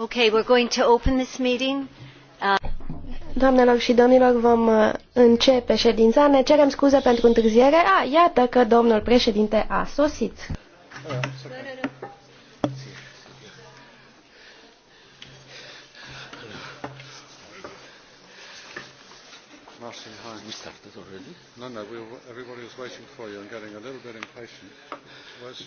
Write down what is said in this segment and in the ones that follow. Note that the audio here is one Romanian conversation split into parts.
Uh, Doamnelor și domnilor, vom uh, începe ședința. Ne cerem scuze pentru întârziere. A, iată că domnul președinte a sosit. we started already? No, no, we were, everybody was waiting for you and getting a little bit impatient. Was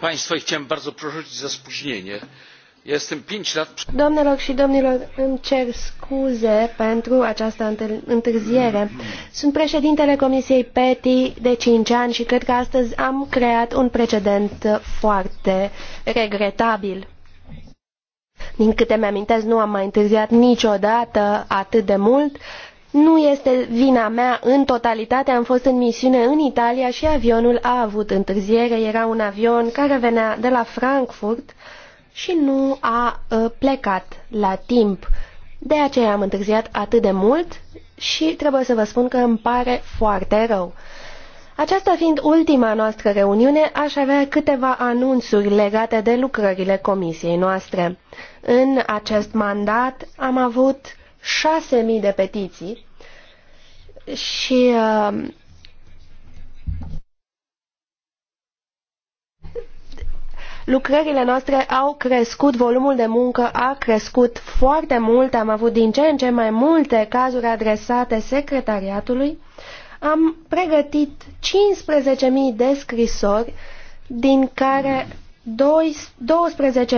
państwa i chciałem bardzo przeprosić za spóźnienie. Jestem 5 lat... Doamnelor și domnilor, îmi cer scuze pentru această întârziere. Sunt președintele Comisiei PETI de 5 ani și cred că astăzi am creat un precedent foarte regretabil. Din câte mi-amintesc, nu am mai întârziat niciodată atât de mult. Uh, nu este vina mea în totalitate, am fost în misiune în Italia și avionul a avut întârziere. Era un avion care venea de la Frankfurt și nu a ă, plecat la timp. De aceea am întârziat atât de mult și trebuie să vă spun că îmi pare foarte rău. Aceasta fiind ultima noastră reuniune, aș avea câteva anunțuri legate de lucrările comisiei noastre. În acest mandat am avut 6.000 de petiții și uh, lucrările noastre au crescut, volumul de muncă a crescut foarte mult, am avut din ce în ce mai multe cazuri adresate secretariatului. Am pregătit 15.000 de scrisori, din care 12.700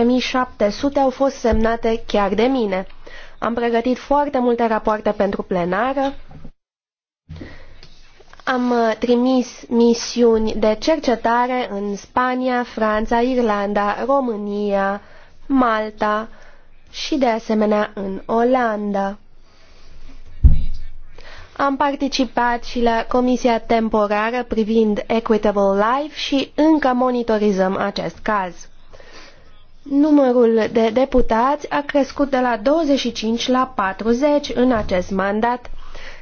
au fost semnate chiar de mine. Am pregătit foarte multe rapoarte pentru plenară. Am uh, trimis misiuni de cercetare în Spania, Franța, Irlanda, România, Malta și de asemenea în Olanda. Am participat și la Comisia Temporară privind Equitable Life și încă monitorizăm acest caz. Numărul de deputați a crescut de la 25 la 40 în acest mandat,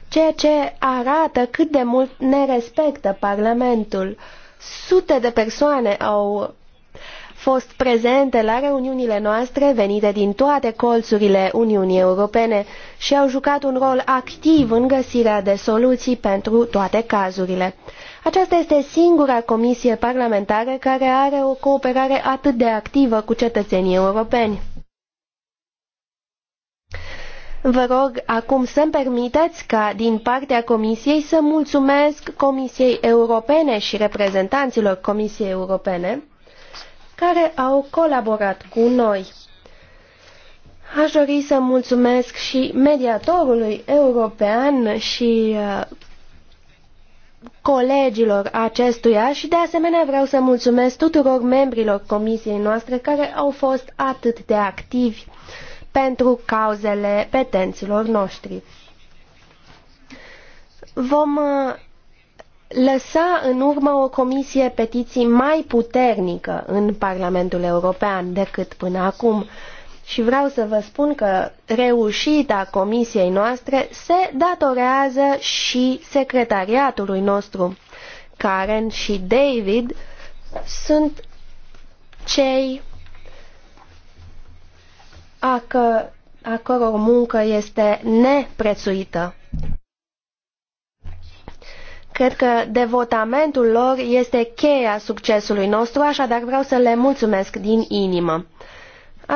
ceea ce arată cât de mult ne respectă Parlamentul. Sute de persoane au fost prezente la reuniunile noastre venite din toate colțurile Uniunii Europene și au jucat un rol activ în găsirea de soluții pentru toate cazurile. Aceasta este singura comisie parlamentară care are o cooperare atât de activă cu cetățenii europeni. Vă rog acum să-mi permiteți ca din partea Comisiei să mulțumesc Comisiei Europene și reprezentanților Comisiei Europene care au colaborat cu noi. Aș dori să mulțumesc și mediatorului european și uh, colegilor acestuia și de asemenea vreau să mulțumesc tuturor membrilor comisiei noastre care au fost atât de activi pentru cauzele petenților noștri. Vom uh, lăsa în urmă o comisie petiții mai puternică în Parlamentul European decât până acum și vreau să vă spun că reușita comisiei noastre se datorează și secretariatului nostru. Karen și David sunt cei a, că, a căror muncă este neprețuită. Cred că devotamentul lor este cheia succesului nostru, așadar vreau să le mulțumesc din inimă.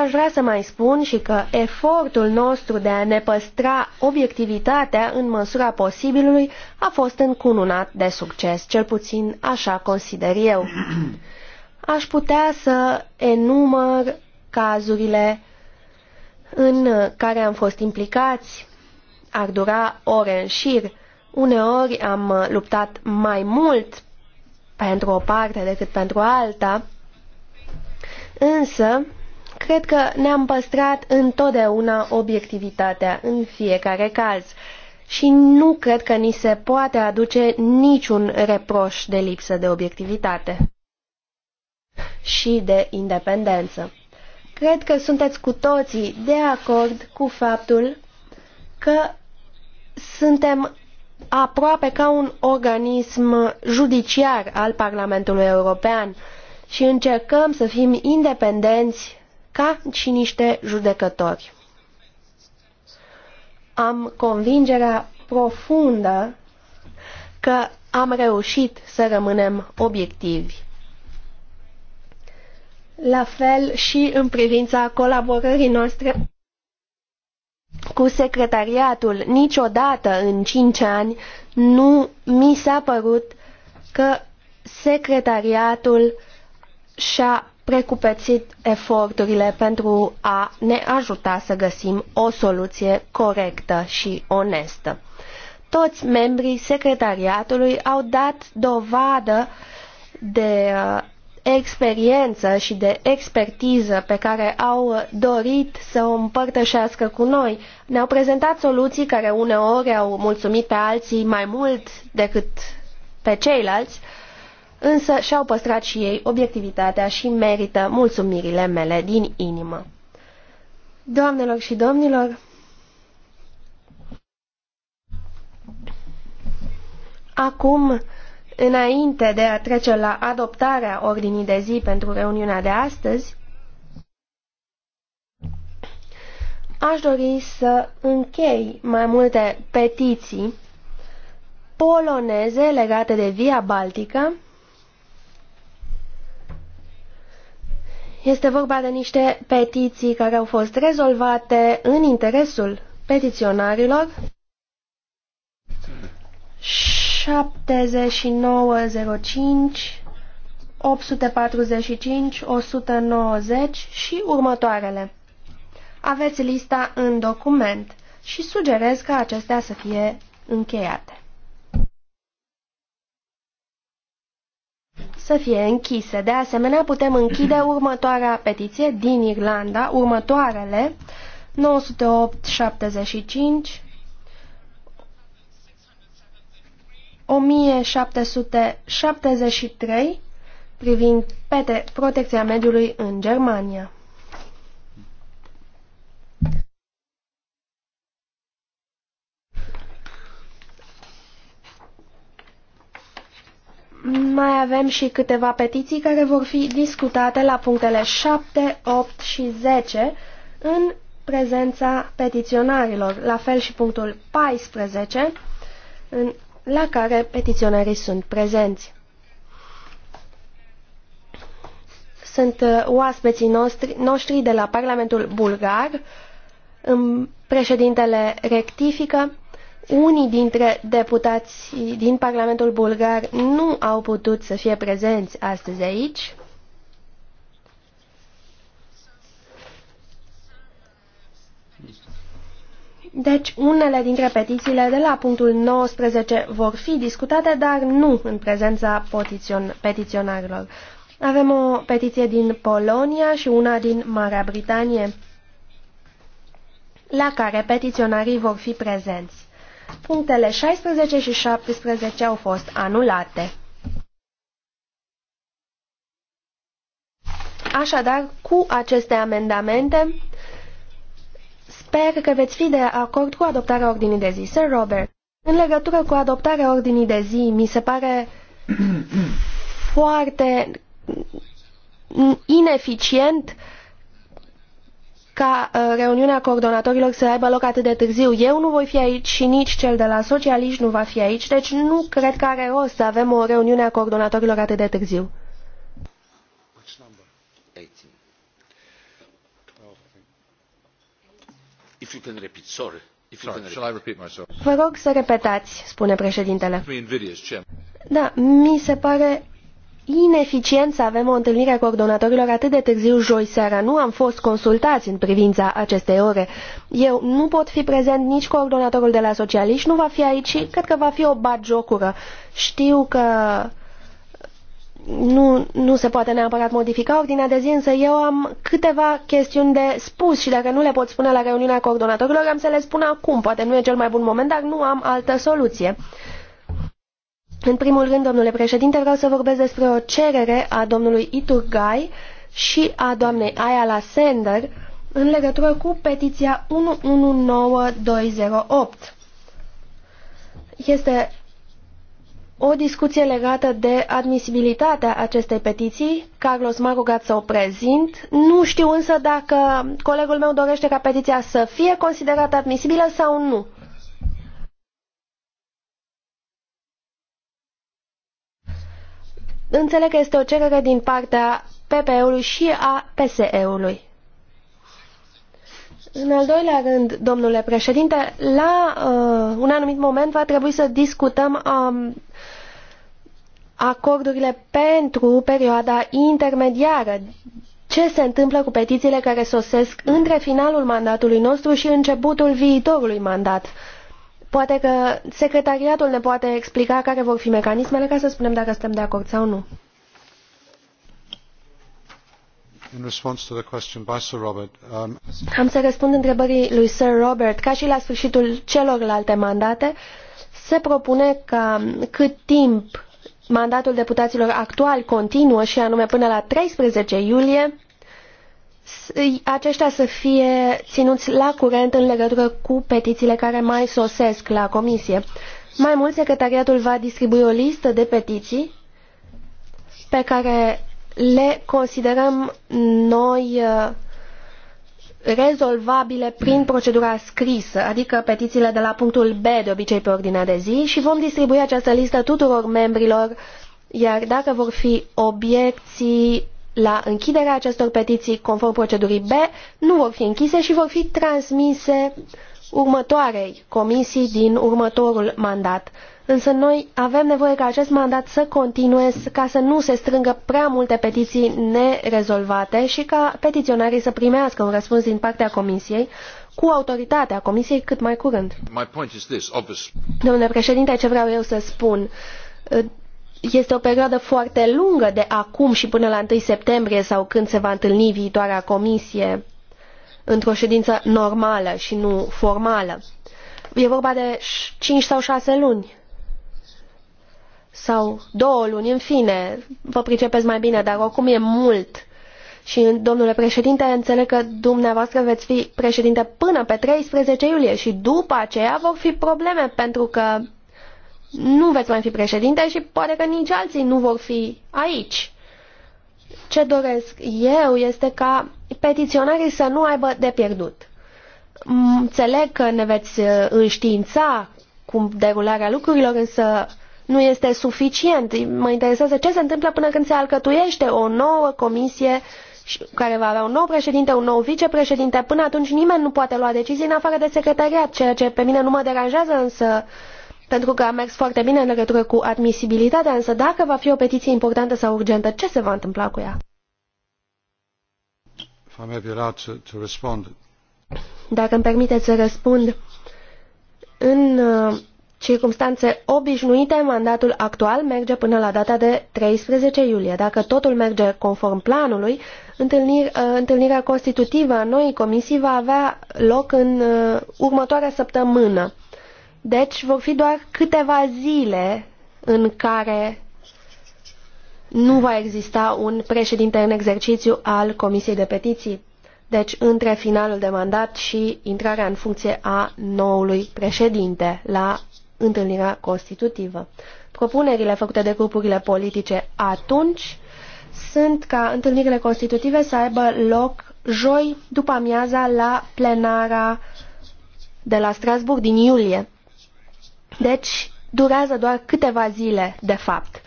Aș vrea să mai spun și că efortul nostru de a ne păstra obiectivitatea în măsura posibilului a fost încununat de succes, cel puțin așa consider eu. Aș putea să enumăr cazurile în care am fost implicați. Ar dura ore în șir. Uneori am luptat mai mult pentru o parte decât pentru alta, însă Cred că ne-am păstrat întotdeauna obiectivitatea în fiecare caz și nu cred că ni se poate aduce niciun reproș de lipsă de obiectivitate și de independență. Cred că sunteți cu toții de acord cu faptul că suntem aproape ca un organism judiciar al Parlamentului European și încercăm să fim independenți ca și niște judecători. Am convingerea profundă că am reușit să rămânem obiectivi. La fel și în privința colaborării noastre cu secretariatul, niciodată în cinci ani nu mi s-a părut că secretariatul și-a precupețit eforturile pentru a ne ajuta să găsim o soluție corectă și onestă. Toți membrii secretariatului au dat dovadă de uh, experiență și de expertiză pe care au dorit să o împărtășească cu noi. Ne-au prezentat soluții care uneori au mulțumit pe alții mai mult decât pe ceilalți, însă și-au păstrat și ei obiectivitatea și merită mulțumirile mele din inimă. Doamnelor și domnilor, acum, înainte de a trece la adoptarea ordinii de zi pentru reuniunea de astăzi, aș dori să închei mai multe petiții poloneze legate de Via Baltică, Este vorba de niște petiții care au fost rezolvate în interesul petiționarilor. 7905, 845, 190 și următoarele. Aveți lista în document și sugerez ca acestea să fie încheiate. să fie închise. De asemenea, putem închide următoarea petiție din Irlanda, următoarele 9875 1773 privind protecția mediului în Germania. Mai avem și câteva petiții care vor fi discutate la punctele 7, 8 și 10 în prezența petiționarilor, la fel și punctul 14, în, la care petiționarii sunt prezenți. Sunt uh, oaspeții noștri, noștri de la Parlamentul Bulgar, președintele rectifică unii dintre deputați din Parlamentul Bulgar nu au putut să fie prezenți astăzi aici. Deci, unele dintre petițiile de la punctul 19 vor fi discutate, dar nu în prezența petițion petiționarilor. Avem o petiție din Polonia și una din Marea Britanie, la care petiționarii vor fi prezenți. Punctele 16 și 17 au fost anulate. Așadar, cu aceste amendamente, sper că veți fi de acord cu adoptarea ordinii de zi. Sir Robert, în legătură cu adoptarea ordinii de zi, mi se pare foarte ineficient uh, ca uh, reuniunea coordonatorilor să aibă loc atât de târziu. Eu nu voi fi aici și nici cel de la socialiști nu va fi aici, deci nu cred că are rost să avem o reuniune a coordonatorilor atât de târziu. Vă rog să repetați, spune președintele. Da, mi se pare ineficient să avem o întâlnire a coordonatorilor atât de târziu joi seara. Nu am fost consultați în privința acestei ore. Eu nu pot fi prezent, nici coordonatorul de la socialiști nu va fi aici și cred că va fi o bagiocură. Știu că nu, nu se poate neapărat modifica ordinea de zi, însă eu am câteva chestiuni de spus și dacă nu le pot spune la reuniunea coordonatorilor, am să le spun acum. Poate nu e cel mai bun moment, dar nu am altă soluție. În primul rând, domnule președinte, vreau să vorbesc despre o cerere a domnului Iturgai și a doamnei Ayala Sender în legătură cu petiția 119208. Este o discuție legată de admisibilitatea acestei petiții. Carlos m-a rugat să o prezint. Nu știu însă dacă colegul meu dorește ca petiția să fie considerată admisibilă sau nu. Înțeleg că este o cerere din partea PPE-ului și a PSE-ului. În al doilea rând, domnule președinte, la uh, un anumit moment va trebui să discutăm um, acordurile pentru perioada intermediară. Ce se întâmplă cu petițiile care sosesc între finalul mandatului nostru și începutul viitorului mandat? Poate că secretariatul ne poate explica care vor fi mecanismele ca să spunem dacă suntem de acord sau nu. Um, Am să răspund întrebării lui Sir Robert. Ca și la sfârșitul celorlalte mandate, se propune ca cât timp mandatul deputaților actual continuă, și anume până la 13 iulie, aceștia să fie ținuți la curent în legătură cu petițiile care mai sosesc la comisie. Mai mult, secretariatul va distribui o listă de petiții pe care le considerăm noi uh, rezolvabile prin procedura scrisă, adică petițiile de la punctul B de obicei pe ordinea de zi și vom distribui această listă tuturor membrilor, iar dacă vor fi obiecții la închiderea acestor petiții conform procedurii B nu vor fi închise și vor fi transmise următoarei comisii din următorul mandat. Însă noi avem nevoie ca acest mandat să continue ca să nu se strângă prea multe petiții nerezolvate și ca petiționarii să primească un răspuns din partea comisiei cu autoritatea comisiei cât mai curând. Domnule președinte, ce vreau eu să spun? este o perioadă foarte lungă de acum și până la 1 septembrie sau când se va întâlni viitoarea comisie într-o ședință normală și nu formală. E vorba de 5 sau 6 luni. Sau două luni, în fine. Vă pricepeți mai bine, dar oricum e mult. Și, domnule președinte, înțeleg că dumneavoastră veți fi președinte până pe 13 iulie și după aceea vor fi probleme pentru că nu veți mai fi președinte și poate că nici alții nu vor fi aici. Ce doresc eu este ca petiționarii să nu aibă de pierdut. Înțeleg că ne veți uh, înștiința cum derularea lucrurilor, însă nu este suficient. Mă interesează ce se întâmplă până când se alcătuiește o nouă comisie care va avea un nou președinte, un nou vicepreședinte. Până atunci nimeni nu poate lua decizii în afară de secretariat, ceea ce pe mine nu mă deranjează, însă uh, pentru că a mers foarte bine în legătură cu admisibilitatea, însă dacă va fi o petiție importantă sau urgentă, ce se va întâmpla cu ea? Dacă îmi permiteți să răspund, în uh, circumstanțe obișnuite, mandatul actual merge până la data de 13 iulie. Dacă totul merge conform planului, uh, întâlnirea constitutivă a noii comisii va avea loc în uh, următoarea săptămână. Deci vor fi doar câteva zile în care nu va exista un președinte în exercițiu al Comisiei de Petiții. Deci între finalul de mandat și intrarea în funcție a noului președinte la întâlnirea constitutivă. Propunerile făcute de grupurile politice atunci sunt ca întâlnirile constitutive să aibă loc joi după amiaza la plenara de la Strasburg din iulie. Deci, durează doar câteva zile, de fapt.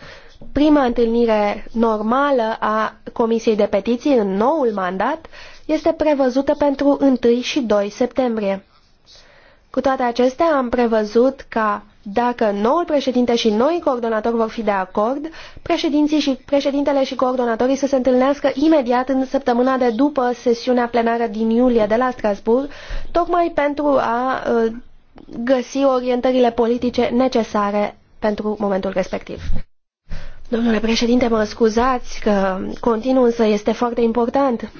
Prima întâlnire normală a Comisiei de Petiții în noul mandat este prevăzută pentru 1 și 2 septembrie. Cu toate acestea, am prevăzut ca, dacă noul președinte și noi coordonatori vor fi de acord, președinții și, președintele și coordonatorii să se întâlnească imediat în săptămâna de după sesiunea plenară din iulie de la Strasbourg, tocmai pentru a uh, găsi orientările politice necesare pentru momentul respectiv. Domnule președinte, mă scuzați că continuu, însă este foarte important.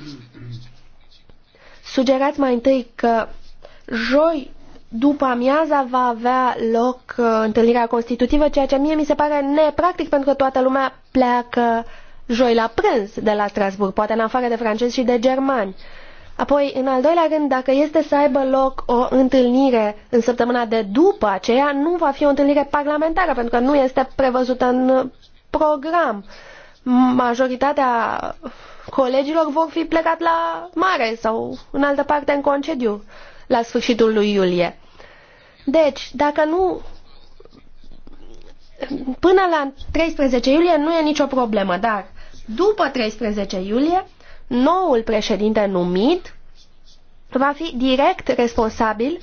Sugerați mai întâi că joi după amiaza va avea loc uh, întâlnirea constitutivă, ceea ce mie mi se pare nepractic pentru că toată lumea pleacă joi la prânz de la Strasburg, poate în afară de francezi și de germani. Uh, Apoi, în al doilea rând, dacă este să aibă loc o întâlnire în săptămâna de după aceea, nu va fi o întâlnire parlamentară, pentru că nu este prevăzută în program. Majoritatea colegilor vor fi plecat la mare sau în altă parte în concediu la sfârșitul lui iulie. Deci, dacă nu până la 13 iulie nu e nicio problemă, dar după 13 iulie noul președinte numit va fi direct responsabil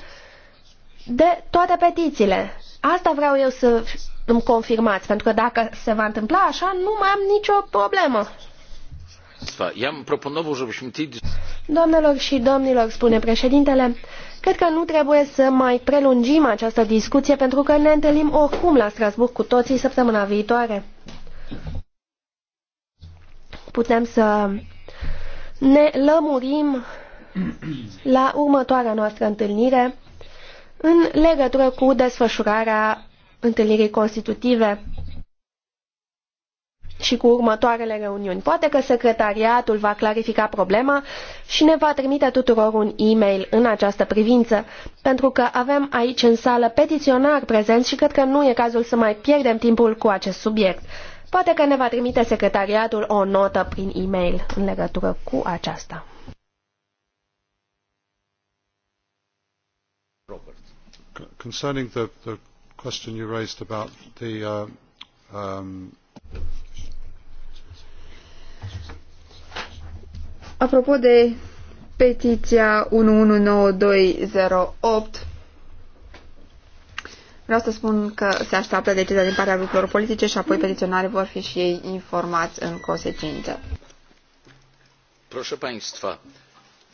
de toate petițiile. Asta vreau eu să îmi confirmați, pentru că dacă se va întâmpla așa, nu mai am nicio problemă. Doamnelor și domnilor, spune președintele, cred că nu trebuie să mai prelungim această discuție pentru că ne întâlnim oricum la Strasburg cu toții săptămâna viitoare. Putem să ne lămurim la următoarea noastră întâlnire în legătură cu desfășurarea întâlnirii constitutive și cu următoarele reuniuni. Poate că secretariatul va clarifica problema și ne va trimite tuturor un e-mail în această privință, pentru că avem aici în sală petiționari prezenți și cred că nu e cazul să mai pierdem timpul cu acest subiect. Poate că ne va trimite secretariatul o notă prin e-mail în legătură cu aceasta. Concerning the, the question you raised about the uh, um, Apropo de petiția 119208 Vreau să spun că se așteaptă decizia din partea grupurilor politice și apoi petiționarii vor fi și ei informați în consecință. Proszę Państwa,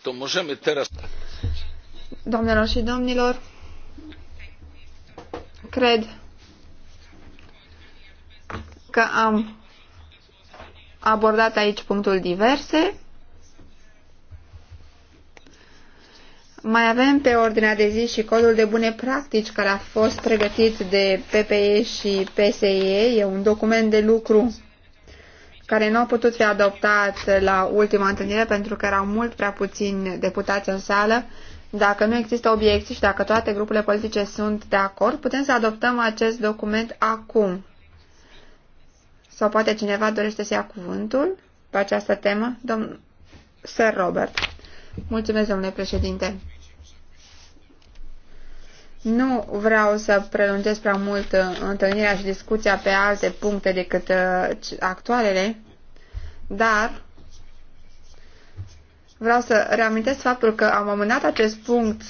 to możemy teraz... Doamnelor și domnilor, cred că am abordat aici punctul diverse. Mai avem pe ordinea de zi și codul de bune practici care a fost pregătit de PPE și PSE. E un document de lucru care nu a putut fi adoptat la ultima întâlnire pentru că erau mult prea puțini deputați în sală. Dacă nu există obiecții și dacă toate grupurile politice sunt de acord, putem să adoptăm acest document acum. Sau poate cineva dorește să ia cuvântul pe această temă? Domnul Sir Robert. Mulțumesc, domnule președinte. Nu vreau să prelungesc prea mult uh, întâlnirea și discuția pe alte puncte decât uh, actualele, dar vreau să reamintesc faptul că am amânat acest punct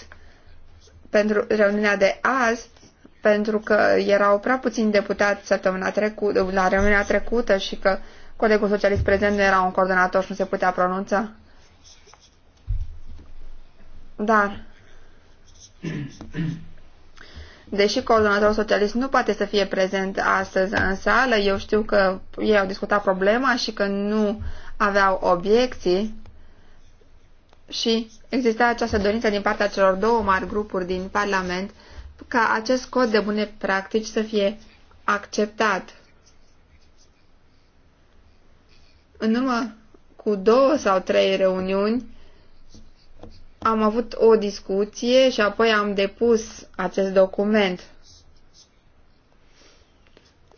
pentru reuniunea de azi, pentru că erau prea puțini deputați săptămâna trecută, la reuniunea trecută și că colegul socialist prezent nu era un coordonator și nu se putea pronunța. Dar Deși coordonatorul socialist nu poate să fie prezent astăzi în sală, eu știu că ei au discutat problema și că nu aveau obiecții și exista această dorință din partea celor două mari grupuri din Parlament ca acest cod de bune practici să fie acceptat. În urmă cu două sau trei reuniuni, am avut o discuție și apoi am depus acest document.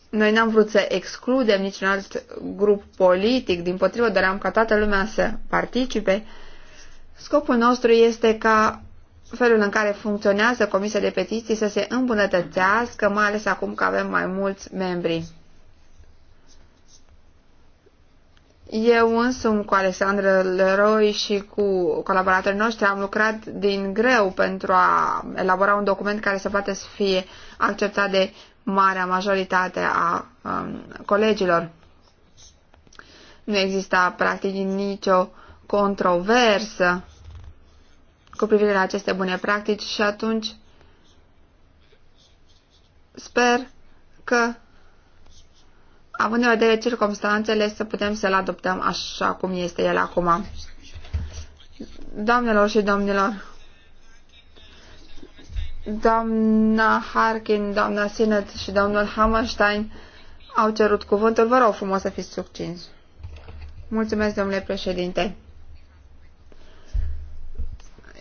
Noi n-am vrut să excludem niciun alt grup politic, din potrivă doream ca toată lumea să participe. Scopul nostru este ca felul în care funcționează Comisia de Petiții să se îmbunătățească, mai ales acum că avem mai mulți membri. Eu însumi cu Alexandra Leroy și cu colaboratorii noștri am lucrat din greu pentru a elabora un document care să poată să fie acceptat de marea majoritate a um, colegilor. Nu exista practic nicio controversă cu privire la aceste bune practici și atunci sper că având în vedere circumstanțele, să putem să-l adoptăm așa cum este el acum. Doamnelor și domnilor, doamna Harkin, doamna Sinet și domnul Hammerstein au cerut cuvântul. Vă rog frumos să fiți succinți. Mulțumesc, domnule președinte.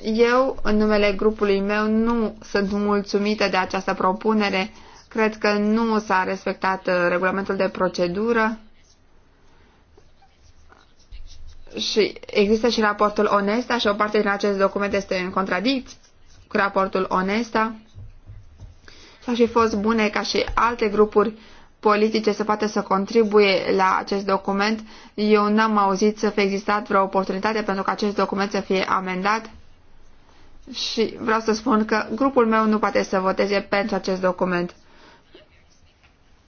Eu, în numele grupului meu, nu sunt mulțumită de această propunere Cred că nu s-a respectat uh, regulamentul de procedură și există și raportul Onesta și o parte din acest document este în contradicție cu raportul Onesta. Și aș fi fost bune ca și alte grupuri politice să poată să contribuie la acest document. Eu n-am auzit să fie existat vreo oportunitate pentru ca acest document să fie amendat și vreau să spun că grupul meu nu poate să voteze pentru acest document.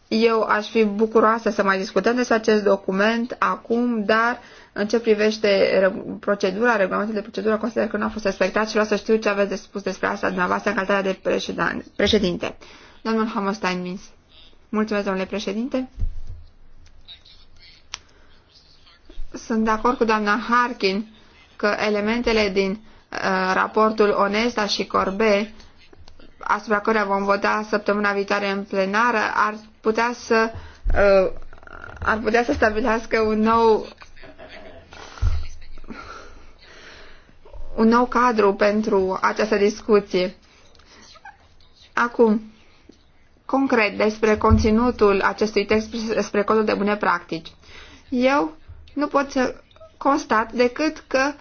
Eu aș fi bucuroasă să mai discutăm despre acest document acum, dar în ce privește procedura, regulamentul de procedură, consider că nu a fost respectat și vreau să știu ce aveți de spus despre asta dumneavoastră în calitate de președinte. Domnul Hammerstein Mins. Mulțumesc, domnule președinte. Sunt de acord cu doamna Harkin că elementele din uh, raportul Onesta și Corbe asupra căruia vom vota săptămâna viitoare în plenară ar putea să uh, ar putea să stabilească un nou un nou cadru pentru această discuție. Acum, concret despre conținutul acestui text, despre codul de bune practici. Eu nu pot să constat decât că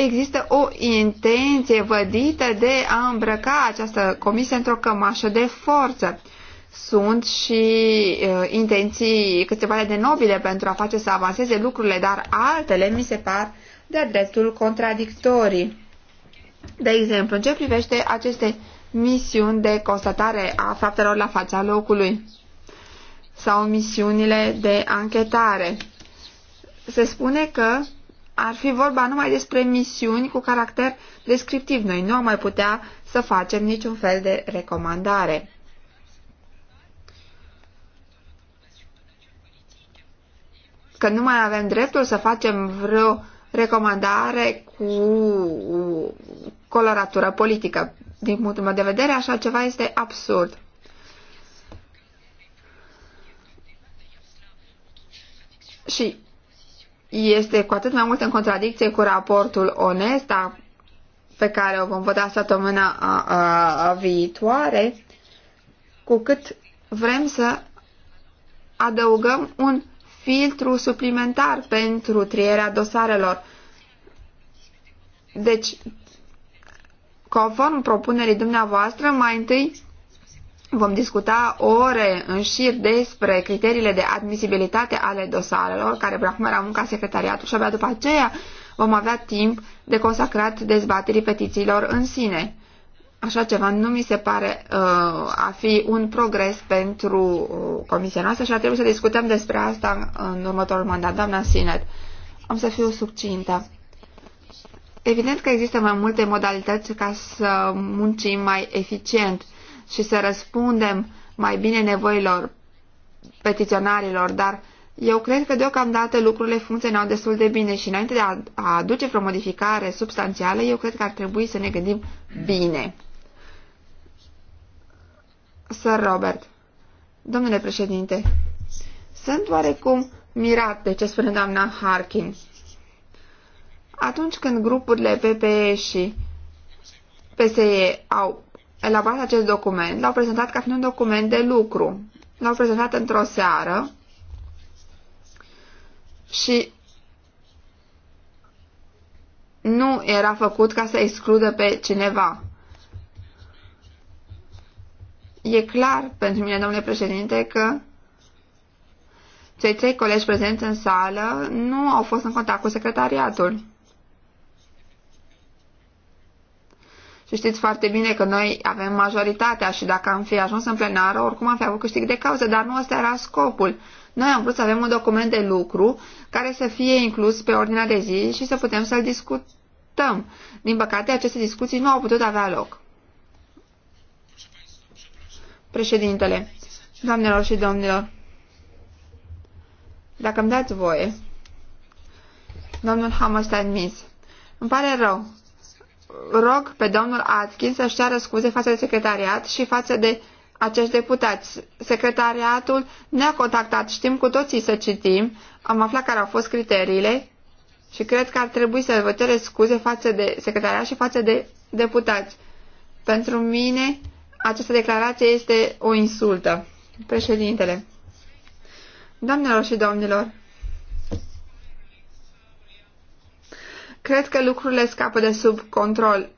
există o intenție vădită de a îmbrăca această comisie într-o cămașă de forță. Sunt și uh, intenții câteva de nobile pentru a face să avanseze lucrurile, dar altele mi se par de dreptul contradictorii. De exemplu, în ce privește aceste misiuni de constatare a faptelor la fața locului sau misiunile de anchetare. Se spune că ar fi vorba numai despre misiuni cu caracter descriptiv. Noi nu am mai putea să facem niciun fel de recomandare. Că nu mai avem dreptul să facem vreo recomandare cu coloratură politică. Din punctul meu de vedere, așa ceva este absurd. Și este cu atât mai mult în contradicție cu raportul Onesta, pe care o vom vota săptămâna a, a, a viitoare, cu cât vrem să adăugăm un filtru suplimentar pentru trierea dosarelor. Deci, conform propunerii dumneavoastră, mai întâi Vom discuta ore în șir despre criteriile de admisibilitate ale dosarelor, care până acum munca secretariatul și abia după aceea vom avea timp de consacrat dezbaterii petițiilor în sine. Așa ceva nu mi se pare uh, a fi un progres pentru uh, comisia noastră și ar trebui să discutăm despre asta în, în următorul mandat. Doamna Sinet, am să fiu subcintă. Evident că există mai multe modalități ca să muncim mai eficient. Uh, și să răspundem mai bine nevoilor petiționarilor, dar eu cred că deocamdată lucrurile funcționau destul de bine și înainte de a, aduce vreo modificare substanțială, eu cred că ar trebui să ne gândim bine. Sir Robert, domnule președinte, sunt oarecum mirat de ce spune doamna Harkin. Atunci când grupurile PPE și PSE au elaborat acest document, l-au prezentat ca fiind un document de lucru. L-au prezentat într-o seară și nu era făcut ca să excludă pe cineva. E clar pentru mine, domnule președinte, că cei trei colegi prezenți în sală nu au fost în contact cu secretariatul. Și știți foarte bine că noi avem majoritatea și dacă am fi ajuns în plenară, oricum am fi avut câștig de cauză, dar nu ăsta era scopul. Noi am vrut să avem un document de lucru care să fie inclus pe ordinea de zi și să putem să-l discutăm. Din păcate, aceste discuții nu au putut avea loc. Președintele, doamnelor și domnilor, dacă îmi dați voie, domnul a admis, îmi pare rău, rog pe domnul Atkins să-și ceară scuze față de secretariat și față de acești deputați. Secretariatul ne-a contactat, știm cu toții să citim, am aflat care au fost criteriile și cred că ar trebui să vă cere scuze față de secretariat și față de deputați. Pentru mine, această declarație este o insultă. Președintele. Doamnelor și domnilor, Cred că lucrurile scapă de sub control.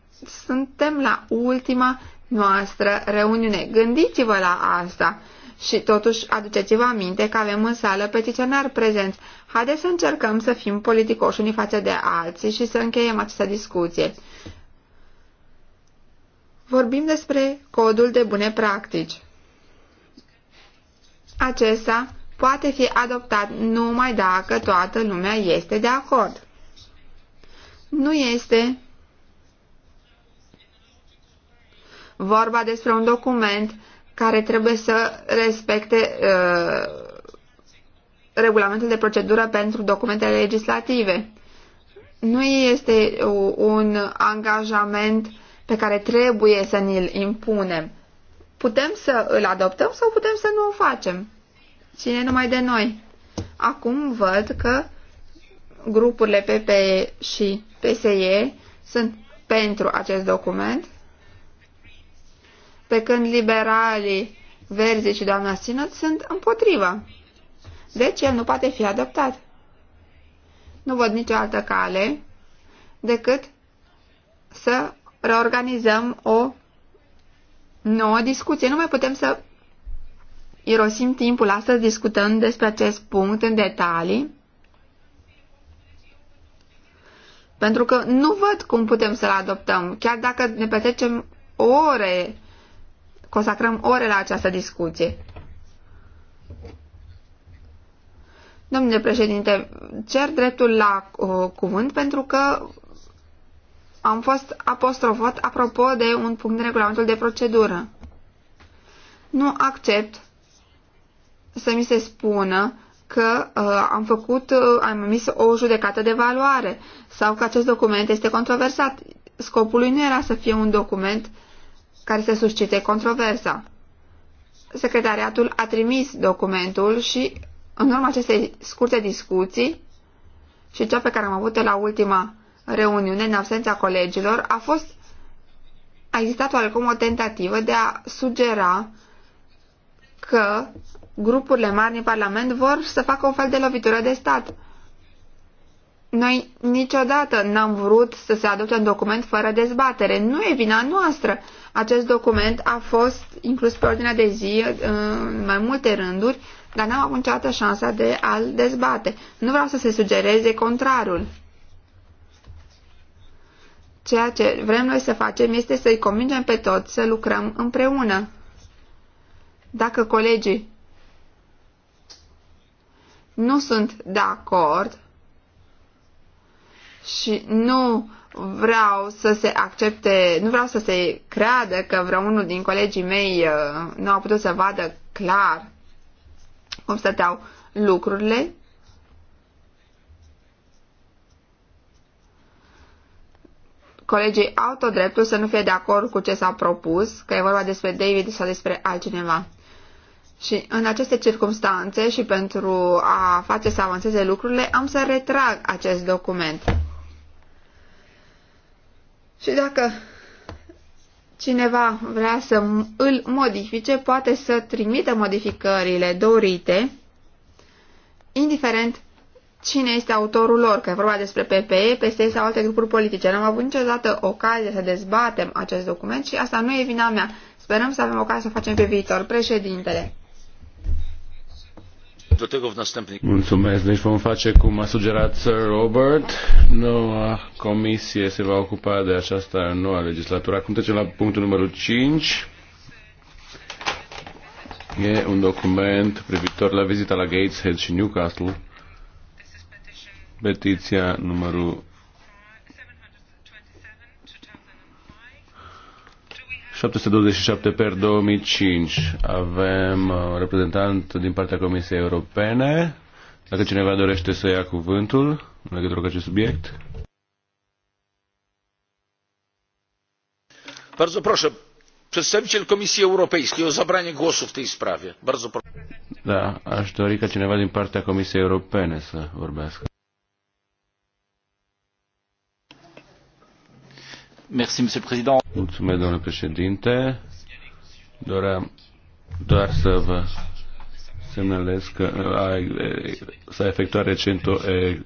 Suntem la ultima noastră reuniune. Gândiți-vă la asta. Și totuși aduceți-vă aminte că avem în sală petiționar prezent. Haideți să încercăm să fim politicoși unii față de alții și să încheiem această discuție. Vorbim despre codul de bune practici. Acesta poate fi adoptat numai dacă toată lumea este de acord nu este vorba despre un document care trebuie să respecte uh, regulamentul de procedură pentru documentele legislative. Nu este un angajament pe care trebuie să ni-l impunem. Putem să îl adoptăm sau putem să nu o facem. Ține numai de noi. Acum văd că grupurile PPE și PSE sunt pentru acest document, pe când liberalii, verzi și doamna Sinot sunt împotriva. Deci el nu poate fi adoptat. Nu văd nicio altă cale decât să reorganizăm o nouă discuție. Nu mai putem să irosim timpul astăzi discutând despre acest punct în detalii, Pentru că nu văd cum putem să-l adoptăm, chiar dacă ne petrecem ore, consacrăm ore la această discuție. Domnule președinte, cer dreptul la uh, cuvânt pentru că am fost apostrofat apropo de un punct din regulamentul de procedură. Nu accept să mi se spună că uh, am făcut, uh, am emis o judecată de valoare sau că acest document este controversat. Scopul lui nu era să fie un document care să suscite controversa. Secretariatul a trimis documentul și, în urma acestei scurte discuții și cea pe care am avut-o la ultima reuniune, în absența colegilor, a fost a existat oarecum o tentativă de a sugera că grupurile mari din Parlament vor să facă un fel de lovitură de stat. Noi niciodată n-am vrut să se aducă un document fără dezbatere. Nu e vina noastră. Acest document a fost inclus pe ordinea de zi uh, în mai multe rânduri, dar n-am avut niciodată șansa de a-l dezbate. Nu vreau să se sugereze contrarul. Ceea ce vrem noi să facem este să-i convingem pe toți să lucrăm împreună. Dacă colegii nu sunt de acord și nu vreau să se accepte, nu vreau să se creadă că vreunul din colegii mei uh, nu a putut să vadă clar cum stăteau lucrurile. Colegii au tot dreptul să nu fie de acord cu ce s-a propus, că e vorba despre David sau despre altcineva. Și în aceste circunstanțe și pentru a face să avanseze lucrurile, am să retrag acest document. Și dacă cineva vrea să îl modifice, poate să trimită modificările dorite, indiferent cine este autorul lor, că e vorba despre PPE, PSE sau alte grupuri politice. Nu am avut niciodată ocazie să dezbatem acest document și asta nu e vina mea. Sperăm să avem ocazia să facem pe viitor. Președintele. Mulțumesc. Deci vom face cum a sugerat Sir Robert. Noua comisie se va ocupa de aceasta noua legislatură. Acum trecem la punctul numărul 5. E un document privitor la vizita la Gateshead și Newcastle. Petiția numărul 727 per 2005. Avem uh, reprezentant din partea Comisiei Europene. Dacă cineva dorește să ia cuvântul în legătură cu acest subiect. Bardzo proszę, przedstawiciel Komisji Europejskiej o zabranie głosu w tej sprawie. Bardzo proszę. Da, aż to rika, cineva din partea Comisiei Europene să vorbească. Mulțumesc, domnule președinte. Doream doar să vă semnalez că s-a efectuat recent o,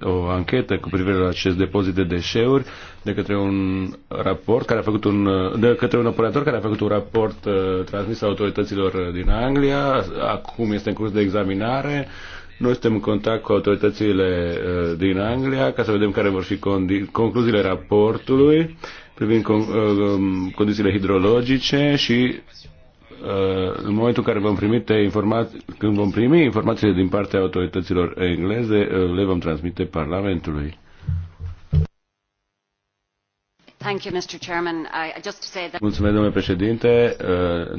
o anchetă cu privire la acest depozit de deșeuri de către un raport care a făcut un, de către un operator care a făcut un raport uh, transmis autorităților din Anglia. Acum este în curs de examinare. Noi suntem în contact cu autoritățile uh, din Anglia ca să vedem care vor fi concluziile raportului privind con, uh, um, condițiile hidrologice și uh, în momentul în care vom primi informații, când vom primi informațiile din partea autorităților engleze, uh, le vom transmite Parlamentului. Mulțumesc, domnule președinte, uh,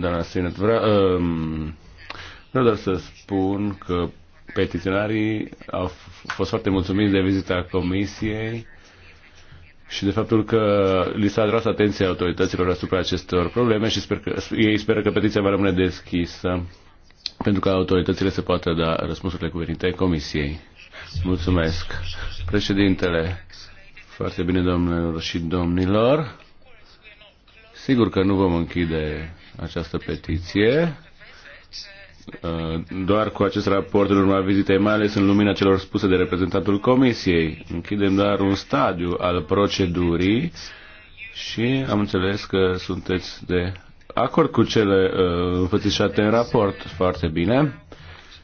doamna Sinet. Vreau, uh, um, vreau doar să spun că petiționarii au fost foarte mulțumiți de vizita Comisiei și de faptul că li s-a atras atenția autorităților asupra acestor probleme și sper că, ei speră că petiția va rămâne deschisă pentru că autoritățile se poată da răspunsurile cuvenite Comisiei. Mulțumesc. Președintele, foarte bine domnilor și domnilor. Sigur că nu vom închide această petiție. Uh, doar cu acest raport în urma vizitei, mai ales în lumina celor spuse de reprezentantul Comisiei. Închidem doar un stadiu al procedurii și am înțeles că sunteți de acord cu cele uh, înfățișate în raport. Foarte bine.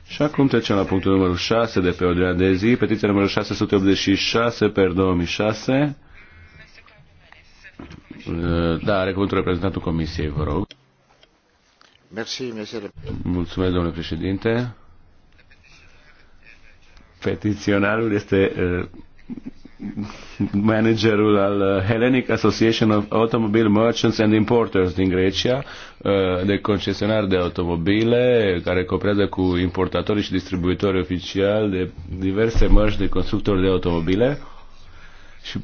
Și acum trecem la punctul numărul 6 de pe ordinea de zi, petiția numărul 686 per 2006. Uh, da, are cuvântul reprezentantul Comisiei, vă rog. Mulțumesc, domnule președinte. Petiționarul este uh, managerul al uh, Hellenic Association of Automobile Merchants and Importers din Grecia, uh, de concesionar de automobile, care cooperează cu importatorii și distribuitori oficiali de diverse mărci de constructori de automobile. Și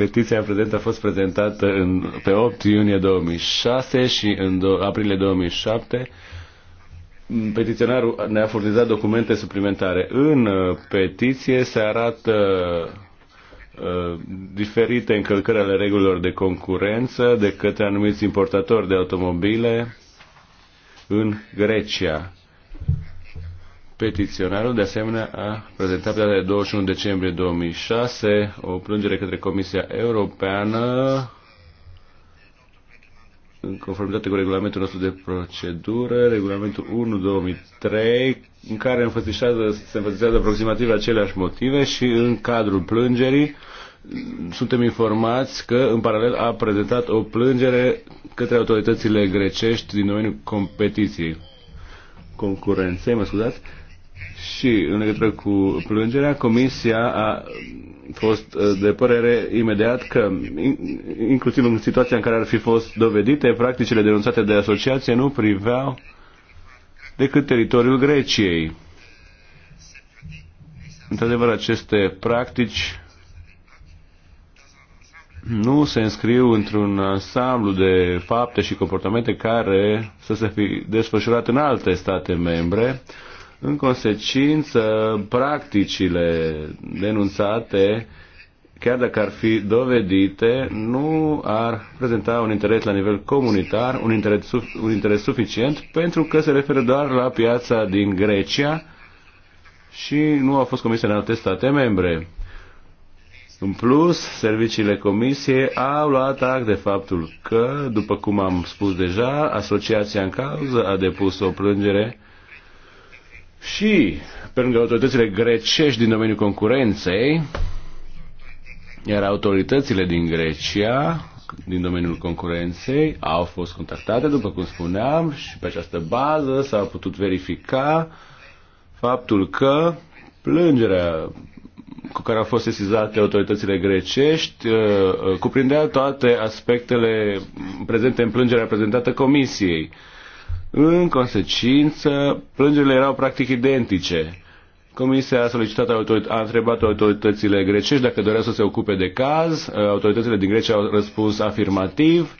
Petiția prezentă a fost prezentată în, pe 8 iunie 2006 și în do, aprilie 2007 petiționarul ne-a furnizat documente suplimentare. În uh, petiție se arată uh, diferite încălcări ale regulilor de concurență de către anumiți importatori de automobile în Grecia. Petiționarul, de asemenea, a prezentat pe data de 21 decembrie 2006 o plângere către Comisia Europeană în conformitate cu regulamentul nostru de procedură, regulamentul 1-2003, în care înfățișează, se înfățișează aproximativ aceleași motive și în cadrul plângerii suntem informați că în paralel a prezentat o plângere către autoritățile grecești din domeniul competiției, concurenței, mă scuzați, și în legătură cu plângerea, comisia a fost uh, de părere imediat că, inclusiv în situația în care ar fi fost dovedite, practicile denunțate de asociație nu priveau decât teritoriul Greciei. Într-adevăr, aceste practici nu se înscriu într-un ansamblu de fapte și comportamente care să se fi desfășurat în alte state membre, în consecință, practicile denunțate, chiar dacă ar fi dovedite, nu ar prezenta un interes la nivel comunitar, un interes, un interes suficient, pentru că se referă doar la piața din Grecia și nu au fost comise în alte state membre. În plus, serviciile comisiei au luat act de faptul că, după cum am spus deja, asociația în cauză a depus o plângere și pe lângă autoritățile grecești din domeniul concurenței, iar autoritățile din Grecia, din domeniul concurenței, au fost contactate, după cum spuneam, și pe această bază s-a putut verifica faptul că plângerea cu care au fost sesizate autoritățile grecești uh, uh, cuprindea toate aspectele prezente în plângerea prezentată Comisiei în consecință, plângerile erau practic identice. Comisia a solicitat, a întrebat autoritățile grecești dacă doreau să se ocupe de caz. Autoritățile din Grecia au răspuns afirmativ.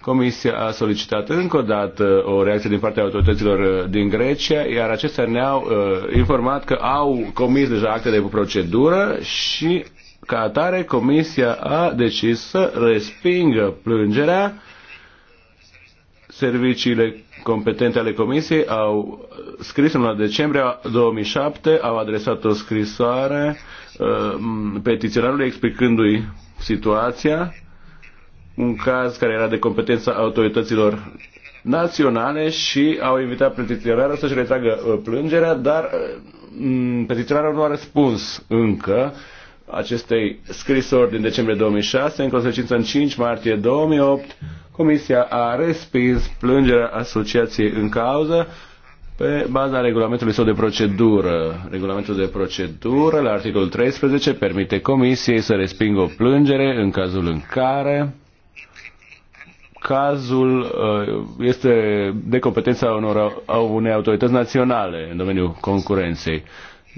Comisia a solicitat încă o dată o reacție din partea autorităților din Grecia, iar acestea ne-au uh, informat că au comis deja acte de procedură și, ca atare, Comisia a decis să respingă plângerea. Serviciile competente ale Comisiei au scris în luna decembrie 2007, au adresat o scrisoare uh, petiționarului explicându-i situația, un caz care era de competența autorităților naționale și au invitat petiționarul să-și retragă uh, plângerea, dar uh, petiționarul nu a răspuns încă acestei scrisori din decembrie 2006, în consecință în 5 martie 2008 Comisia a respins plângerea asociației în cauză pe baza regulamentului său de procedură. Regulamentul de procedură, la articolul 13, permite Comisiei să respingă o plângere în cazul în care cazul uh, este de competența unor, a unei autorități naționale în domeniul concurenței.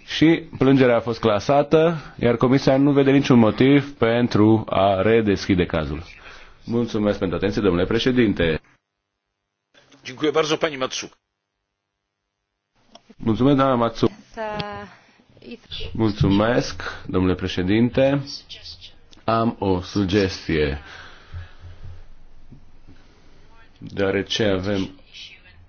Și plângerea a fost clasată, iar Comisia nu vede niciun motiv pentru a redeschide cazul. Mulțumesc pentru atenție, domnule președinte. Dziękuję bardzo, pani Matsuk. Mulțumesc, doamna Matsuk. Mulțumesc, domnule președinte. Am o sugestie. Deoarece avem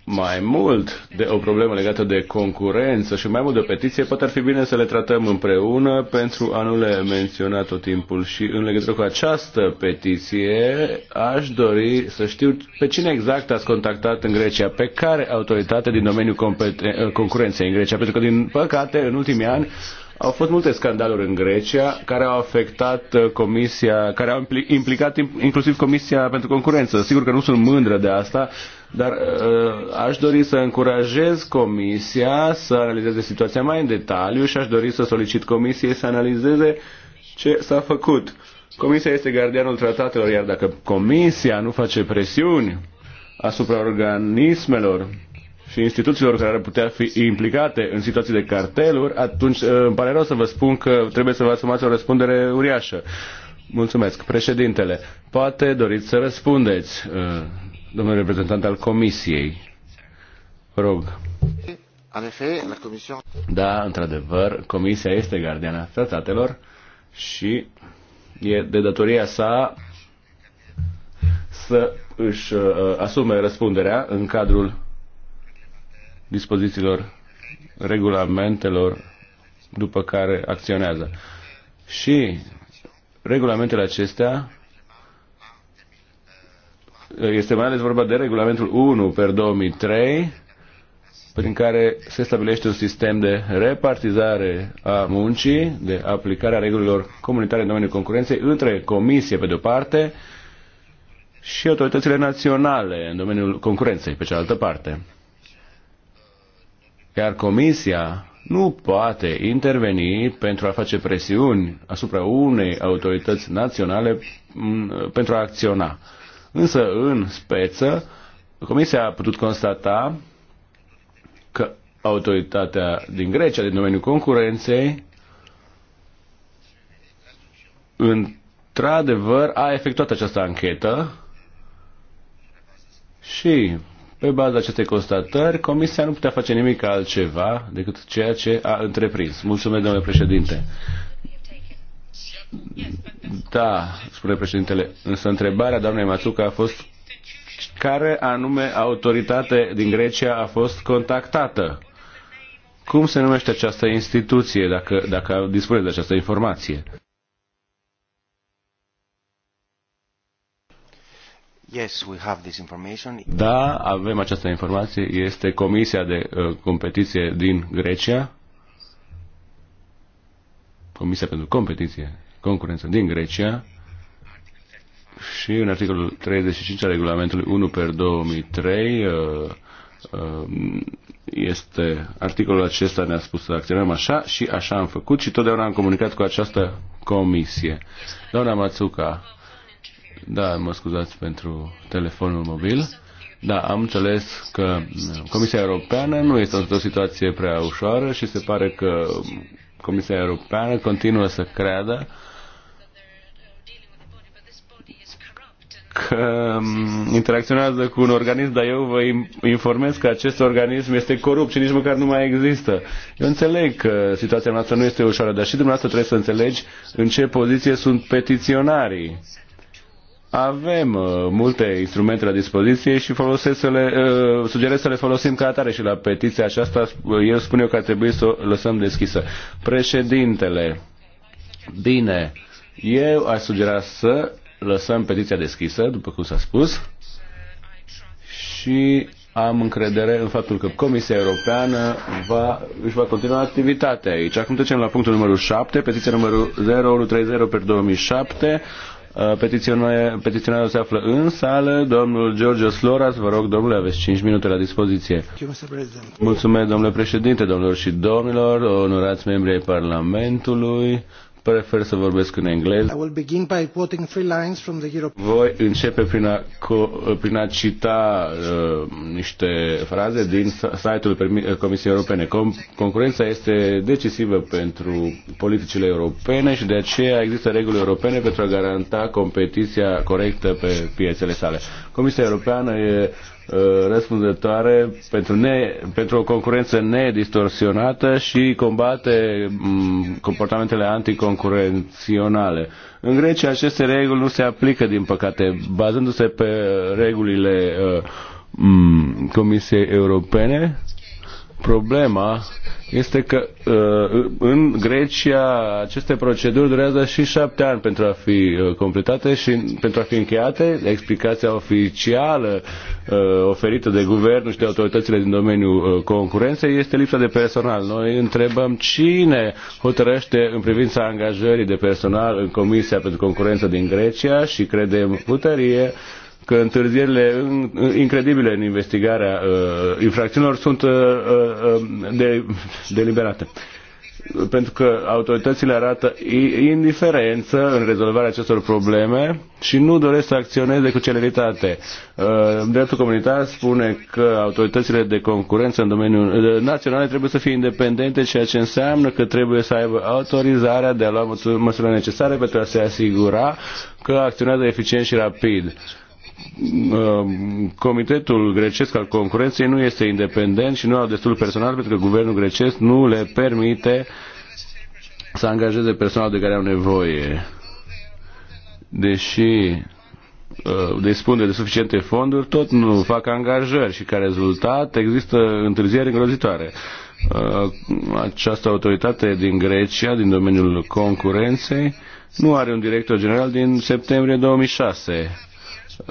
mai mult de o problemă legată de concurență și mai mult de o petiție, poate ar fi bine să le tratăm împreună pentru a nu le menționa tot timpul. Și în legătură cu această petiție, aș dori să știu pe cine exact ați contactat în Grecia, pe care autoritate din domeniul concurenței în Grecia, pentru că, din păcate, în ultimii ani au fost multe scandaluri în Grecia care au afectat uh, comisia, care au implicat inclusiv Comisia pentru Concurență. Sigur că nu sunt mândră de asta, dar uh, aș dori să încurajez comisia să analizeze situația mai în detaliu și aș dori să solicit comisiei să analizeze ce s-a făcut. Comisia este gardianul tratatelor, iar dacă comisia nu face presiuni asupra organismelor și instituțiilor care ar putea fi implicate în situații de carteluri, atunci uh, îmi pare rău să vă spun că trebuie să vă asumați o răspundere uriașă. Mulțumesc. Președintele, poate doriți să răspundeți, uh, domnul reprezentant al Comisiei. Vă rog. Da, într-adevăr, Comisia este gardiana tratatelor și e de datoria sa să își uh, asume răspunderea în cadrul dispozițiilor regulamentelor după care acționează. Și regulamentele acestea este mai ales vorba de regulamentul 1 per 2003 prin care se stabilește un sistem de repartizare a muncii, de aplicare a regulilor comunitare în domeniul concurenței între comisie pe de-o parte și autoritățile naționale în domeniul concurenței pe cealaltă parte. Iar Comisia nu poate interveni pentru a face presiuni asupra unei autorități naționale mm, pentru a acționa. Însă, în speță, Comisia a putut constata că autoritatea din Grecia, din domeniul concurenței, într-adevăr a efectuat această anchetă și pe baza acestei constatări, Comisia nu putea face nimic altceva decât ceea ce a întreprins. Mulțumesc, domnule președinte. Da, spune președintele, însă întrebarea doamnei Mațuca a fost care anume autoritate din Grecia a fost contactată? Cum se numește această instituție, dacă, dacă dispuneți de această informație? Yes, we have this information. Da, avem această informație. Este Comisia de uh, Competiție din Grecia. Comisia pentru Competiție, Concurență din Grecia. Și în articolul 35 al regulamentului 1 per 2003 uh, uh, este articolul acesta ne-a spus să acționăm așa și așa am făcut și totdeauna am comunicat cu această comisie. Doamna Mațuca, da, mă scuzați pentru telefonul mobil. Da, am înțeles că Comisia Europeană nu este într-o situație prea ușoară și se pare că Comisia Europeană continuă să creadă că um, interacționează cu un organism, dar eu vă informez că acest organism este corupt și nici măcar nu mai există. Eu înțeleg că situația noastră nu este ușoară, dar și dumneavoastră trebuie să înțelegi în ce poziție sunt petiționarii avem uh, multe instrumente la dispoziție și folosesc să le, uh, sugerez să le folosim ca atare și la petiția aceasta uh, eu spun eu că ar trebui să o lăsăm deschisă. Președintele, bine, eu aș sugera să lăsăm petiția deschisă, după cum s-a spus, și am încredere în faptul că Comisia Europeană va, își va continua activitatea aici. Acum trecem la punctul numărul 7, petiția numărul 0130 pe 2007, Uh, petiționarul, se află în sală, domnul George Sloras, vă rog, domnule, aveți 5 minute la dispoziție. Mulțumesc, domnule președinte, domnilor și domnilor, onorați membrii Parlamentului, prefer să vorbesc în engleză. I will begin by quoting three lines from the European... Voi începe prin a, co- prin a cita uh, niște fraze din site-ul uh, Comisiei Europene. Com- concurența este decisivă pentru politicile europene și de aceea există reguli europene pentru a garanta competiția corectă pe piețele sale. Comisia Europeană e Uh, răspunzătoare pentru, ne, pentru o concurență nedistorsionată și combate mm, comportamentele anticoncurenționale. În Grecia aceste reguli nu se aplică, din păcate, bazându-se pe regulile uh, mm, Comisiei Europene. Problema este că uh, în Grecia aceste proceduri durează și șapte ani pentru a fi uh, completate și pentru a fi încheiate. Explicația oficială uh, oferită de guvernul și de autoritățile din domeniul concurenței este lipsa de personal. Noi întrebăm cine hotărăște în privința angajării de personal în Comisia pentru Concurență din Grecia și credem puterie că întârzierile incredibile în investigarea uh, infracțiunilor sunt uh, uh, uh de, deliberate. Pentru că autoritățile arată indiferență în rezolvarea acestor probleme și nu doresc să acționeze cu celeritate. Uh, dreptul comunitar spune că autoritățile de concurență în domeniul uh, național trebuie să fie independente, ceea ce înseamnă că trebuie să aibă autorizarea de a lua măsurile necesare pentru a se asigura că acționează eficient și rapid Uh, comitetul grecesc al concurenței nu este independent și nu au destul personal pentru că guvernul grecesc nu le permite să angajeze personal de care au nevoie. Deși uh, dispun de suficiente fonduri, tot nu fac angajări și ca rezultat există întârzieri îngrozitoare. Uh, această autoritate din Grecia, din domeniul concurenței, nu are un director general din septembrie 2006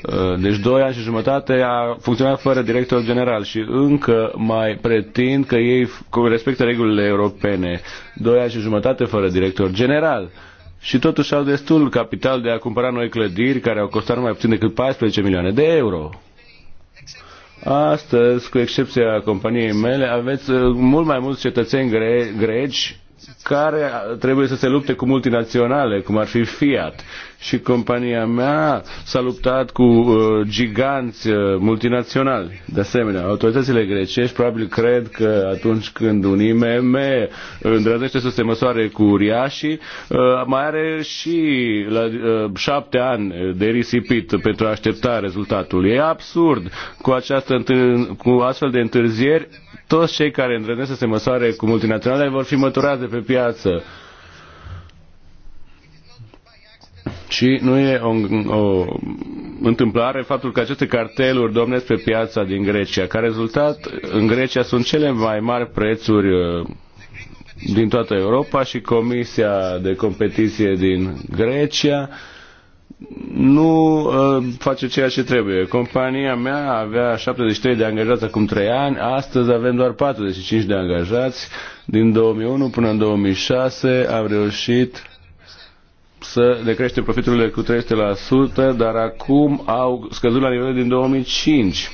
Uh, deci doi ani și jumătate a funcționat fără director general și încă mai pretind că ei respectă regulile europene. Doi ani și jumătate fără director general. Și totuși au destul capital de a cumpăra noi clădiri care au costat numai puțin decât 14 milioane de euro. Astăzi, cu excepția companiei mele, aveți uh, mult mai mulți cetățeni gre- greci care trebuie să se lupte cu multinaționale, cum ar fi Fiat și compania mea s-a luptat cu uh, giganți uh, multinaționali. De asemenea, autoritățile grecești probabil cred că atunci când un IMM îndrăznește să se măsoare cu uriașii, uh, mai are și la uh, șapte ani de risipit pentru a aștepta rezultatul. E absurd cu, această, cu astfel de întârzieri toți cei care îndrăznesc să se măsoare cu multinaționale vor fi măturați de pe piață. Și nu e o, o întâmplare faptul că aceste carteluri domnesc pe piața din Grecia. Ca rezultat, în Grecia sunt cele mai mari prețuri uh, din toată Europa și Comisia de Competiție din Grecia nu uh, face ceea ce trebuie. Compania mea avea 73 de angajați acum 3 ani, astăzi avem doar 45 de angajați. Din 2001 până în 2006 am reușit să le crește profiturile cu 300%, dar acum au scăzut la nivelul din 2005.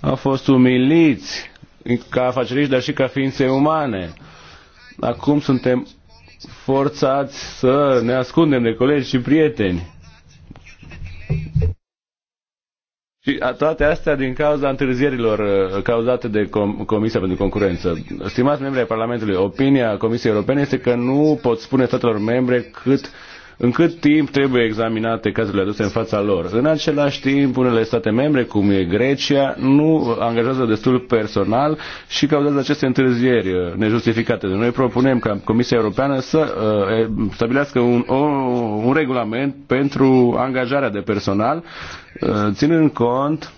Au fost umiliți ca afaceriști, dar și ca ființe umane. Acum suntem forțați să ne ascundem de colegi și prieteni. Și toate astea din cauza întârzierilor uh, cauzate de Com Comisia pentru Concurență. Stimați membri ai Parlamentului, opinia Comisiei Europene este că nu pot spune statelor membre cât uh, în cât timp trebuie examinate cazurile aduse în fața lor. În același timp, unele state membre, cum e Grecia, nu angajează destul personal și cauzează aceste întârzieri uh, nejustificate. Deci noi propunem ca Comisia Europeană să uh, stabilească un, o, un regulament pentru angajarea de personal, uh, ținând cont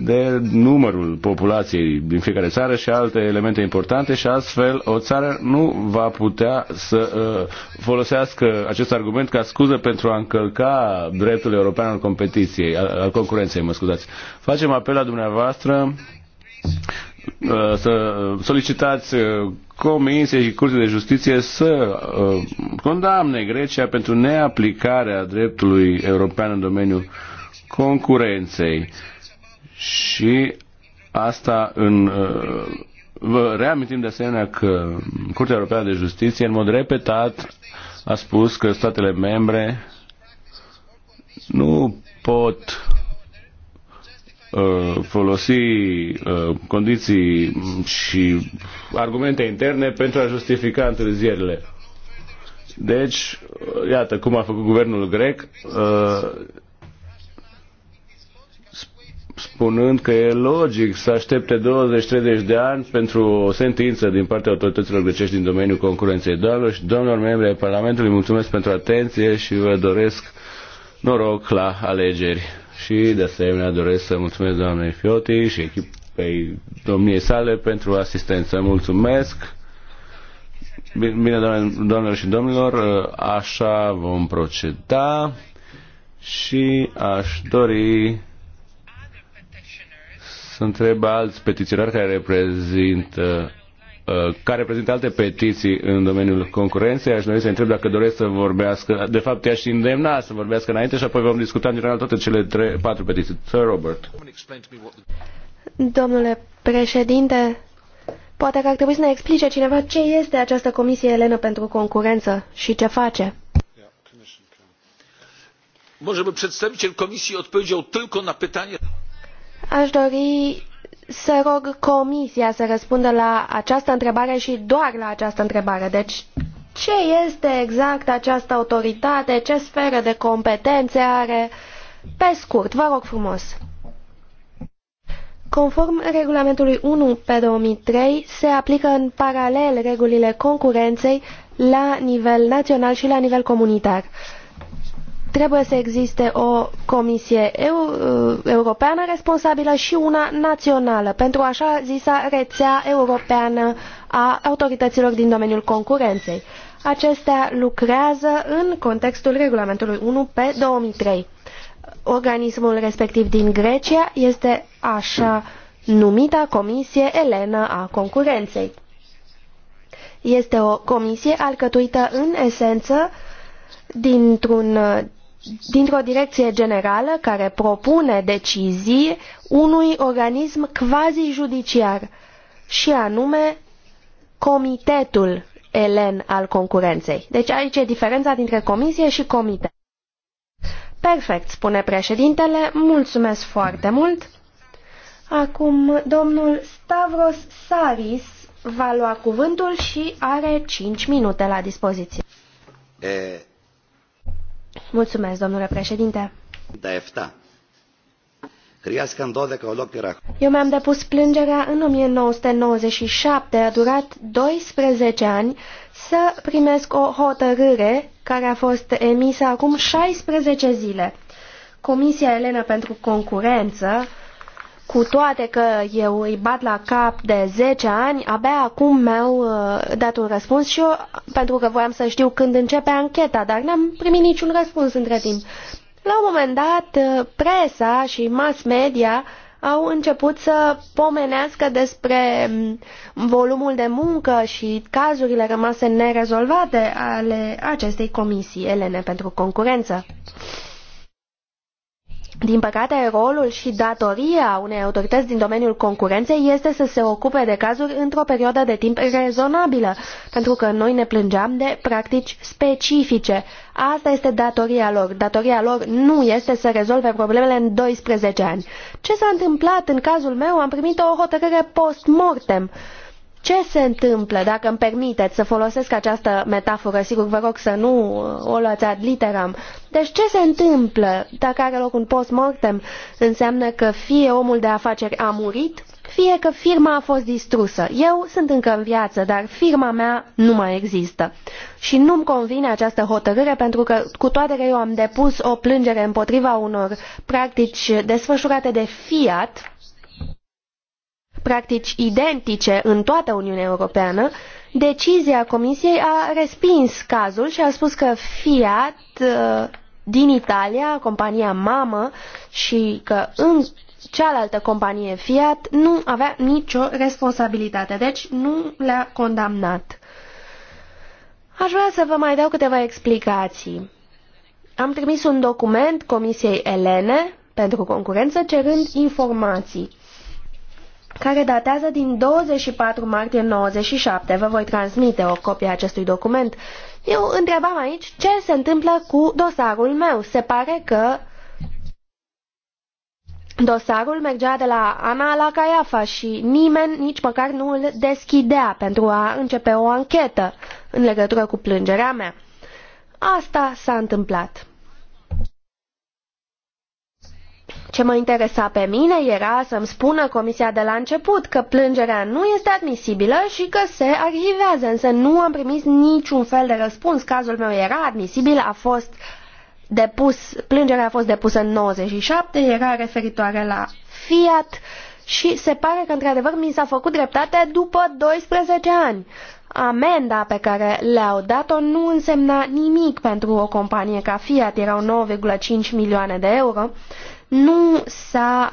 de numărul populației din fiecare țară și alte elemente importante și astfel o țară nu va putea să uh, folosească acest argument ca scuză pentru a încălca dreptul european al competiției, al concurenței, mă scuzați. Facem apel la dumneavoastră uh, să solicitați uh, Comisiei și Curții de Justiție să condamne Grecia pentru neaplicarea dreptului european în domeniul concurenței și asta în uh, Vă reamintim de asemenea că Curtea Europeană de Justiție în mod repetat a spus că statele membre nu pot uh, folosi uh, condiții și argumente interne pentru a justifica întârzierile. Deci, iată cum a făcut guvernul grec, uh, spunând că e logic să aștepte 20-30 de ani pentru o sentință din partea autorităților grecești din domeniul concurenței. Doamnelor și domnilor membri ai Parlamentului, mulțumesc pentru atenție și vă doresc noroc la alegeri. Și de asemenea doresc să mulțumesc doamnei Fioti și echipei domniei sale pentru asistență. Mulțumesc! Bine, doamnelor și domnilor, așa vom proceda și aș dori să întreb alți petiționari care reprezintă uh, care reprezintă alte petiții în domeniul concurenței, aș dori să întreb dacă doresc să vorbească, de fapt i-aș îndemna să vorbească înainte și apoi vom discuta în general toate cele trei, patru petiții. Sir Robert. Domnule președinte, poate că ar trebui să ne explice cineva ce este această Comisie Elenă pentru Concurență și ce face. Może by przedstawiciel comisiei odpowiedział tylko na pytanie. Aș dori să rog Comisia să răspundă la această întrebare și doar la această întrebare. Deci, ce este exact această autoritate, ce sferă de competențe are, pe scurt, vă rog frumos. Conform regulamentului 1 pe 2003, se aplică în paralel regulile concurenței la nivel național și la nivel comunitar. Trebuie să existe o comisie eu, uh, europeană responsabilă și una națională pentru așa zisa rețea europeană a autorităților din domeniul concurenței. Acestea lucrează în contextul regulamentului 1 pe 2003. Organismul respectiv din Grecia este așa numita Comisie Elena a Concurenței. Este o comisie alcătuită în esență dintr-un dintr-o direcție generală care propune decizii unui organism quasi-judiciar și anume Comitetul Elen al concurenței. Deci aici e diferența dintre comisie și comitet. Perfect, spune președintele, mulțumesc foarte mult. Acum domnul Stavros Saris va lua cuvântul și are 5 minute la dispoziție. E... Eh, Mulțumesc, domnule președinte. Da, efta. Eu mi-am depus plângerea în 1997, a durat 12 ani, să primesc o hotărâre care a fost emisă acum 16 zile. Comisia Elena pentru Concurență cu toate că eu îi bat la cap de 10 ani, abia acum mi-au uh, dat un răspuns și eu, pentru că voiam să știu când începe ancheta, dar n-am primit niciun răspuns între timp. La un moment dat, uh, presa și mass media au început să pomenească despre mm, volumul de muncă și cazurile rămase nerezolvate ale acestei comisii elene pentru concurență. Din păcate, rolul și datoria unei autorități din domeniul concurenței este să se ocupe de cazuri într-o perioadă de timp rezonabilă, pentru că noi ne plângeam de practici specifice. Asta este datoria lor. Datoria lor nu este să rezolve problemele în 12 ani. Ce s-a întâmplat în cazul meu? Am primit o hotărâre post-mortem. Ce se întâmplă, dacă îmi permiteți să folosesc această metaforă, sigur vă rog să nu uh, o luați ad literam, deci ce se întâmplă dacă are loc un post-mortem? Înseamnă că fie omul de afaceri a murit, fie că firma a fost distrusă. Eu sunt încă în viață, dar firma mea nu mai există. Și nu-mi convine această hotărâre pentru că, cu toate că eu am depus o plângere împotriva unor practici desfășurate de Fiat, practici identice în toată Uniunea Europeană, decizia Comisiei a respins cazul și a spus că Fiat uh, din Italia, compania mamă, și că în cealaltă companie Fiat nu avea nicio responsabilitate, deci nu le-a condamnat. Aș vrea să vă mai dau câteva explicații. Am trimis un document Comisiei Elene pentru concurență cerând informații care datează din 24 martie 97. Vă voi transmite o copie a acestui document. Eu întrebam aici ce se întâmplă cu dosarul meu. Se pare că dosarul mergea de la Ana la Caiafa și nimeni nici măcar nu îl deschidea pentru a începe o anchetă în legătură cu plângerea mea. Asta s-a întâmplat. Ce mă interesa pe mine era să-mi spună comisia de la început că plângerea nu este admisibilă și că se arhivează, însă nu am primit niciun fel de răspuns. Cazul meu era admisibil, a fost depus, plângerea a fost depusă în 97, era referitoare la Fiat și se pare că într-adevăr mi s-a făcut dreptate după 12 ani. Amenda pe care le-au dat-o nu însemna nimic pentru o companie ca Fiat, erau 9,5 milioane de euro nu s-a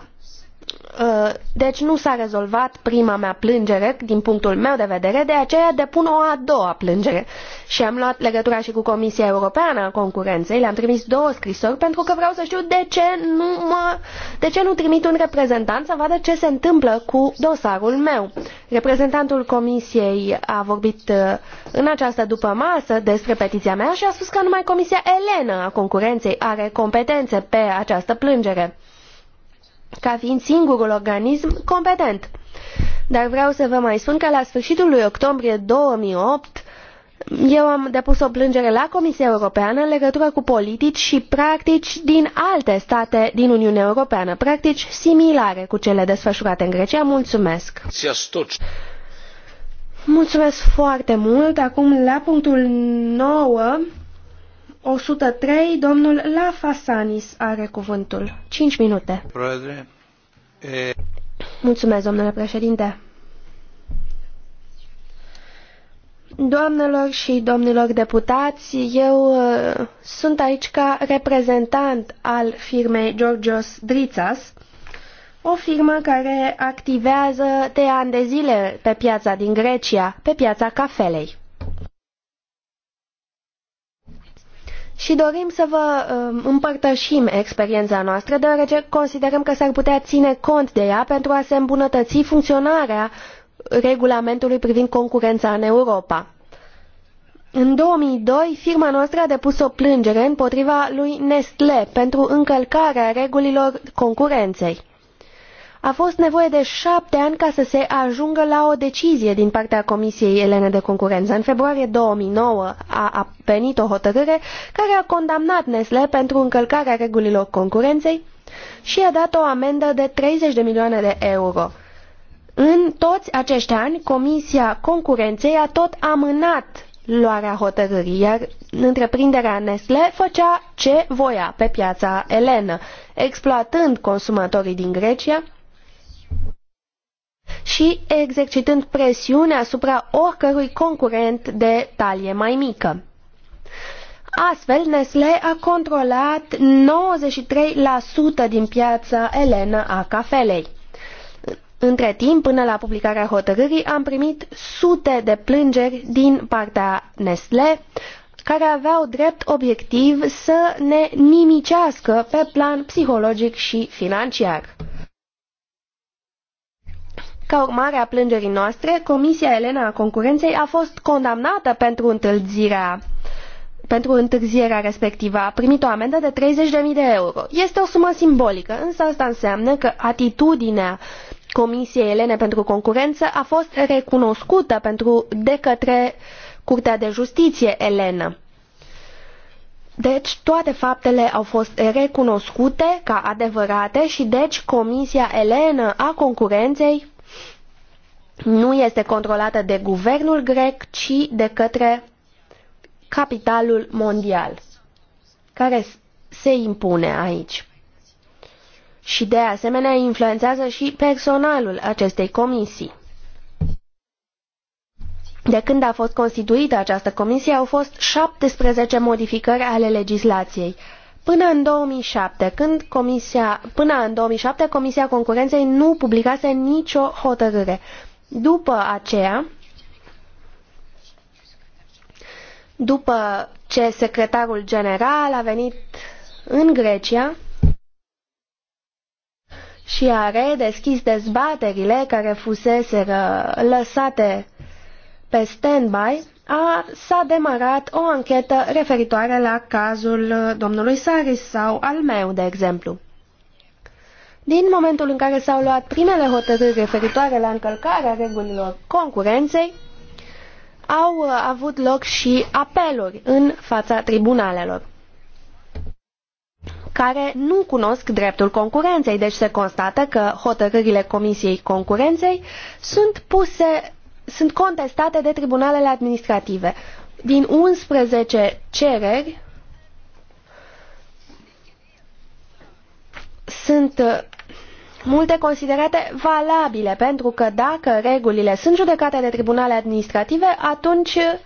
Uh, deci nu s-a rezolvat prima mea plângere din punctul meu de vedere, de aceea depun o a doua plângere. Și am luat legătura și cu Comisia Europeană a Concurenței, le-am trimis două scrisori pentru că vreau să știu de ce nu, mă, de ce nu trimit un reprezentant să vadă ce se întâmplă cu dosarul meu. Reprezentantul Comisiei a vorbit uh, în această după masă despre petiția mea și a spus că numai Comisia Elena a Concurenței are competențe pe această plângere ca fiind singurul organism competent. Dar vreau să vă mai spun că la sfârșitul lui octombrie 2008 eu am depus o plângere la Comisia Europeană în legătură cu politici și practici din alte state din Uniunea Europeană, practici similare cu cele desfășurate în Grecia. Mulțumesc! Mulțumesc foarte mult! Acum, la punctul 9, 103, domnul Lafasanis are cuvântul. 5 minute. Mulțumesc, domnule președinte. Doamnelor și domnilor deputați, eu uh, sunt aici ca reprezentant al firmei Georgios Drițas, o firmă care activează de ani de zile pe piața din Grecia, pe piața cafelei. și dorim să vă um, împărtășim experiența noastră, deoarece considerăm că s-ar putea ține cont de ea pentru a se îmbunătăți funcționarea regulamentului privind concurența în Europa. În 2002, firma noastră a depus o plângere împotriva lui Nestlé pentru încălcarea regulilor concurenței. A fost nevoie de șapte ani ca să se ajungă la o decizie din partea Comisiei Elene de Concurență. În februarie 2009 a venit o hotărâre care a condamnat Nestle pentru încălcarea regulilor concurenței și a dat o amendă de 30 de milioane de euro. În toți acești ani, Comisia Concurenței a tot amânat luarea hotărârii, iar întreprinderea Nestle făcea ce voia pe piața elenă, exploatând consumatorii din Grecia și exercitând presiune asupra oricărui concurent de talie mai mică. Astfel, Nestlé a controlat 93% din piața Elena a cafelei. Între timp, până la publicarea hotărârii, am primit sute de plângeri din partea Nestlé, care aveau drept obiectiv să ne nimicească pe plan psihologic și financiar. Ca urmare a plângerii noastre, Comisia Elena a Concurenței a fost condamnată pentru întârzirea pentru întârzierea respectivă a primit o amendă de 30.000 de euro. Este o sumă simbolică, însă asta înseamnă că atitudinea Comisiei Elene pentru Concurență a fost recunoscută pentru, de către Curtea de Justiție Elenă. Deci toate faptele au fost recunoscute ca adevărate și deci Comisia Elenă a Concurenței nu este controlată de guvernul grec, ci de către capitalul mondial, care se impune aici. Și de asemenea influențează și personalul acestei comisii. De când a fost constituită această comisie au fost 17 modificări ale legislației. Până în 2007, când comisia, până în 2007, Comisia Concurenței nu publicase nicio hotărâre. După aceea, după ce secretarul general a venit în Grecia și a redeschis dezbaterile care fusese lăsate pe stand-by, a, s-a demarat o anchetă referitoare la cazul domnului Saris sau al meu, de exemplu. Din momentul în care s-au luat primele hotărâri referitoare la încălcarea regulilor concurenței, au uh, avut loc și apeluri în fața tribunalelor care nu cunosc dreptul concurenței, deci se constată că hotărârile Comisiei Concurenței sunt puse, sunt contestate de tribunalele administrative. Din 11 cereri sunt uh, multe considerate valabile, pentru că dacă regulile sunt judecate de tribunale administrative, atunci uh,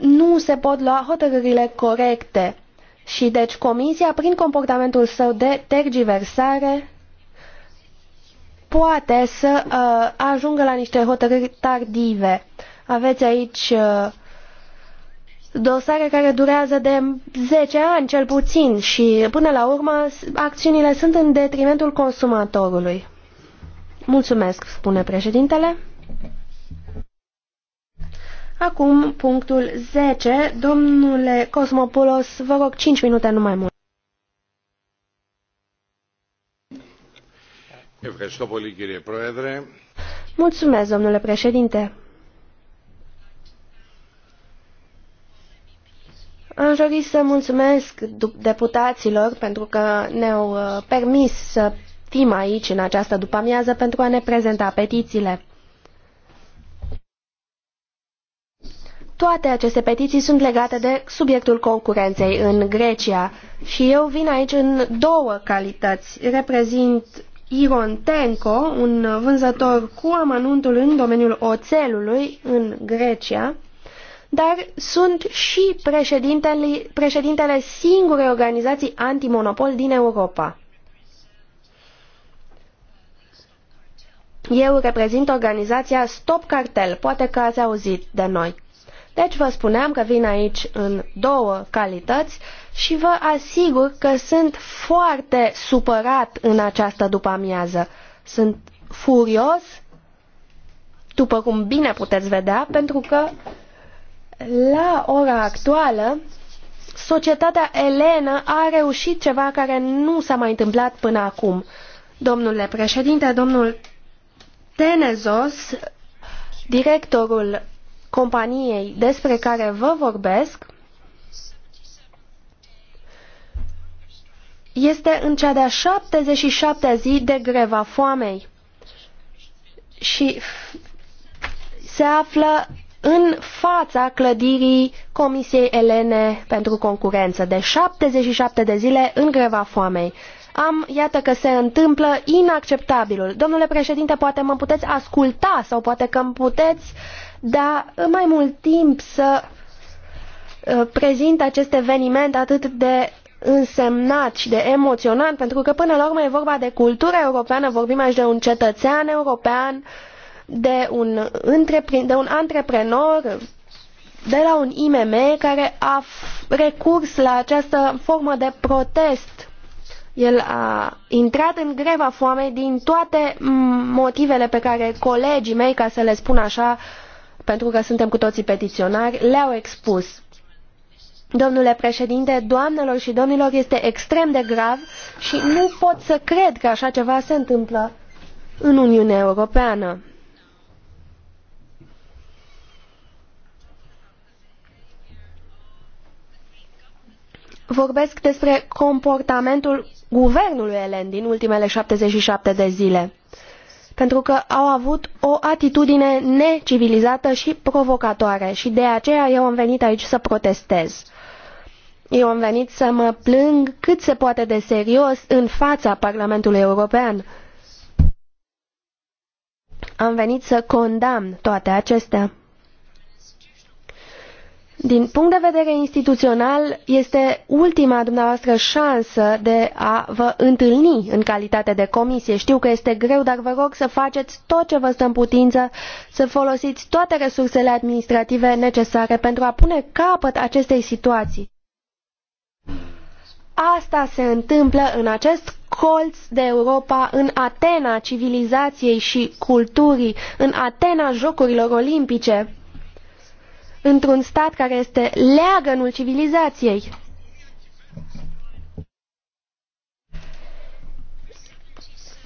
nu se pot lua hotărârile corecte. Și deci comisia, prin comportamentul său de tergiversare, poate să uh, ajungă la niște hotărâri tardive. Aveți aici uh, dosare care durează de 10 ani cel puțin și până la urmă acțiunile sunt în detrimentul consumatorului. Mulțumesc, spune președintele. Acum, punctul 10. Domnule Cosmopoulos, vă rog 5 minute, nu mai mult. Mulțumesc, domnule președinte. Aș dori să mulțumesc deputaților pentru că ne-au uh, permis să fim aici în această după-amiază pentru a ne prezenta petițiile. Toate aceste petiții sunt legate de subiectul concurenței în Grecia și eu vin aici în două calități. Reprezint Iron Tenco, un vânzător cu amănuntul în domeniul oțelului în Grecia, dar sunt și președintele, președintele singurei organizații antimonopol din Europa. Eu reprezint organizația Stop Cartel, poate că ați auzit de noi. Deci vă spuneam că vin aici în două calități și vă asigur că sunt foarte supărat în această după-amiază. Sunt furios, după cum bine puteți vedea, pentru că la ora actuală, societatea elenă a reușit ceva care nu s-a mai întâmplat până acum. Domnule președinte, domnul Tenezos, directorul companiei despre care vă vorbesc, este în cea de-a 77 zi de greva foamei și se află în fața clădirii Comisiei Elene pentru Concurență, de 77 de zile în greva foamei. Am, iată că se întâmplă inacceptabilul. Domnule președinte, poate mă puteți asculta sau poate că îmi puteți da mai mult timp să uh, prezint acest eveniment atât de însemnat și de emoționant, pentru că până la urmă e vorba de cultura europeană, vorbim aici de un cetățean european uh, de un, de un antreprenor de la un IMM care a recurs la această formă de protest. El a intrat în greva foamei din toate motivele pe care colegii mei, ca să le spun așa, pentru că suntem cu toții petiționari, le-au expus. Domnule președinte, doamnelor și domnilor, este extrem de grav și nu pot să cred că așa ceva se întâmplă în Uniunea Europeană. vorbesc despre comportamentul guvernului elen din ultimele 77 de zile, pentru că au avut o atitudine necivilizată și provocatoare și de aceea eu am venit aici să protestez. Eu am venit să mă plâng cât se poate de serios în fața Parlamentului European. Am venit să condamn toate acestea. Din punct de vedere instituțional, este ultima dumneavoastră șansă de a vă întâlni în calitate de comisie. Știu că este greu, dar vă rog să faceți tot ce vă stă în putință, să folosiți toate resursele administrative necesare pentru a pune capăt acestei situații. Asta se întâmplă în acest colț de Europa, în Atena civilizației și culturii, în Atena jocurilor olimpice într-un stat care este leagănul civilizației.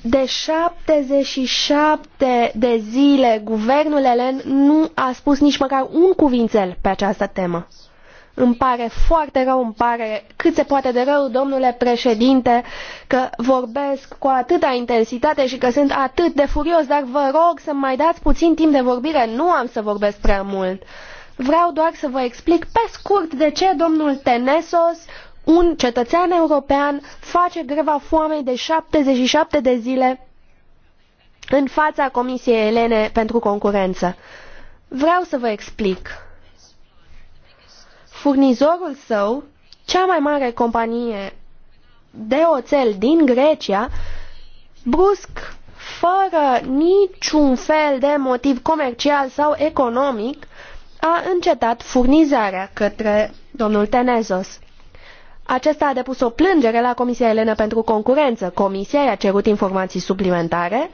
De 77 de zile, guvernul elen nu a spus nici măcar un cuvințel pe această temă. Îmi pare foarte rău, îmi pare cât se poate de rău, domnule președinte, că vorbesc cu atâta intensitate și că sunt atât de furios, dar vă rog să-mi mai dați puțin timp de vorbire, nu am să vorbesc prea mult. Uh, Vreau doar să vă explic pe scurt de ce domnul Tenesos, un cetățean european, face greva foamei de 77 de zile în fața Comisiei Elene pentru Concurență. Vreau să vă explic. Furnizorul său, cea mai mare companie de oțel din Grecia, brusc, fără niciun fel de motiv comercial sau economic, a încetat furnizarea către domnul Tenezos. Acesta a depus o plângere la Comisia Elenă pentru Concurență. Comisia i-a cerut informații suplimentare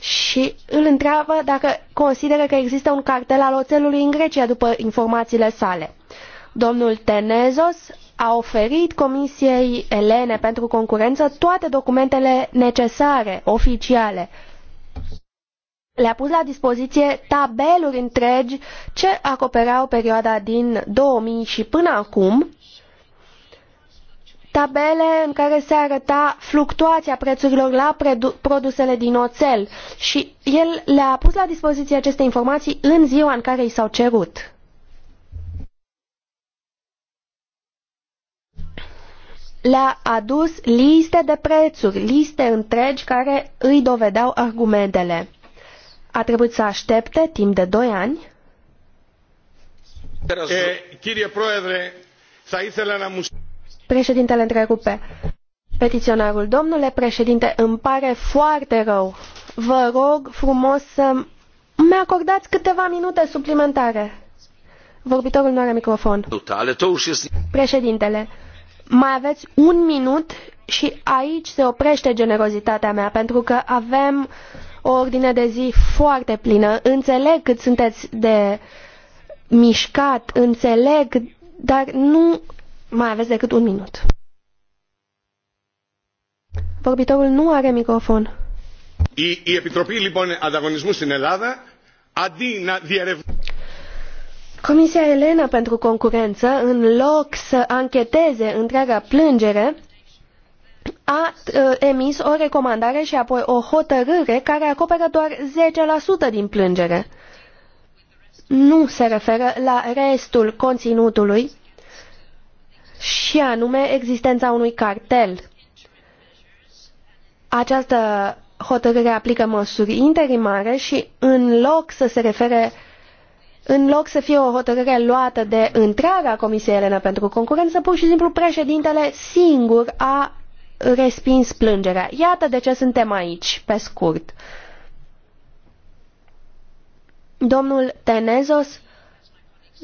și îl întreabă dacă consideră că există un cartel al oțelului în Grecia după informațiile sale. Domnul Tenezos a oferit Comisiei Elene pentru Concurență toate documentele necesare, oficiale, le-a pus la dispoziție tabeluri întregi ce acopereau perioada din 2000 și până acum, tabele în care se arăta fluctuația prețurilor la produsele din oțel și el le-a pus la dispoziție aceste informații în ziua în care i s-au cerut. Le-a adus liste de prețuri, liste întregi care îi dovedeau argumentele a trebuit să aștepte timp de doi ani? Președintele întrerupe. Petiționarul, domnule președinte, îmi pare foarte rău. Vă rog frumos să mi acordați câteva minute suplimentare. Vorbitorul nu are microfon. Președintele, mai aveți un minut și aici se oprește generozitatea mea, pentru că avem o ordine de zi foarte plină. Înțeleg cât sunteți de mișcat, înțeleg, dar nu mai aveți decât un minut. Vorbitorul nu are microfon. Η, Επιτροπή λοιπόν Ανταγωνισμού στην Ελλάδα αντί να Comisia Elena pentru concurență, în loc să ancheteze întreaga plângere, a uh, emis o recomandare și apoi o hotărâre care acoperă doar 10% din plângere. Nu se referă la restul conținutului și anume existența unui cartel. Această hotărâre aplică măsuri interimare și în loc să se refere în loc să fie o hotărâre luată de întreaga Comisie Elena pentru Concurență, pur și simplu președintele singur a respins plângerea. Iată de ce suntem aici, pe scurt. Domnul Tenezos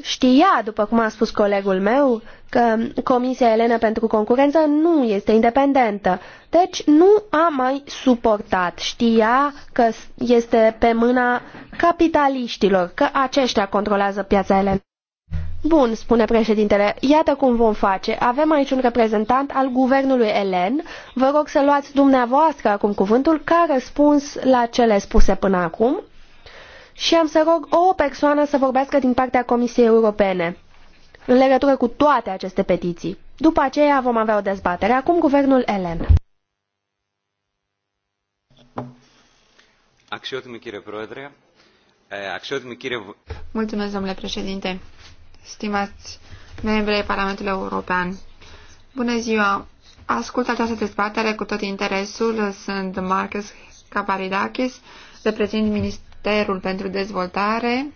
știa, după cum a spus colegul meu, că Comisia Elena pentru Concurență nu este independentă. Deci nu a mai suportat. Știa că este pe mâna capitaliștilor, că aceștia controlează piața Elena. Bun, spune președintele, iată cum vom face. Avem aici un reprezentant al guvernului elen. Vă rog să luați dumneavoastră acum cuvântul ca răspuns la cele spuse până acum. Și am să rog o persoană să vorbească din partea Comisiei Europene în legătură cu toate aceste petiții. După aceea vom avea o dezbatere. Acum guvernul elen. Eh, Mulțumesc, domnule președinte stimați membrii Parlamentului European. Bună ziua! Ascult această dezbatere cu tot interesul. Sunt Marcus Caparidakis, reprezint Ministerul pentru Dezvoltare.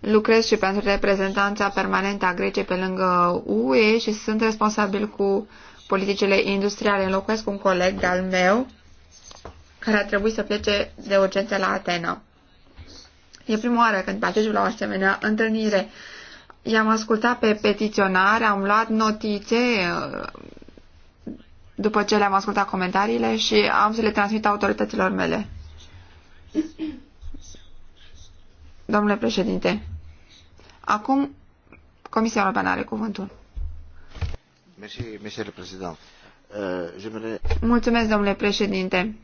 Lucrez și pentru reprezentanța permanentă a Greciei pe lângă UE și sunt responsabil cu politicile industriale. Înlocuiesc un coleg al meu care a trebuit să plece de urgență la Atena. E prima oară când particip la o asemenea întâlnire. I-am ascultat pe petiționare, am luat notițe uh, după ce le-am ascultat comentariile și am să le transmit autorităților mele. Domnule președinte, acum Comisia Europeană are cuvântul. Uh, Mulțumesc, domnule președinte.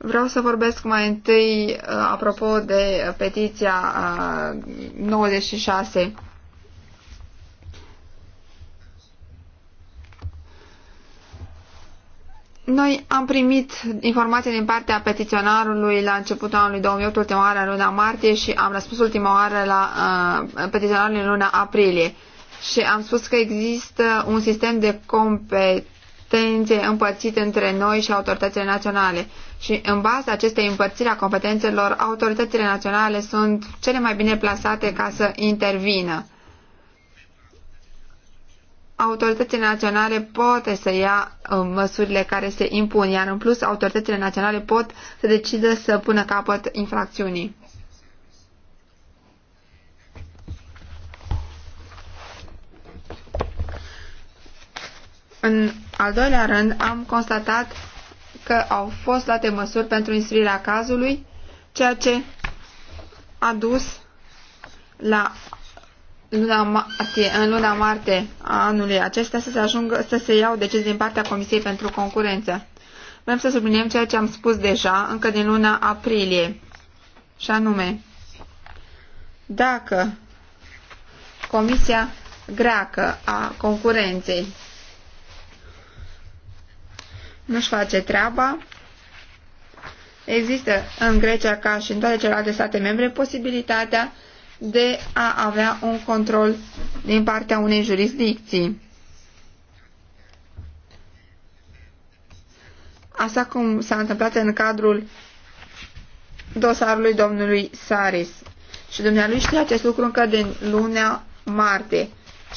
Vreau să vorbesc mai întâi uh, apropo de petiția 96. Uh, Noi am primit informații din partea petiționarului la începutul anului 2008, ultima oară în luna martie și am răspuns ultima oară la uh, petiționarul în luna aprilie. Și am spus că există un sistem de compet competențe împărțite între noi și autoritățile naționale și în baza acestei împărțiri a competențelor, autoritățile naționale sunt cele mai bine plasate ca să intervină. Autoritățile naționale pot să ia uh, măsurile care se impun, iar în plus autoritățile naționale pot să decidă să pună capăt infracțiunii. În al doilea rând, am constatat că au fost date măsuri pentru instruirea cazului, ceea ce a dus la luna martie, în luna martie a anului acesta să se, ajungă, să se iau decizii din partea Comisiei pentru Concurență. Vrem să subliniem ceea ce am spus deja încă din luna aprilie, și anume, dacă Comisia Greacă a Concurenței nu-și face treaba. Există în Grecia, ca și în toate celelalte state membre, posibilitatea de a avea un control din partea unei jurisdicții. Așa cum s-a întâmplat în cadrul dosarului domnului Saris. Și dumnealui știe acest lucru încă din lunea martie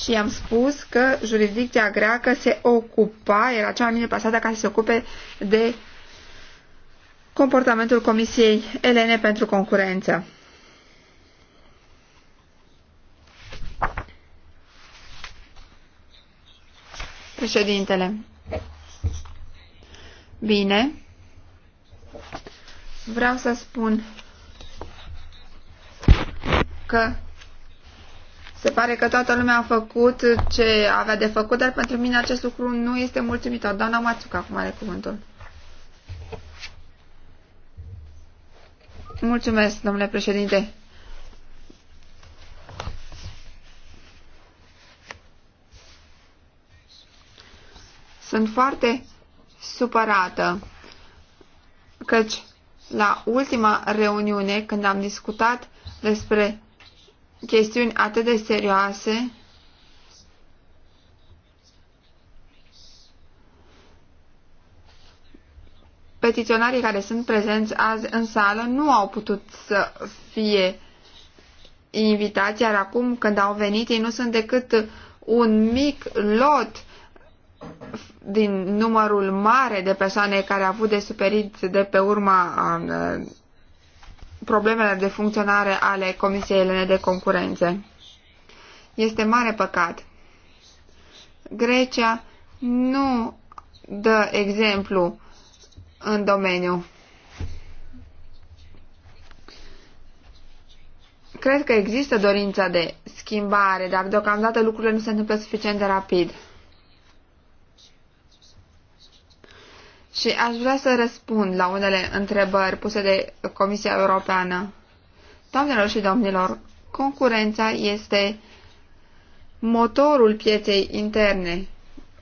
și am spus că jurisdicția greacă se ocupa, era cea mai bine plasată ca să se ocupe de comportamentul Comisiei Elene pentru Concurență. Președintele. Bine. Vreau să spun că se pare că toată lumea a făcut ce avea de făcut, dar pentru mine acest lucru nu este mulțumitor. Doamna Mațuca, acum are cuvântul. Mulțumesc, domnule președinte. Sunt foarte supărată, căci la ultima reuniune, când am discutat despre chestiuni atât de serioase petiționarii care sunt prezenți azi în sală nu au putut să fie invitați, iar acum când au venit ei nu sunt decât un mic lot din numărul mare de persoane care au avut de suferit de pe urma uh, problemele de funcționare ale Comisiei Elene de Concurențe. Este mare păcat. Grecia nu dă exemplu în domeniu. Cred că există dorința de schimbare, dar deocamdată lucrurile nu se întâmplă suficient de rapid. și aș vrea să răspund la unele întrebări puse de Comisia Europeană. Doamnelor și domnilor, concurența este motorul pieței interne.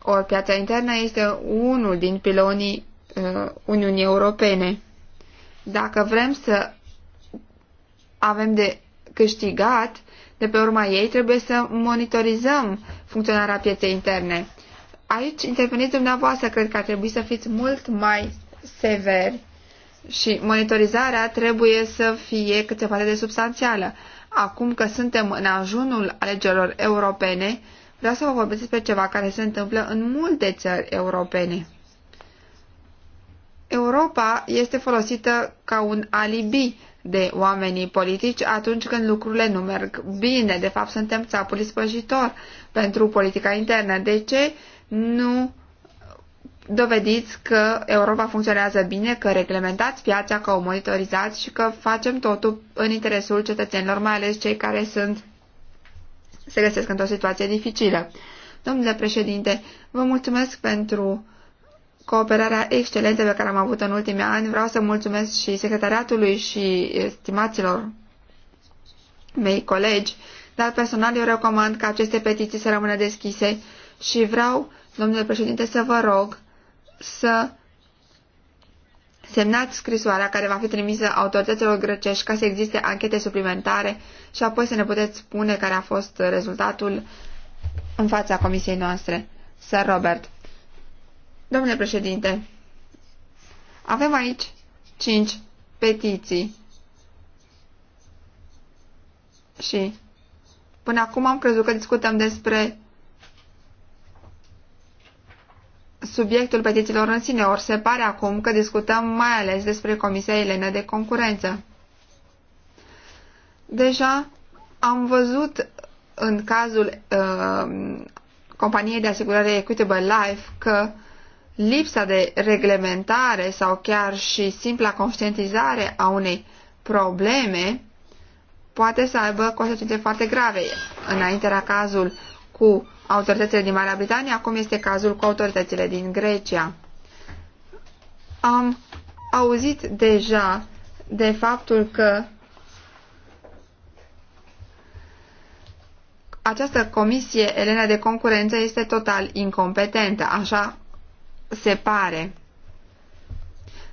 O piața internă este unul din pilonii uh, Uniunii Europene. Dacă vrem să avem de câștigat de pe urma ei, trebuie să monitorizăm funcționarea pieței interne aici interveniți dumneavoastră, cred că ar trebui să fiți mult mai severi și monitorizarea trebuie să fie cât se poate de substanțială. Acum că suntem în ajunul alegerilor europene, vreau să vă vorbesc despre ceva care se întâmplă în multe țări europene. Europa este folosită ca un alibi de oamenii politici atunci când lucrurile nu merg bine. De fapt, suntem țapul ispăjitor pentru politica internă. De ce nu dovediți că Europa funcționează bine, că reglementați piața, că o monitorizați și că facem totul în interesul cetățenilor, mai ales cei care sunt se găsesc într-o situație dificilă. Domnule președinte, vă mulțumesc pentru cooperarea excelentă pe care am avut în ultimii ani. Vreau să mulțumesc și secretariatului și estimaților mei colegi, dar personal eu recomand ca aceste petiții să rămână deschise și vreau, domnule președinte, să vă rog să semnați scrisoarea care va fi trimisă autorităților grecești ca să existe anchete suplimentare și apoi să ne puteți spune care a fost rezultatul în fața comisiei noastre. Sir Robert. Domnule președinte, avem aici cinci petiții și până acum am crezut că discutăm despre subiectul petițiilor în sine, ori se pare acum că discutăm mai ales despre Comisia Elena de Concurență. Deja am văzut în cazul uh, companiei de asigurare Equitable Life că uh, lipsa de reglementare sau chiar și simpla conștientizare a unei probleme poate să aibă consecințe foarte grave. Înainte era cazul cu autoritățile din Marea Britanie, acum este cazul cu autoritățile din Grecia. Am auzit deja de faptul că această comisie Elena de concurență este total incompetentă, așa separe.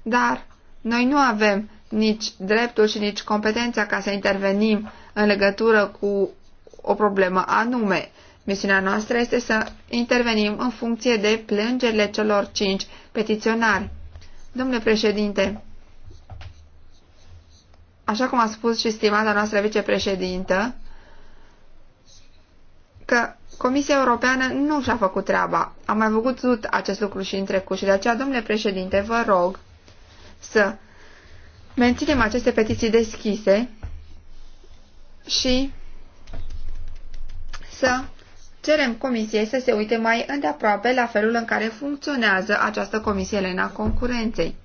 Dar noi nu avem nici dreptul și nici competența ca să intervenim în legătură cu o problemă anume. Misiunea noastră este să intervenim în funcție de plângerile celor cinci petiționari. Domnule președinte, așa cum a spus și stimata noastră vicepreședintă, că Comisia Europeană nu și-a făcut treaba. Am mai făcut acest lucru și în trecut și de aceea, domnule președinte, vă rog să menținem aceste petiții deschise și să cerem comisiei să se uite mai îndeaproape la felul în care funcționează această comisie Elena Concurenței.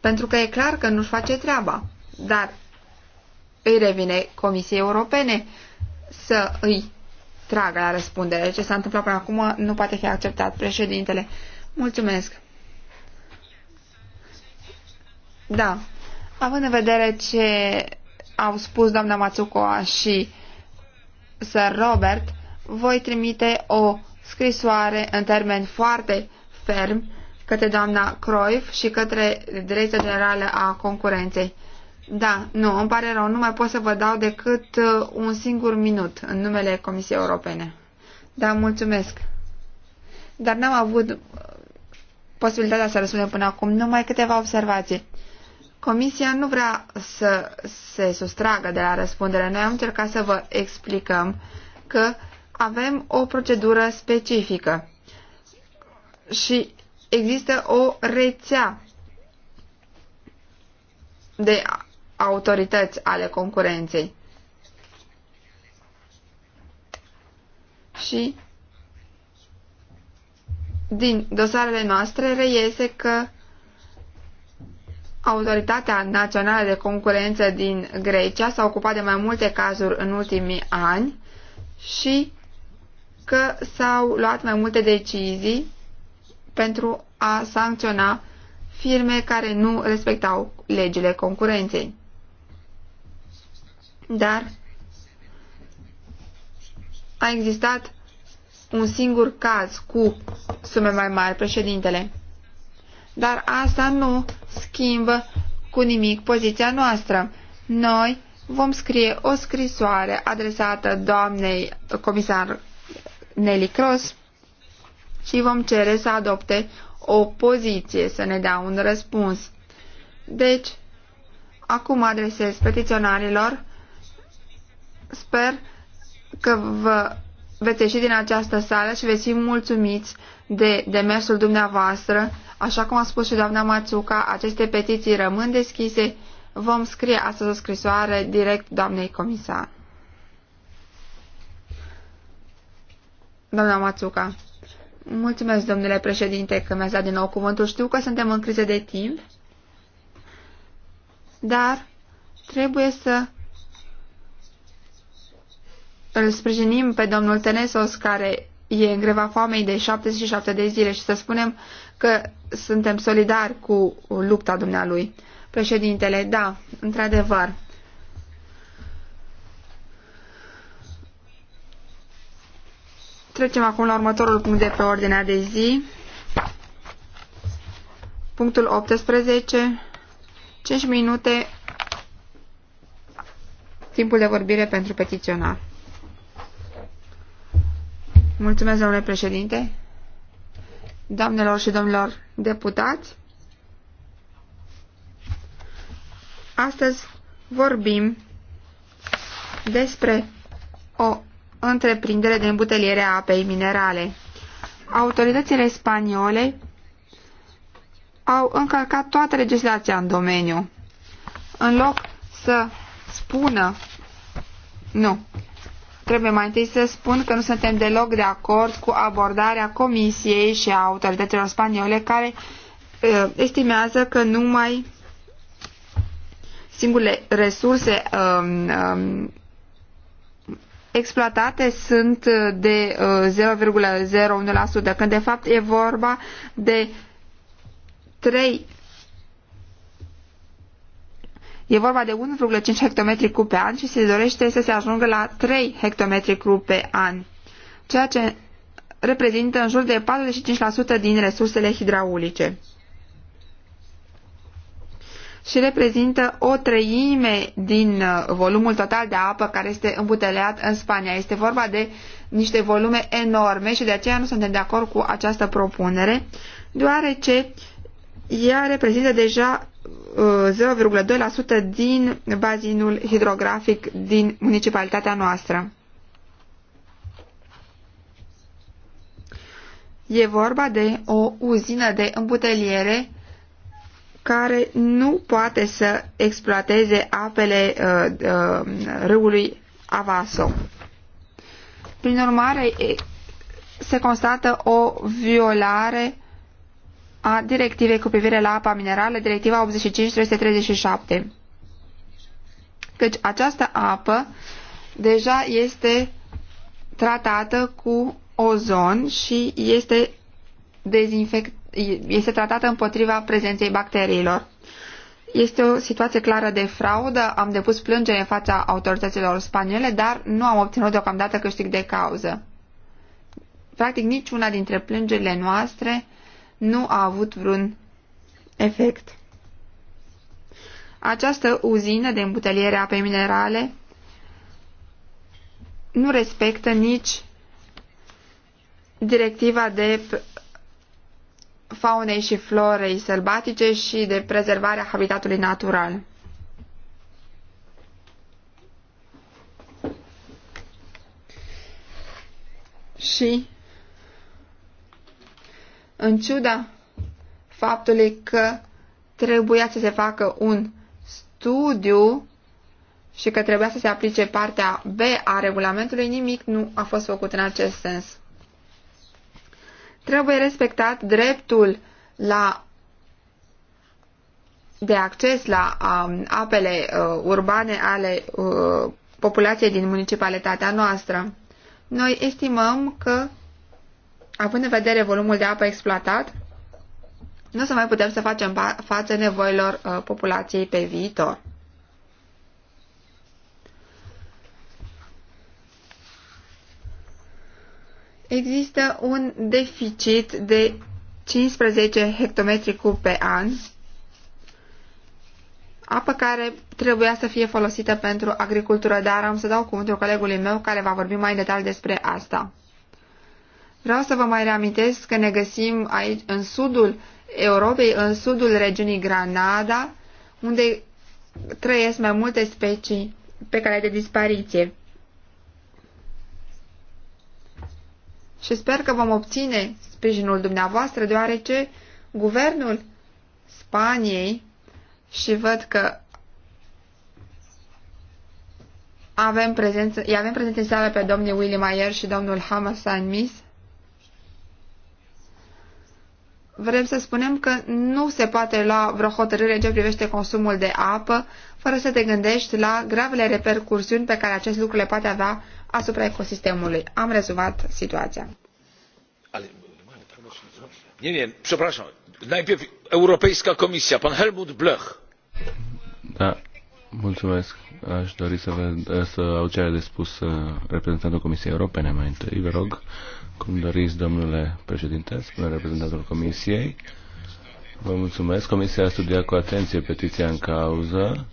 Pentru că e clar că nu-și face treaba, dar îi revine Comisiei Europene să îi tragă la răspundere. Ce s-a întâmplat până acum nu poate fi acceptat. Președintele, mulțumesc. Da, având în vedere ce au spus doamna Matsukoa și Sir Robert, voi trimite o scrisoare în termen foarte ferm către doamna Croif și către Direcția Generală a Concurenței. Da, nu, îmi pare rău, nu mai pot să vă dau decât uh, un singur minut în numele Comisiei Europene. Da, mulțumesc. Dar n-am avut uh, posibilitatea să răspundem până acum, numai câteva observații. Comisia nu vrea să se sustragă de la răspundere. Noi am încercat să vă explicăm că avem o procedură specifică și există o rețea de autorități ale concurenței. Și din dosarele noastre reiese că Autoritatea Națională de Concurență din Grecia s-a ocupat de mai multe cazuri în ultimii ani și că s-au luat mai multe decizii pentru a sancționa firme care nu respectau legile concurenței dar a existat un singur caz cu sume mai mari, președintele. Dar asta nu schimbă cu nimic poziția noastră. Noi vom scrie o scrisoare adresată doamnei comisar Nelly Cross și vom cere să adopte o poziție, să ne dea un răspuns. Deci, acum adresez petiționarilor Sper că vă veți ieși din această sală și veți fi mulțumiți de demersul dumneavoastră. Așa cum a spus și doamna Mațuca, aceste petiții rămân deschise. Vom scrie astăzi o scrisoare direct doamnei comisar. Doamna Mațuca, mulțumesc, domnule președinte, că mi-ați dat din nou cuvântul. Știu că suntem în criză de timp, dar trebuie să îl sprijinim pe domnul Tenesos, care e în greva foamei de 77 de zile și să spunem că suntem solidari cu lupta dumnealui. Președintele, da, într-adevăr. Trecem acum la următorul punct de pe ordinea de zi. Punctul 18. 5 minute timpul de vorbire pentru petiționar. Mulțumesc, domnule președinte. Doamnelor și domnilor deputați, astăzi vorbim despre o întreprindere de îmbuteliere a apei minerale. Autoritățile spaniole au încălcat toată legislația în domeniu. În loc să spună, nu, Trebuie mai întâi să spun că nu suntem deloc de acord cu abordarea Comisiei și a autorităților spaniole care uh, estimează că numai singurele resurse uh, uh, exploatate sunt de uh, 0,01%, când de fapt e vorba de 3 E vorba de 1,5 hectometri cub pe an și se dorește să se ajungă la 3 hectometri cub pe an, ceea ce reprezintă în jur de 45% din resursele hidraulice și reprezintă o treime din uh, volumul total de apă care este îmbuteleat în Spania. Este vorba de niște volume enorme și de aceea nu suntem de acord cu această propunere, deoarece ea reprezintă deja 0,2% din bazinul hidrografic din municipalitatea noastră. E vorba de o uzină de îmbuteliere care nu poate să exploateze apele uh, uh, râului Avaso. Prin urmare, se constată o violare a directivei cu privire la apa minerală, directiva 85-337. Căci această apă deja este tratată cu ozon și este, dezinfect, este tratată împotriva prezenței bacteriilor. Este o situație clară de fraudă, am depus plângere în fața autorităților spaniole, dar nu am obținut deocamdată câștig de cauză. Practic niciuna dintre plângerile noastre nu a avut vreun efect. Această uzină de îmbuteliere a apei minerale nu respectă nici directiva de faunei și florei sălbatice și de prezervarea habitatului natural. Și în ciuda faptului că trebuia să se facă un studiu și că trebuia să se aplice partea B a regulamentului, nimic nu a fost făcut în acest sens. Trebuie respectat dreptul la de acces la um, apele uh, urbane ale uh, populației din municipalitatea noastră. Noi estimăm că având în vedere volumul de apă exploatat, nu o să mai putem să facem față nevoilor uh, populației pe viitor. Există un deficit de 15 hectometri cub pe an, apă care trebuia să fie folosită pentru agricultură, dar am să dau cuvântul colegului meu care va vorbi mai în detaliu despre asta. Vreau să vă mai reamintesc că ne găsim aici în sudul Europei, în sudul regiunii Granada, unde trăiesc mai multe specii pe care de dispariție. Și sper că vom obține sprijinul dumneavoastră, deoarece guvernul Spaniei și văd că avem prezență, avem prezență în sală pe domnul William Ayer și domnul Hamasan Miss, vrem să spunem că nu se poate lua vreo hotărâre în ce privește consumul de apă fără să te gândești la gravele repercursiuni pe care acest lucru le poate avea asupra ecosistemului. Am rezumat situația. Nie, nie, przepraszam. Najpierw Europejska Komisja, pan Helmut Blech. Da, mulțumesc. Aș dori să, ved, să au ce de spus uh, reprezentantul Comisiei Europene mai întâi, vă rog. Uh, cum doriți, domnule președinte, spune reprezentantul Comisiei. Vă mulțumesc. Comisia a studiat cu atenție petiția în cauză.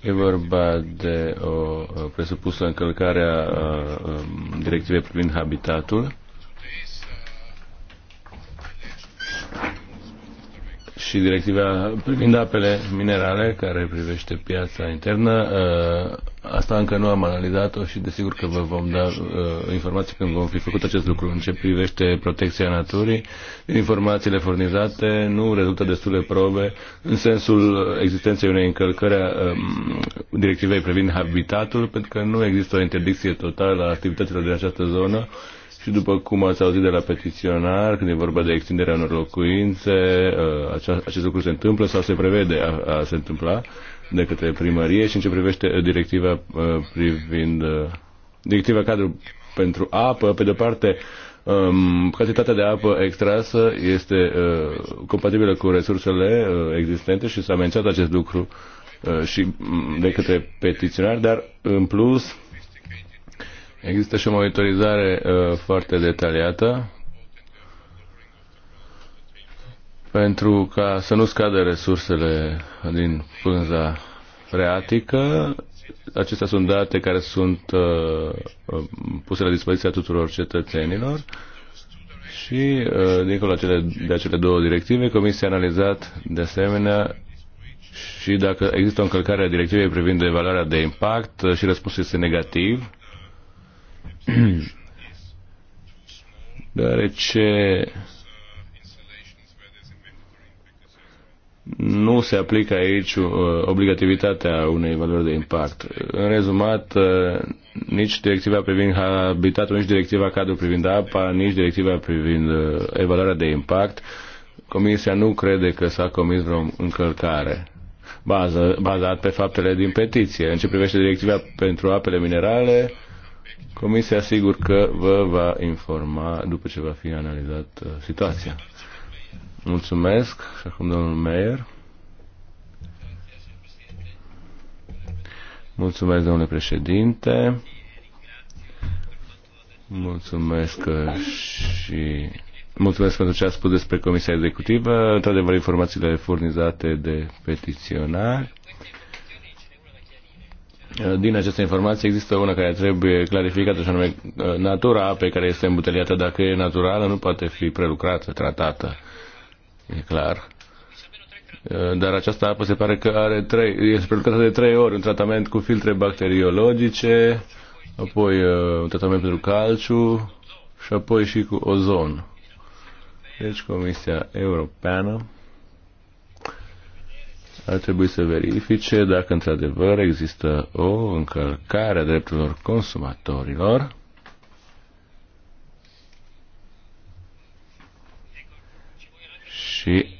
E vorba de o presupusă încălcare a directivei privind habitatul și directiva privind apele minerale care privește piața internă. Uh, asta încă nu am analizat-o și desigur că vă vom da uh, informații când vom fi făcut acest lucru. În ce privește protecția naturii, informațiile furnizate nu rezultă destule probe în sensul existenței unei încălcări a um, directivei privind habitatul, pentru că nu există o interdicție totală a activităților din această zonă și după cum ați auzit de la petiționar, când e vorba de extinderea unor locuințe, uh, acest lucru se întâmplă sau se prevede a, a se întâmpla de către primărie și în ce privește uh, directiva uh, privind directiva cadru pentru apă, pe de-o parte um, cantitatea de apă extrasă este uh, compatibilă cu resursele uh, existente și s-a menționat acest lucru uh, și mm, de către petiționari, dar în plus Există și o monitorizare uh, foarte detaliată pentru ca să nu scadă resursele din pânza freatică. Acestea sunt date care sunt uh, uh puse la dispoziția tuturor cetățenilor și, uh, dincolo acele, de acele două directive, Comisia a analizat de asemenea și dacă există o încălcare a directivei privind evaluarea de impact uh, și răspunsul este negativ, deoarece nu se aplică aici uh, obligativitatea unei valori de impact. În rezumat, uh, nici directiva privind habitatul, nici directiva cadru privind apa, nici directiva privind uh, evaluarea de impact, Comisia nu crede că s-a comis vreo încălcare bază, bazat pe faptele din petiție. În ce privește directiva pentru apele minerale, Comisia sigur că vă va informa după ce va fi analizat uh, situația. Mulțumesc și acum domnul Meier. Mulțumesc, domnule președinte. Mulțumesc uh, și mulțumesc pentru ce a spus despre Comisia Executivă. Într-adevăr, informațiile furnizate de petiționari Uh, din aceste informații există una care trebuie clarificată, și anume uh, natura apei care este îmbuteliată, dacă e naturală, nu poate fi prelucrată, tratată. E clar. Uh, dar această apă se pare că are trei, este prelucrată de trei ori, un tratament cu filtre bacteriologice, apoi un tratament pentru calciu și apoi și cu ozon. Deci Comisia Europeană ar trebui să verifice dacă într-adevăr există o încălcare a drepturilor consumatorilor și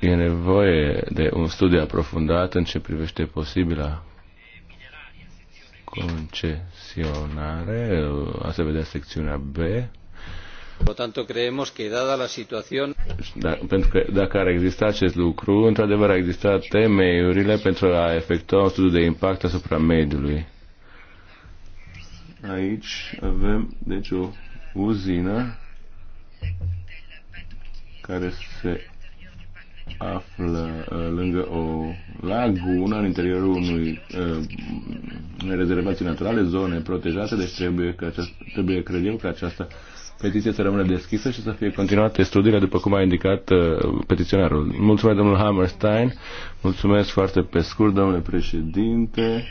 e nevoie de un studiu aprofundat în ce privește posibila concesionare, asta vedea secțiunea B, Por tanto, creemos que dada la situación... Deci, da, pentru că dacă ar exista acest lucru, într-adevăr ar exista temeiurile pentru a efectua un studiu de impact asupra mediului. Aici avem, deci, o uzină care se află uh, lângă o lagună în interiorul unui uh, rezervații naturale, zone protejate, deci trebuie, că aceast, trebuie cred eu că aceasta petiția să rămână deschisă și să fie continuate studiile, după cum a indicat uh, petiționarul. Mulțumesc, domnul Hammerstein. Mulțumesc foarte pe scurt, domnule președinte.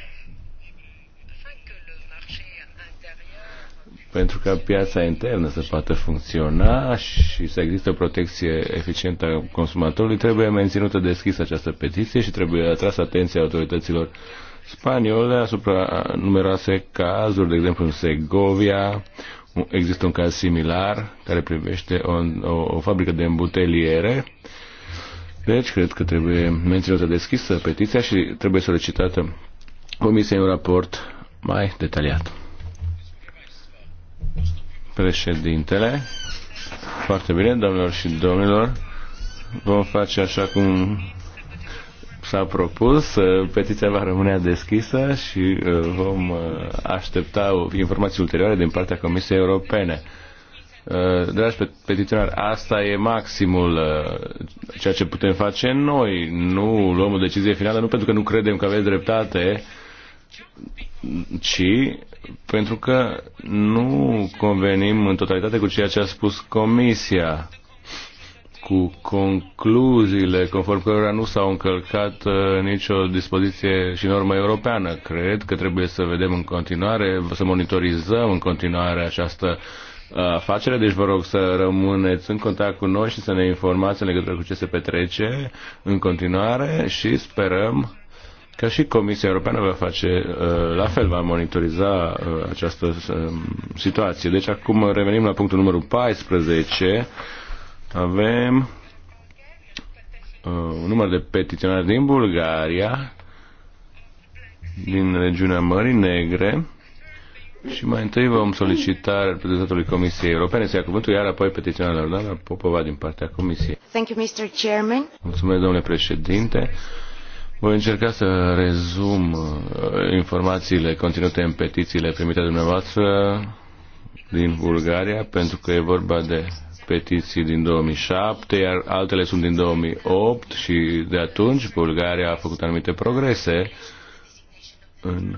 pentru ca piața internă să poată funcționa și să există o protecție eficientă a consumatorului, trebuie menținută deschisă această petiție și trebuie atras atenția autorităților spaniole asupra numeroase cazuri, de exemplu în Segovia, Există un caz similar care privește o, o, o fabrică de îmbuteliere. Deci, cred că trebuie menținută deschisă petiția și trebuie solicitată Comisiei un raport mai detaliat. Președintele, foarte bine, domnilor și domnilor, vom face așa cum s-a propus, uh, petiția va rămâne deschisă și uh, vom uh, aștepta informații ulterioare din partea Comisiei Europene. Dragi petiționari, asta e maximul ceea ce putem face noi. Nu luăm o decizie finală, nu pentru că nu credem că aveți dreptate, ci pentru că nu convenim în totalitate cu ceea ce a spus Comisia cu concluziile conform cărora nu s-au încălcat uh, nicio dispoziție și normă europeană. Cred că trebuie să vedem în continuare, să monitorizăm în continuare această uh, afacere, deci vă rog să rămâneți în contact cu noi și să ne informați în legătură cu ce se petrece în continuare și sperăm că și Comisia Europeană va face, uh, la fel va monitoriza această um, situație. Deci acum revenim la punctul numărul 14 avem uh, un număr de petiționari din Bulgaria, din regiunea Mării Negre, și mai întâi vom solicita reprezentantului Comisiei Europene să ia cuvântul, iar apoi petiționarilor, doamna Popova, din partea Comisiei. Thank you, Mr. Chairman. Mulțumesc, domnule președinte. Voi încerca să rezum uh, informațiile conținute în petițiile primite de dumneavoastră din Bulgaria, pentru că e vorba de petiții din 2007, iar altele sunt din 2008 și de atunci Bulgaria a făcut anumite progrese în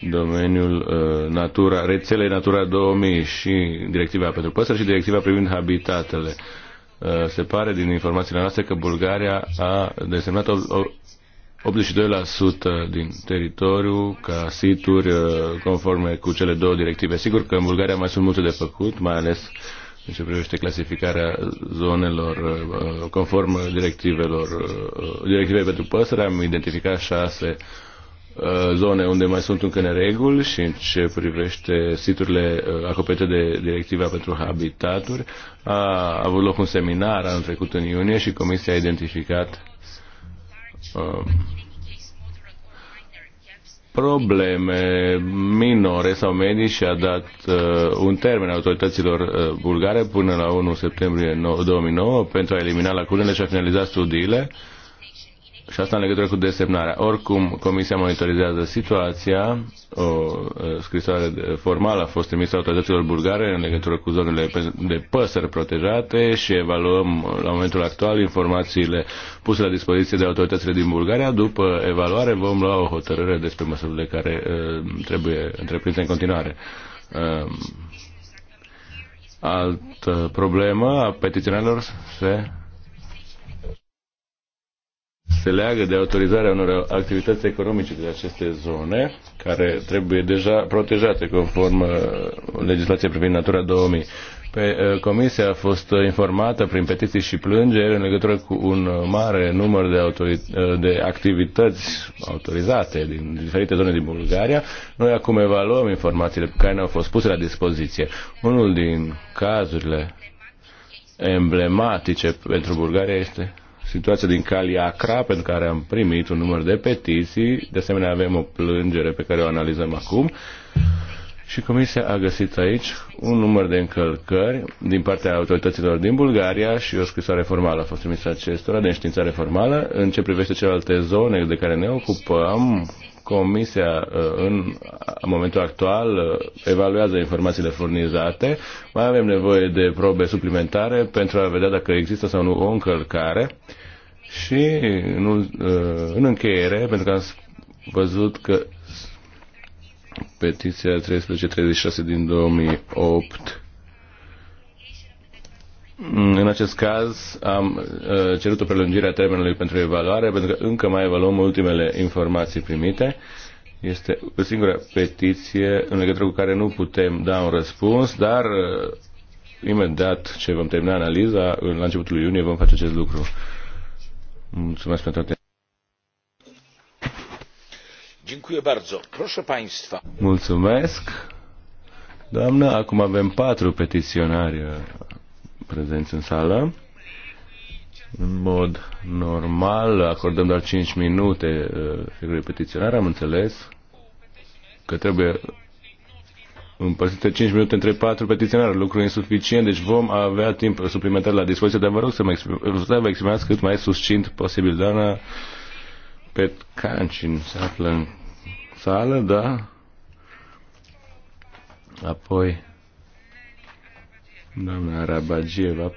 domeniul uh, natura, rețelei Natura 2000 și directiva pentru păsări și directiva privind habitatele. Uh, se pare din informațiile noastre că Bulgaria a desemnat 82% din teritoriu ca situri uh, conforme cu cele două directive. Sigur că în Bulgaria mai sunt multe de făcut, mai ales uh, în ce privește clasificarea zonelor uh, conform directivelor, uh, directive pentru păsări, am identificat șase uh, zone unde mai sunt încă nereguli și în ce privește siturile acoperite de directiva pentru habitaturi. A avut loc un seminar anul trecut în iunie și Comisia a identificat probleme minore sau medii și a dat uh, un termen autorităților uh, bulgare până la 1 septembrie 2009 pentru a elimina lacunele și a finaliza studiile uh, și asta în legătură cu desemnarea. Oricum, Comisia monitorizează situația. O scrisoare formală a fost trimisă autorităților bulgare în legătură cu zonele de păsări protejate și evaluăm la momentul actual informațiile puse la dispoziție de autoritățile din Bulgaria. După evaluare vom lua o hotărâre despre măsurile care uh, trebuie întreprinse în continuare. Uh, altă problemă a petiționarilor se se leagă de autorizarea unor activități economice de aceste zone, care trebuie deja protejate conform uh, legislației privind Natura 2000. Pe, uh, comisia a fost uh, informată prin petiții și plângeri în legătură cu un mare număr de, de activități autorizate din diferite zone din Bulgaria. Noi acum evaluăm informațiile care ne-au fost puse la dispoziție. Unul din cazurile emblematice pentru Bulgaria este situația din Caliacra, pentru care am primit un număr de petiții. De asemenea, avem o plângere pe care o analizăm acum. Și Comisia a găsit aici un număr de încălcări din partea autorităților din Bulgaria și o scrisoare formală a fost trimisă acestora de înștiințare formală în ce privește celelalte zone de care ne ocupăm, Comisia uh, în momentul actual uh, evaluează informațiile furnizate. Mai avem nevoie de probe suplimentare pentru a vedea dacă există sau nu o încălcare. Și în, uh, în încheiere, pentru că am văzut că petiția 1336 din 2008 în acest caz am uh, cerut o prelungire a termenului pentru evaluare, pentru că încă mai evaluăm ultimele informații primite. Este o singură petiție în legătură cu care nu putem da un răspuns, dar uh, imediat ce vom termina analiza, în la începutul iunie vom face acest lucru. Mulțumesc pentru atenție. Dziękuję bardzo. Proszę Państwa. Mulțumesc. Doamnă, acum avem patru petiționari uh, prezenți în sală. În mod normal acordăm doar 5 minute uh, figurii petiționare, am înțeles că trebuie împărțite 5 minute între 4 petiționari, lucru insuficient, deci vom avea timp suplimentar la dispoziție, dar vă rog să, mă exprim, să vă exprimați cât mai suscint posibil. Doamna Petcancin se află în sală, da? Apoi doamna Rabagieva,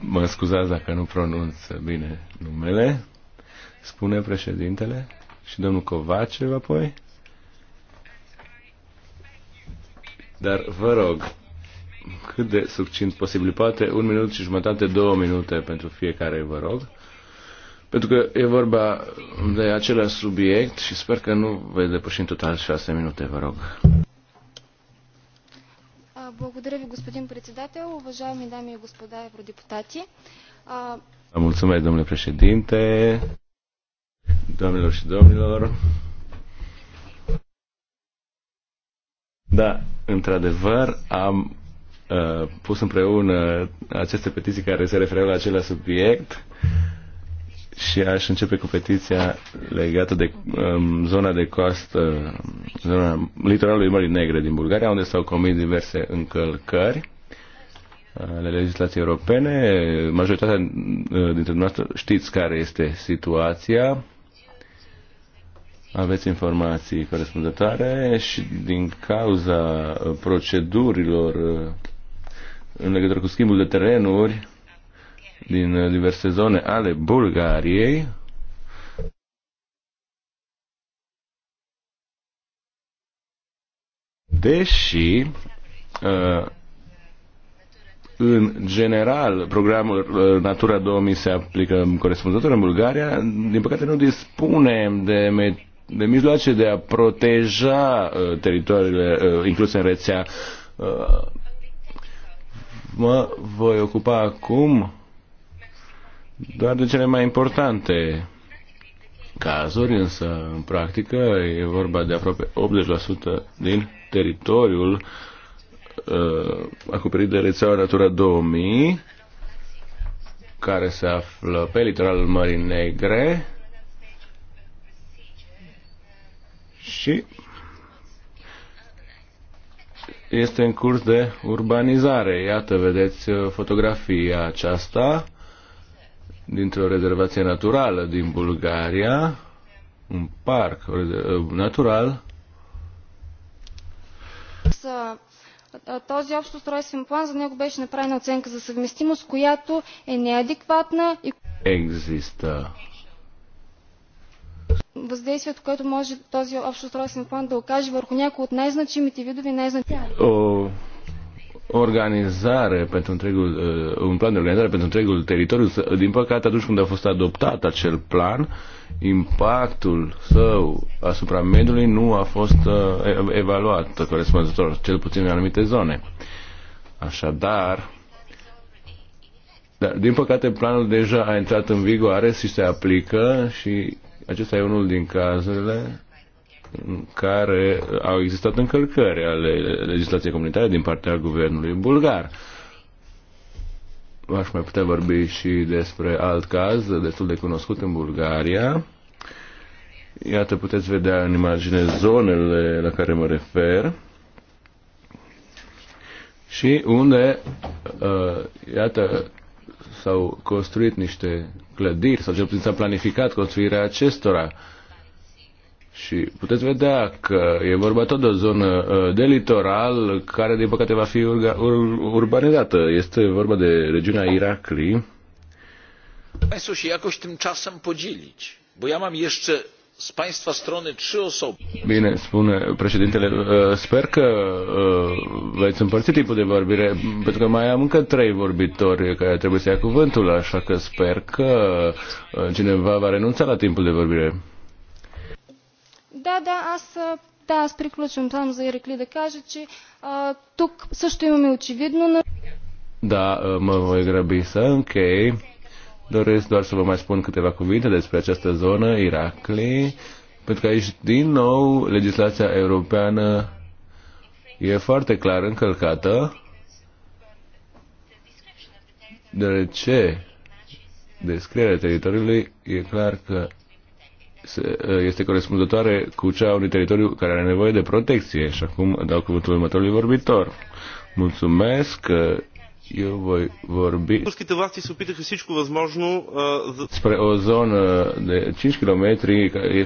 mă scuzați dacă nu pronunț bine numele, spune președintele și domnul Covacev apoi. Dar vă rog, cât de succint posibil, poate un minut și jumătate, două minute pentru fiecare, vă rog. Pentru că e vorba de același subiect și sper că nu vei depăși în total șase minute, vă rog. Благодаря ви, господин председател. Уважаеми дами и господа евродепутати. Mulțumesc, domnule președinte, doamnelor și domnilor. Da, într-adevăr, am uh, pus împreună aceste petiții care se refereau la același subiect. Uh, și aș începe cu petiția legată de um, zona de coastă, zona litoralului Mării Negre din Bulgaria, unde s-au comis diverse încălcări ale legislației europene. Majoritatea uh, dintre dumneavoastră știți care este situația. Aveți informații corespunzătoare și din cauza procedurilor uh, în legătură cu schimbul de terenuri, din uh, diverse zone ale Bulgariei. Deși uh, în general, programul uh, Natura 2000 se aplică corespunzător în Bulgaria. Din păcate nu dispunem de, de mijloace de a proteja uh, teritoriile uh, incluse în rețea. Uh, mă voi ocupa acum doar de cele mai importante cazuri, însă în practică e vorba de aproape 80% din teritoriul uh, acoperit de rețeaua Natura 2000 care se află pe litoralul Mării Negre și este în curs de urbanizare. Iată, vedeți uh, fotografia aceasta dintr-o rezervație naturală din Bulgaria, un parc natural. Să този общ устройствен план за него беше направена оценка за съвместимост, която е неадекватна и Екзиста. въздействието, което може този общ устройствен план да окаже върху някои от най-значимите видове най-значимите organizare pentru întregul, uh, un plan de organizare pentru întregul teritoriu. Din păcate, atunci când a fost adoptat acel plan, impactul său asupra mediului nu a fost uh, evaluat corespunzător, cel puțin în anumite zone. Așadar, dar, din păcate, planul deja a intrat în vigoare și se aplică și acesta e unul din cazurile care au existat încălcări ale legislației comunitare din partea guvernului bulgar. Aș mai putea vorbi și despre alt caz destul de cunoscut în Bulgaria. Iată, puteți vedea în imagine zonele la care mă refer și unde, uh, iată, s-au construit niște clădiri sau cel puțin s-a planificat construirea acestora. Uh, și puteți vedea că e vorba tot de o zonă uh, de litoral care, din păcate, va fi urga, ur, urbanizată. Este vorba de regiunea Irakli. Państwo się jakoś tymczasem podzielić, bo ja mam jeszcze z Państwa strony trzy osoby. Bine, spune președintele, uh, sper că uh, veți împărți timpul de vorbire, pentru că mai am încă trei vorbitori care trebuie să ia cuvântul, așa că sper că cineva va renunța la timpul de vorbire. Да, да, аз, да, аз приключвам само за Иракли да кажа, че а, тук също имаме очевидно... Но... Da, mă voi grăbi să închei. Doresc doar să vă mai spun câteva cuvinte despre această zonă, Irakli, pentru că aici, din nou, legislația europeană e foarte clar încălcată, deoarece descrierea da teritoriului e clar că este corespunzătoare cu cea a unui teritoriu care are nevoie de protecție. Și acum dau cuvântul următorului vorbitor. Mulțumesc că eu voi vorbi spre o zonă de 5 km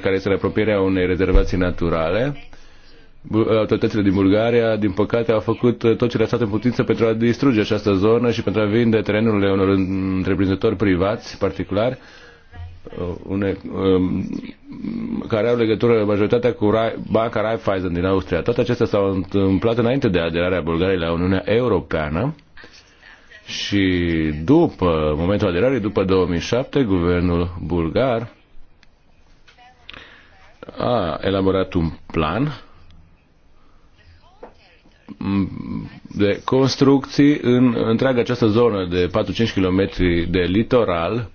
care este la apropierea unei rezervații naturale. Autoritățile din Bulgaria, din păcate, au făcut tot ce le-a stat în putință pentru a distruge această zonă și pentru a vinde terenurile unor întreprinzători privați, particulari Uh, une, um, care au legătură majoritatea cu Banca Raiffeisen din Austria. Toate acestea s-au întâmplat înainte de aderarea Bulgariei la Uniunea Europeană și după momentul aderării, după 2007, guvernul bulgar a elaborat un plan de construcții în întreaga această zonă de 4-5 km de litoral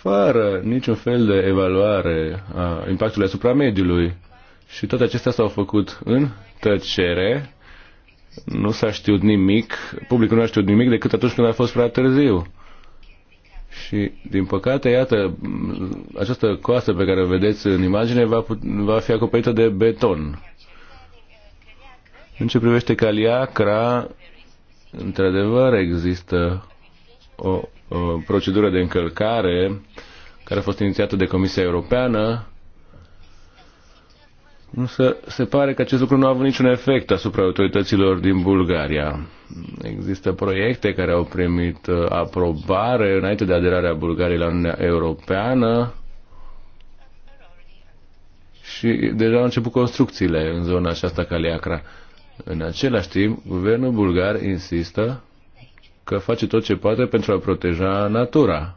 fără niciun fel de evaluare a impactului asupra mediului. Și toate acestea s-au făcut în tăcere, nu s-a știut nimic, publicul nu a știut nimic decât atunci când a fost prea târziu. Și, din păcate, iată, această coastă pe care o vedeți în imagine va, va fi acoperită de beton. În ce privește Caliacra, într-adevăr există o Uh, procedură de încălcare care a fost inițiată de Comisia Europeană, însă se pare că acest lucru nu a avut niciun efect asupra autorităților din Bulgaria. Există proiecte care au primit uh, aprobare înainte de aderarea Bulgariei la Uniunea Europeană, și deja au început construcțiile în zona aceasta Caliacra. În același timp, guvernul bulgar insistă că face tot ce poate pentru a proteja natura.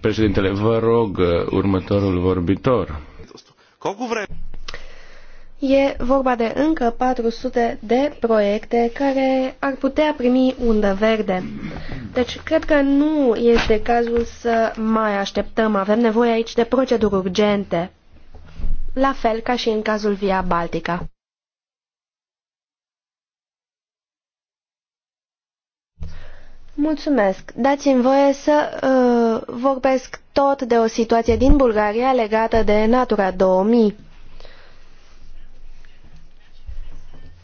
Președintele, vă rog următorul vorbitor. E vorba de încă 400 de proiecte care ar putea primi undă verde. Deci, cred că nu este cazul să mai așteptăm. Avem nevoie aici de proceduri urgente. La fel ca și în cazul Via Baltica. Mulțumesc. Dați-mi voie să uh, vorbesc tot de o situație din Bulgaria legată de Natura 2000.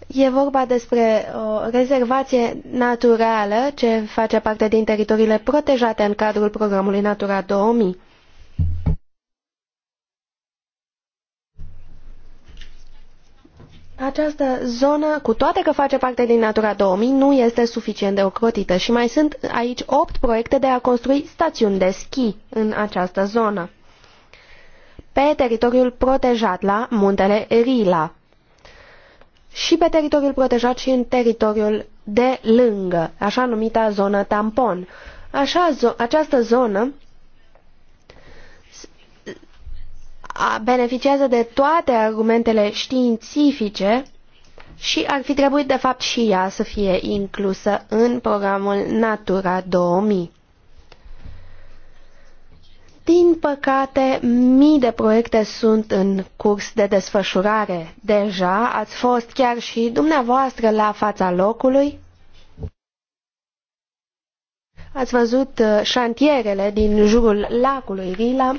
E vorba despre o rezervație naturală ce face parte din teritoriile protejate în cadrul programului Natura 2000. Această zonă, cu toate că face parte din Natura 2000, nu este suficient de ocrotită și mai sunt aici 8 proiecte de a construi stațiuni de schi în această zonă. Pe teritoriul protejat la muntele Rila și pe teritoriul protejat și în teritoriul de lângă, așa numita zonă tampon. Așa, zo această zonă beneficiază de toate argumentele științifice și ar fi trebuit de fapt și ea să fie inclusă în programul Natura 2000. Din păcate, mii de proiecte sunt în curs de desfășurare. Deja ați fost chiar și dumneavoastră la fața locului. Ați văzut uh, șantierele din jurul lacului Rila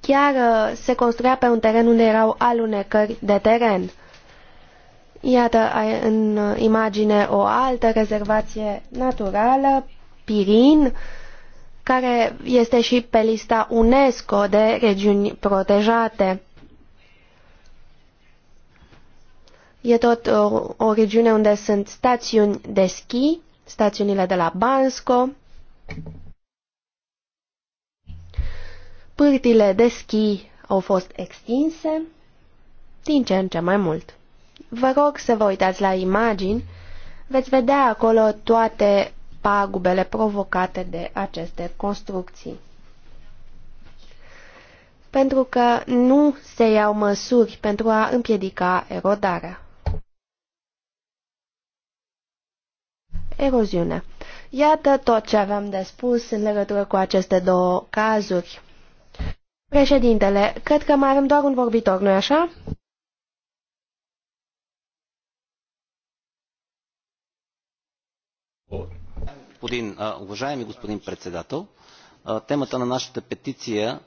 chiar uh, se construia pe un teren unde erau alunecări de teren. Iată în uh, imagine o altă rezervație naturală, Pirin, care este și pe lista UNESCO de regiuni protejate. E tot o, uh, o regiune unde sunt stațiuni de schi, stațiunile de la Bansko. Pârtile de schi au fost extinse din ce în ce mai mult. Vă rog să vă uitați la imagini, veți vedea acolo toate pagubele provocate de aceste construcții. Pentru că nu se iau măsuri pentru a împiedica erodarea. Eroziune. Iată tot ce aveam de spus în legătură cu aceste două cazuri. Președintele, cred că mai avem doar un vorbitor, nu-i așa? Господин, уважаеми господин председател, темата на нашата петиция...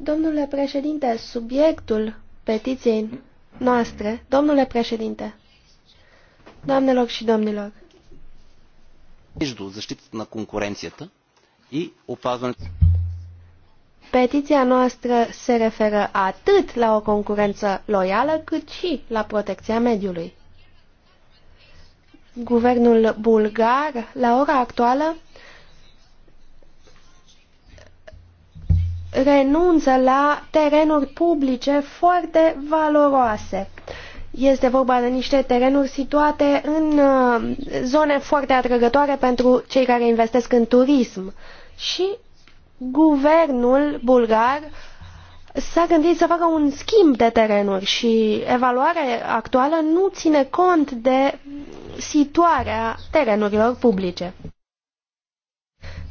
Domnule președinte, subiectul petiției noastre, domnule președinte, doamnelor și domnilor, между защитата на конкуренцията și опазването... Petiția noastră se referă atât la o concurență loială, cât și la protecția mediului. Guvernul bulgar, la ora actuală, renunță la terenuri publice foarte valoroase. Este vorba de niște terenuri situate în uh, zone foarte atrăgătoare pentru cei care investesc în turism și guvernul bulgar s-a gândit să facă un schimb de terenuri și evaluarea actuală nu ține cont de situarea terenurilor publice.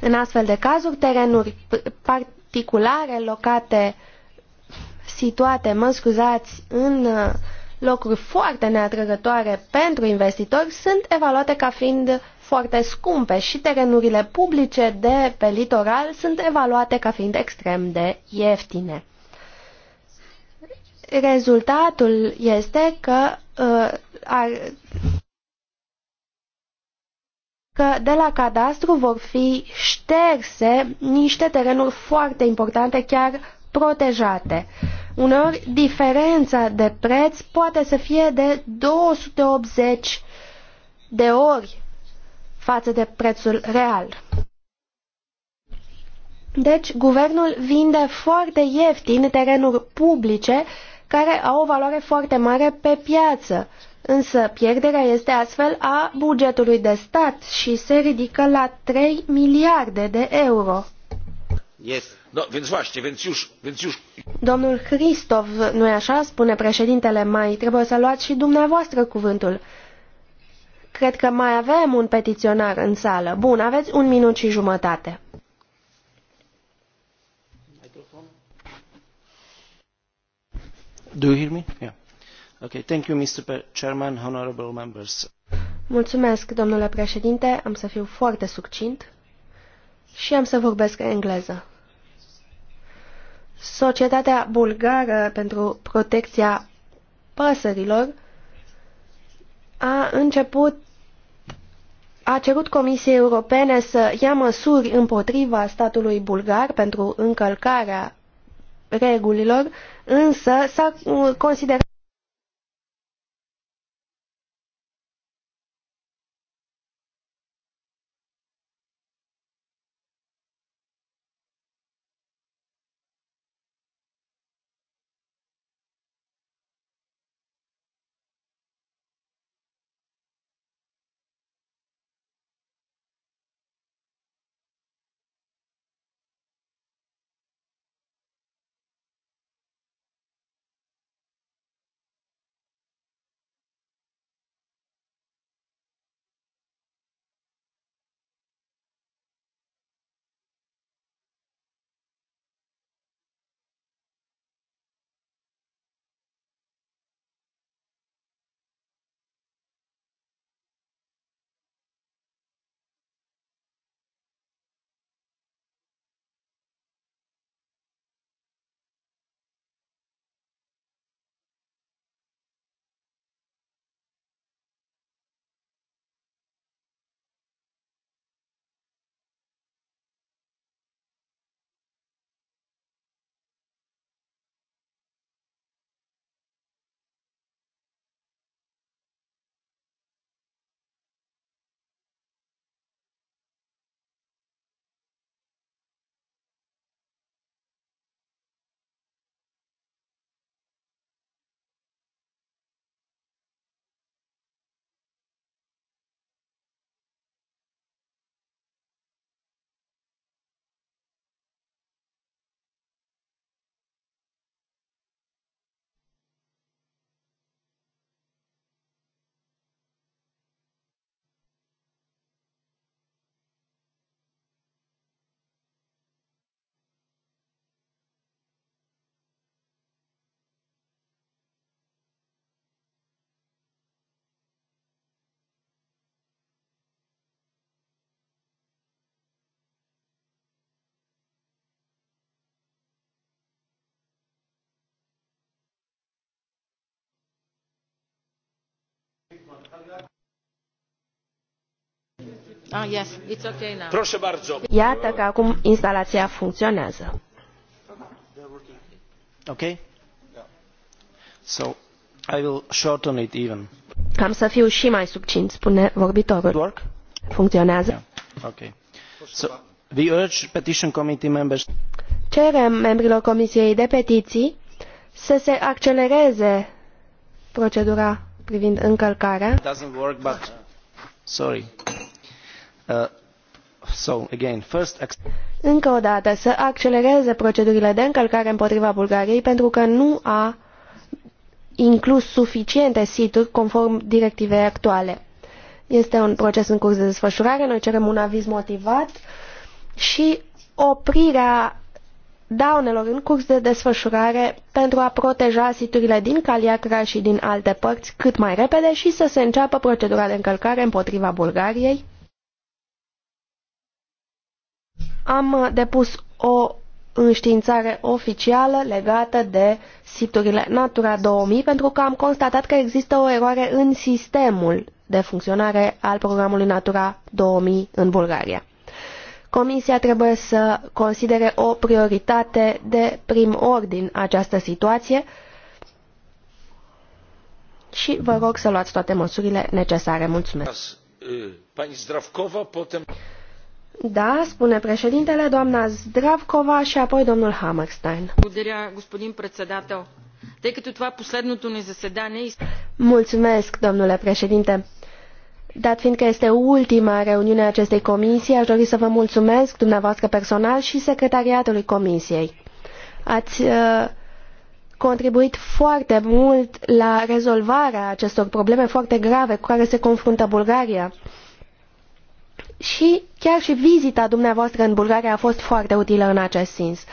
În astfel de cazuri, terenuri particulare locate, situate, mă scuzați, în uh, locuri foarte neatrăgătoare pentru investitori sunt evaluate ca fiind foarte scumpe și terenurile publice de pe litoral sunt evaluate ca fiind extrem de ieftine. Rezultatul este că, uh, ar, că de la cadastru vor fi șterse niște terenuri foarte importante, chiar protejate. Uneori, diferența de preț poate să fie de 280 de ori față de prețul real. Deci, guvernul vinde foarte ieftin terenuri publice care au o valoare foarte mare pe piață, însă pierderea este astfel a bugetului de stat și se ridică la 3 miliarde de euro. Yes. No, więc właśnie, więc już, więc Domnul Hristov, nu-i așa, spune președintele mai, trebuie să luați și dumneavoastră cuvântul. Cred că mai avem un petiționar în sală. Bun, aveți un minut și jumătate. Do you hear me? Yeah. Okay, thank you, Mr. Chairman, honorable members. Mulțumesc, domnule președinte, am să fiu foarte succint și am să vorbesc engleză. Societatea Bulgară pentru Protecția Păsărilor a început a cerut Comisiei Europene să ia măsuri împotriva statului bulgar pentru încălcarea regulilor, însă s-a uh, considerat Ah, Proszę bardzo. Iată că acum instalația funcționează. Okay? So, I will shorten it even. Cam să fiu și mai succint, spune vorbitorul. Work? Funcționează. Yeah. Okay. So, we urge petition committee members... Cerem membrilor Comisiei de Petiții să se accelereze procedura privind încălcarea. Încă o dată, să accelereze procedurile de încălcare împotriva Bulgariei pentru că nu a inclus suficiente situri conform directivei actuale. Este un proces în curs de desfășurare, noi cerem un aviz motivat și oprirea daunelor în curs de desfășurare pentru a proteja siturile din Caliacra și din alte părți cât mai repede și să se înceapă procedura de încălcare împotriva Bulgariei. Am depus o înștiințare oficială legată de siturile Natura 2000 pentru că am constatat că există o eroare în sistemul de funcționare al programului Natura 2000 în Bulgaria. Comisia trebuie să considere o prioritate de prim ordin această situație și vă rog să luați toate măsurile necesare. Mulțumesc! Uh, da, spune președintele, doamna Zdravkova și apoi domnul Hammerstein. Mulțumesc, domnule președinte. Dat fiindcă este ultima reuniune a acestei comisii, aș dori să vă mulțumesc dumneavoastră personal și secretariatului comisiei. Ați uh, contribuit foarte mult la rezolvarea acestor probleme foarte grave cu care se confruntă Bulgaria. Și chiar și vizita dumneavoastră în Bulgaria a fost foarte utilă în acest sens.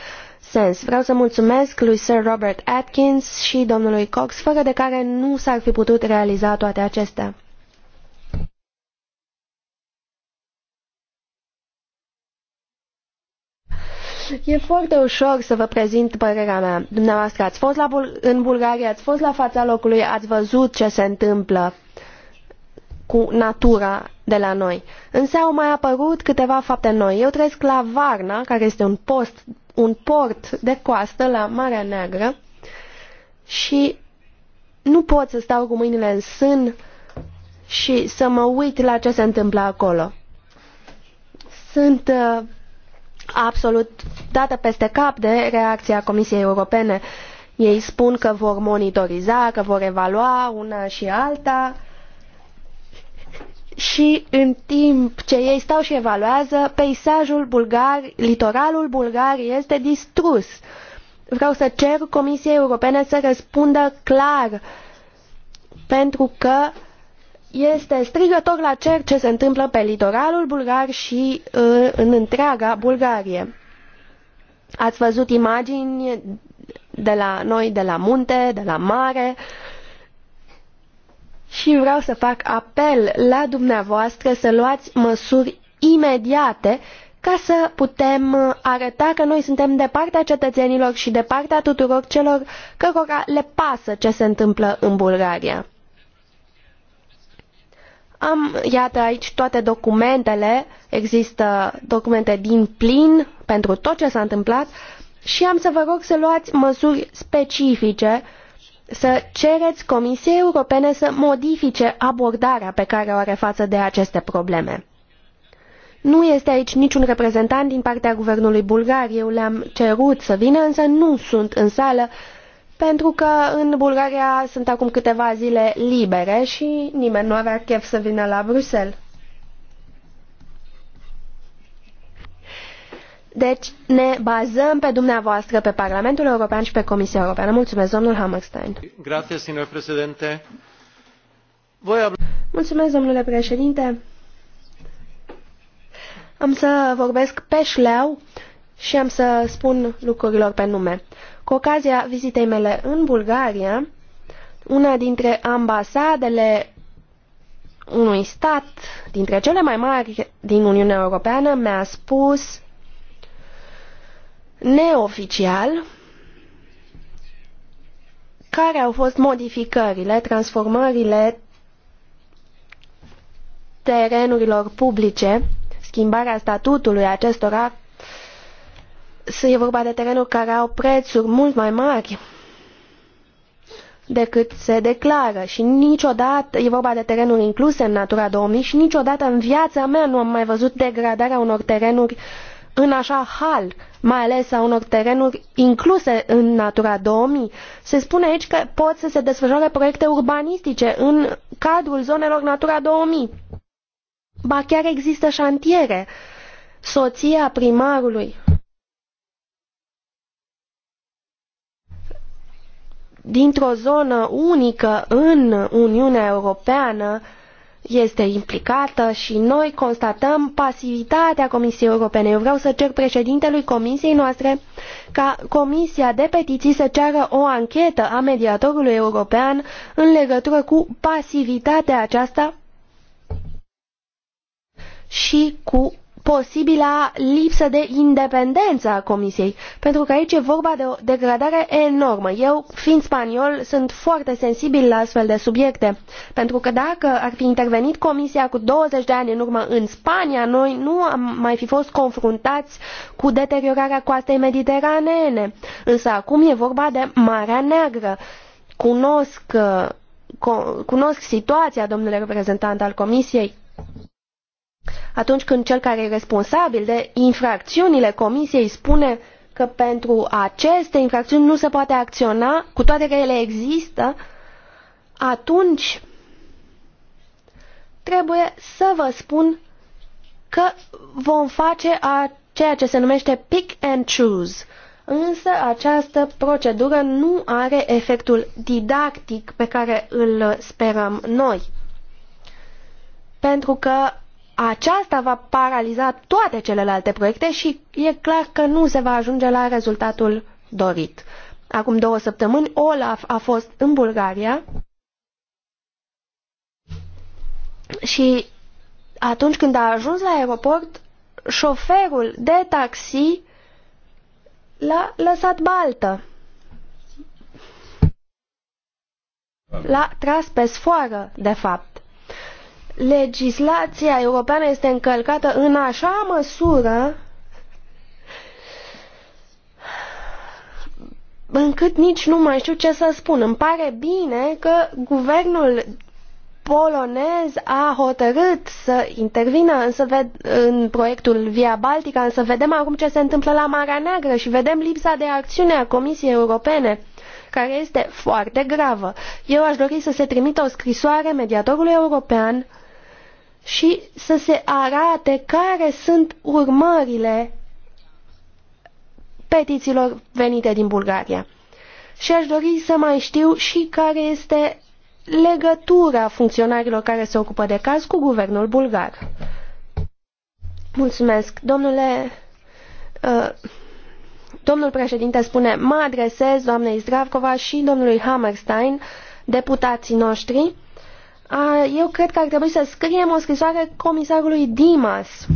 Sens. Vreau să mulțumesc lui Sir Robert Atkins și domnului Cox, fără de care nu s-ar fi putut realiza toate acestea. E foarte ușor să vă prezint părerea mea. Dumneavoastră ați fost la Bul- în Bulgaria, ați fost la fața locului, ați văzut ce se întâmplă cu natura de la noi. Însă au mai apărut câteva fapte noi. Eu trăiesc la Varna, care este un, post, un port de coastă la Marea Neagră și nu pot să stau cu mâinile în sân și să mă uit la ce se întâmplă acolo. Sunt uh, absolut dată peste cap de reacția Comisiei Europene. Ei spun că vor monitoriza, că vor evalua una și alta și în timp ce ei stau și evaluează, peisajul bulgar, litoralul bulgar este distrus. Vreau să cer Comisiei Europene să răspundă clar pentru că este strigător la cer ce se întâmplă pe litoralul bulgar și uh, în întreaga Bulgarie. Ați văzut imagini de la noi, de la munte, de la mare și vreau să fac apel la dumneavoastră să luați măsuri imediate ca să putem uh, arăta că noi suntem de partea cetățenilor și de partea tuturor celor cărora le pasă ce se întâmplă în Bulgaria. Am, iată aici toate documentele, există documente din plin pentru tot ce s-a întâmplat și am să vă rog să luați măsuri specifice să cereți Comisiei Europene să modifice abordarea pe care o are față de aceste probleme. Nu este aici niciun reprezentant din partea guvernului bulgar, eu le-am cerut să vină, însă nu sunt în sală pentru că în Bulgaria sunt acum câteva zile libere și nimeni nu avea chef să vină la Bruxelles. Deci ne bazăm pe dumneavoastră, pe Parlamentul European și pe Comisia Europeană. Mulțumesc, domnul Hammerstein. Grazie, signor președinte. Voi... Mulțumesc, domnule președinte. Am să vorbesc pe șleau și am să spun lucrurilor pe nume. Cu ocazia vizitei mele în Bulgaria, una dintre ambasadele unui stat dintre cele mai mari din Uniunea Europeană mi-a spus neoficial care au fost modificările, transformările terenurilor publice, schimbarea statutului acestora e vorba de terenuri care au prețuri mult mai mari decât se declară și niciodată, e vorba de terenuri incluse în Natura 2000 și niciodată în viața mea nu am mai văzut degradarea unor terenuri în așa hal, mai ales a unor terenuri incluse în Natura 2000. Se spune aici că pot să se desfășoare proiecte urbanistice în cadrul zonelor Natura 2000. Ba chiar există șantiere. Soția primarului dintr-o zonă unică în Uniunea Europeană este implicată și noi constatăm pasivitatea Comisiei Europene. Eu vreau să cer președintelui Comisiei noastre ca Comisia de Petiții să ceară o anchetă a mediatorului european în legătură cu pasivitatea aceasta și cu posibila lipsă de independență a Comisiei, pentru că aici e vorba de o degradare enormă. Eu, fiind spaniol, sunt foarte sensibil la astfel de subiecte, pentru că dacă ar fi intervenit Comisia cu 20 de ani în urmă în Spania, noi nu am mai fi fost confruntați cu deteriorarea coastei mediteranene. Însă acum e vorba de Marea Neagră. Cunosc, uh, cunosc situația, domnule reprezentant al Comisiei atunci când cel care e responsabil de infracțiunile comisiei spune că pentru aceste infracțiuni nu se poate acționa, cu toate că ele există, atunci trebuie să vă spun că vom face a ceea ce se numește pick and choose. Însă această procedură nu are efectul didactic pe care îl sperăm noi. Pentru că aceasta va paraliza toate celelalte proiecte și e clar că nu se va ajunge la rezultatul dorit. Acum două săptămâni, Olaf a fost în Bulgaria și atunci când a ajuns la aeroport, șoferul de taxi l-a lăsat baltă. L-a tras pe sfoară, de fapt legislația europeană este încălcată în așa măsură încât nici nu mai știu ce să spun. Îmi pare bine că guvernul polonez a hotărât să intervină însă ved, în proiectul Via Baltica, însă vedem acum ce se întâmplă la Marea Neagră și vedem lipsa de acțiune a Comisiei Europene care este foarte gravă. Eu aș dori să se trimită o scrisoare mediatorului european și să se arate care sunt urmările petițiilor venite din Bulgaria. Și aș dori să mai știu și care este legătura funcționarilor care se ocupă de caz cu guvernul bulgar. Mulțumesc. Domnule, uh, domnul președinte spune, mă adresez doamnei Zdravkova și domnului Hammerstein, deputații noștri, eu cred că ar trebui să scriem o scrisoare comisarului Dimas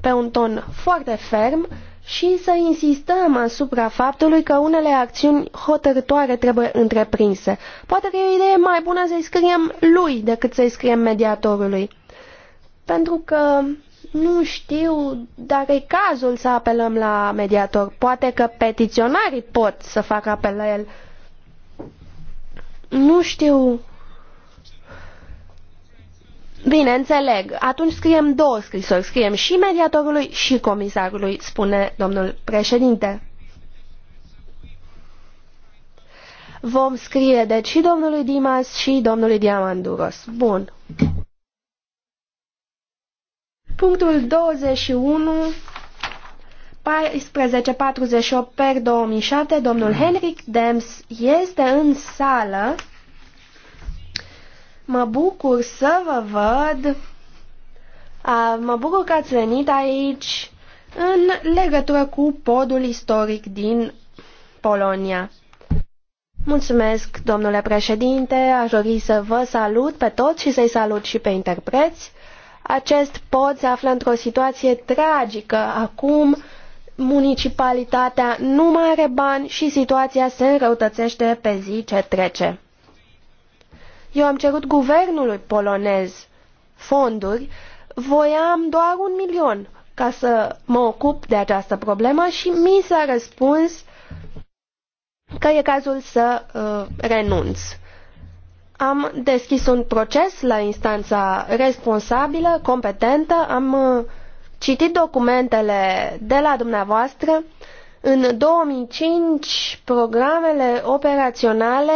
pe un ton foarte ferm și să insistăm asupra faptului că unele acțiuni hotărătoare trebuie întreprinse. Poate că e o idee mai bună să-i scriem lui decât să-i scriem mediatorului. Pentru că nu știu dacă e cazul să apelăm la mediator. Poate că petiționarii pot să facă apel la el nu știu... Bine, înțeleg. Atunci scriem două scrisori. Scriem și mediatorului și comisarului, spune domnul președinte. Vom scrie, deci, și domnului Dimas și domnului Diamanduros. Bun. Punctul 21 1448 per 2007, domnul mm. Henrik Dems este în sală. Mă bucur să vă văd. A, mă bucur că ați venit aici în legătură cu podul istoric din Polonia. Mulțumesc, domnule președinte, aș dori să vă salut pe toți și să-i salut și pe interpreți. Acest pod se află într-o situație tragică acum, municipalitatea nu mai are bani și situația se înrăutățește pe zi ce trece. Eu am cerut guvernului polonez fonduri, voiam doar un milion ca să mă ocup de această problemă și mi s-a răspuns că e cazul să uh, renunț. Am deschis un proces la instanța responsabilă, competentă, am uh, citit documentele de la dumneavoastră, în 2005 programele operaționale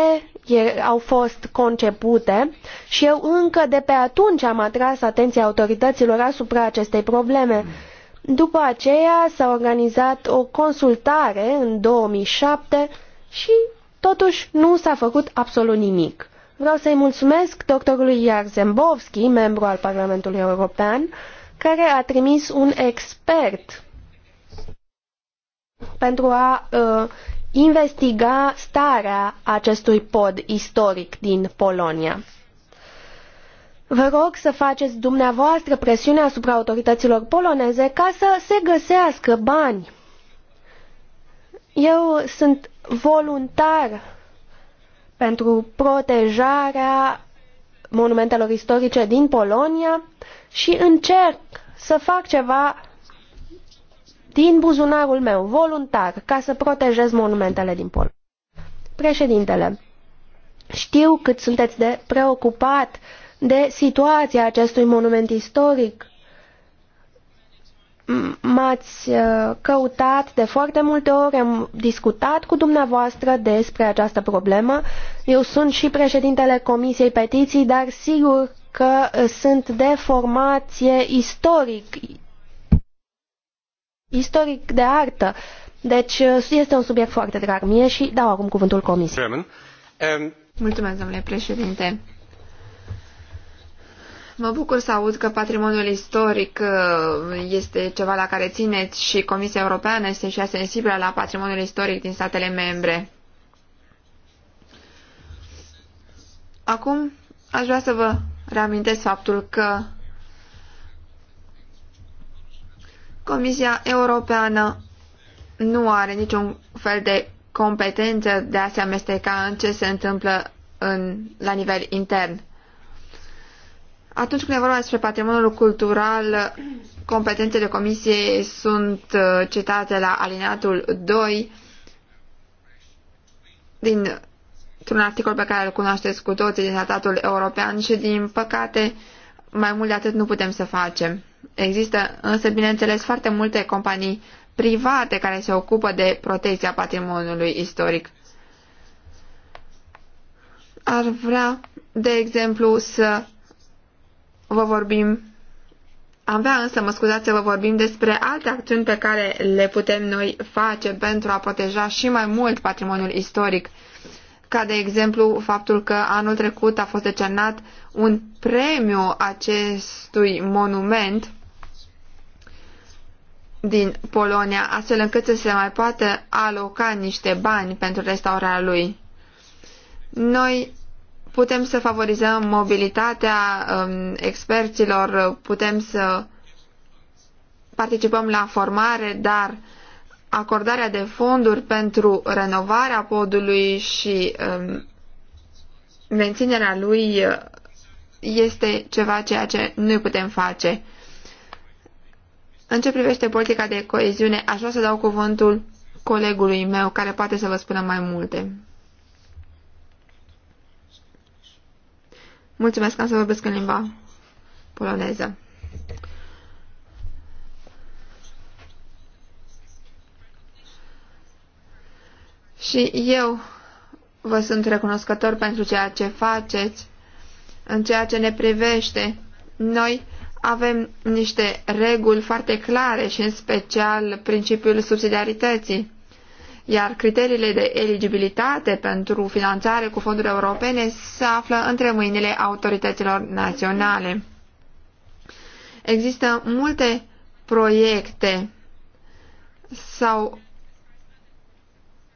au fost concepute și eu încă de pe atunci am atras atenția autorităților asupra acestei probleme. După aceea s-a organizat o consultare în 2007 și totuși nu s-a făcut absolut nimic. Vreau să-i mulțumesc doctorului Iarzembovski, membru al Parlamentului European, care a trimis un expert pentru a uh, investiga starea acestui pod istoric din Polonia. Vă rog să faceți dumneavoastră presiune asupra autorităților poloneze ca să se găsească bani. Eu sunt voluntar pentru protejarea monumentelor istorice din Polonia și încerc să fac ceva din buzunarul meu, voluntar, ca să protejez monumentele din Pol. Președintele, știu cât sunteți de preocupat de situația acestui monument istoric. M-ați uh, căutat de foarte multe ori, am discutat cu dumneavoastră despre această problemă. Eu sunt și președintele Comisiei Petiții, dar sigur că uh, sunt de formație istoric, istoric de artă. Deci uh, este un subiect foarte drag mie și dau acum cuvântul comisiei. Um, Mulțumesc, domnule președinte. Mă bucur să aud că patrimoniul istoric uh, este ceva la care țineți și Comisia Europeană este și ea sensibilă la patrimoniul istoric din statele membre. Acum aș vrea să vă reamintesc faptul că Comisia Europeană nu are niciun fel de competență de a se amesteca în ce se întâmplă în, la nivel intern. Atunci când e vorba despre patrimoniul cultural, competențele Comisiei sunt uh, citate la alineatul 2 din într un articol pe care îl cunoașteți cu toții din tratatul european și, din păcate, mai mult de atât nu putem să facem. Există însă, bineînțeles, foarte multe companii private care se ocupă de protecția patrimoniului istoric. Ar vrea, de exemplu, să vă vorbim am vrea însă, mă scuzați, să vă vorbim despre alte acțiuni pe care le putem noi face pentru a proteja și mai mult patrimoniul istoric ca de exemplu faptul că anul trecut a fost decernat un premiu acestui monument din Polonia, astfel încât să se mai poată aloca niște bani pentru restaurarea lui. Noi putem să favorizăm mobilitatea um, experților, putem să participăm la formare, dar acordarea de fonduri pentru renovarea podului și um, menținerea lui uh, este ceva ceea ce nu putem face. În ce privește politica de coeziune, aș vrea să dau cuvântul colegului meu, care poate să vă spună mai multe. Mulțumesc, am să vorbesc în limba poloneză. Și eu vă sunt recunoscător pentru ceea ce faceți, în ceea ce ne privește. Noi avem niște reguli foarte clare și în special principiul subsidiarității. Iar criteriile de eligibilitate pentru finanțare cu fonduri europene se află între mâinile autorităților naționale. Există multe proiecte sau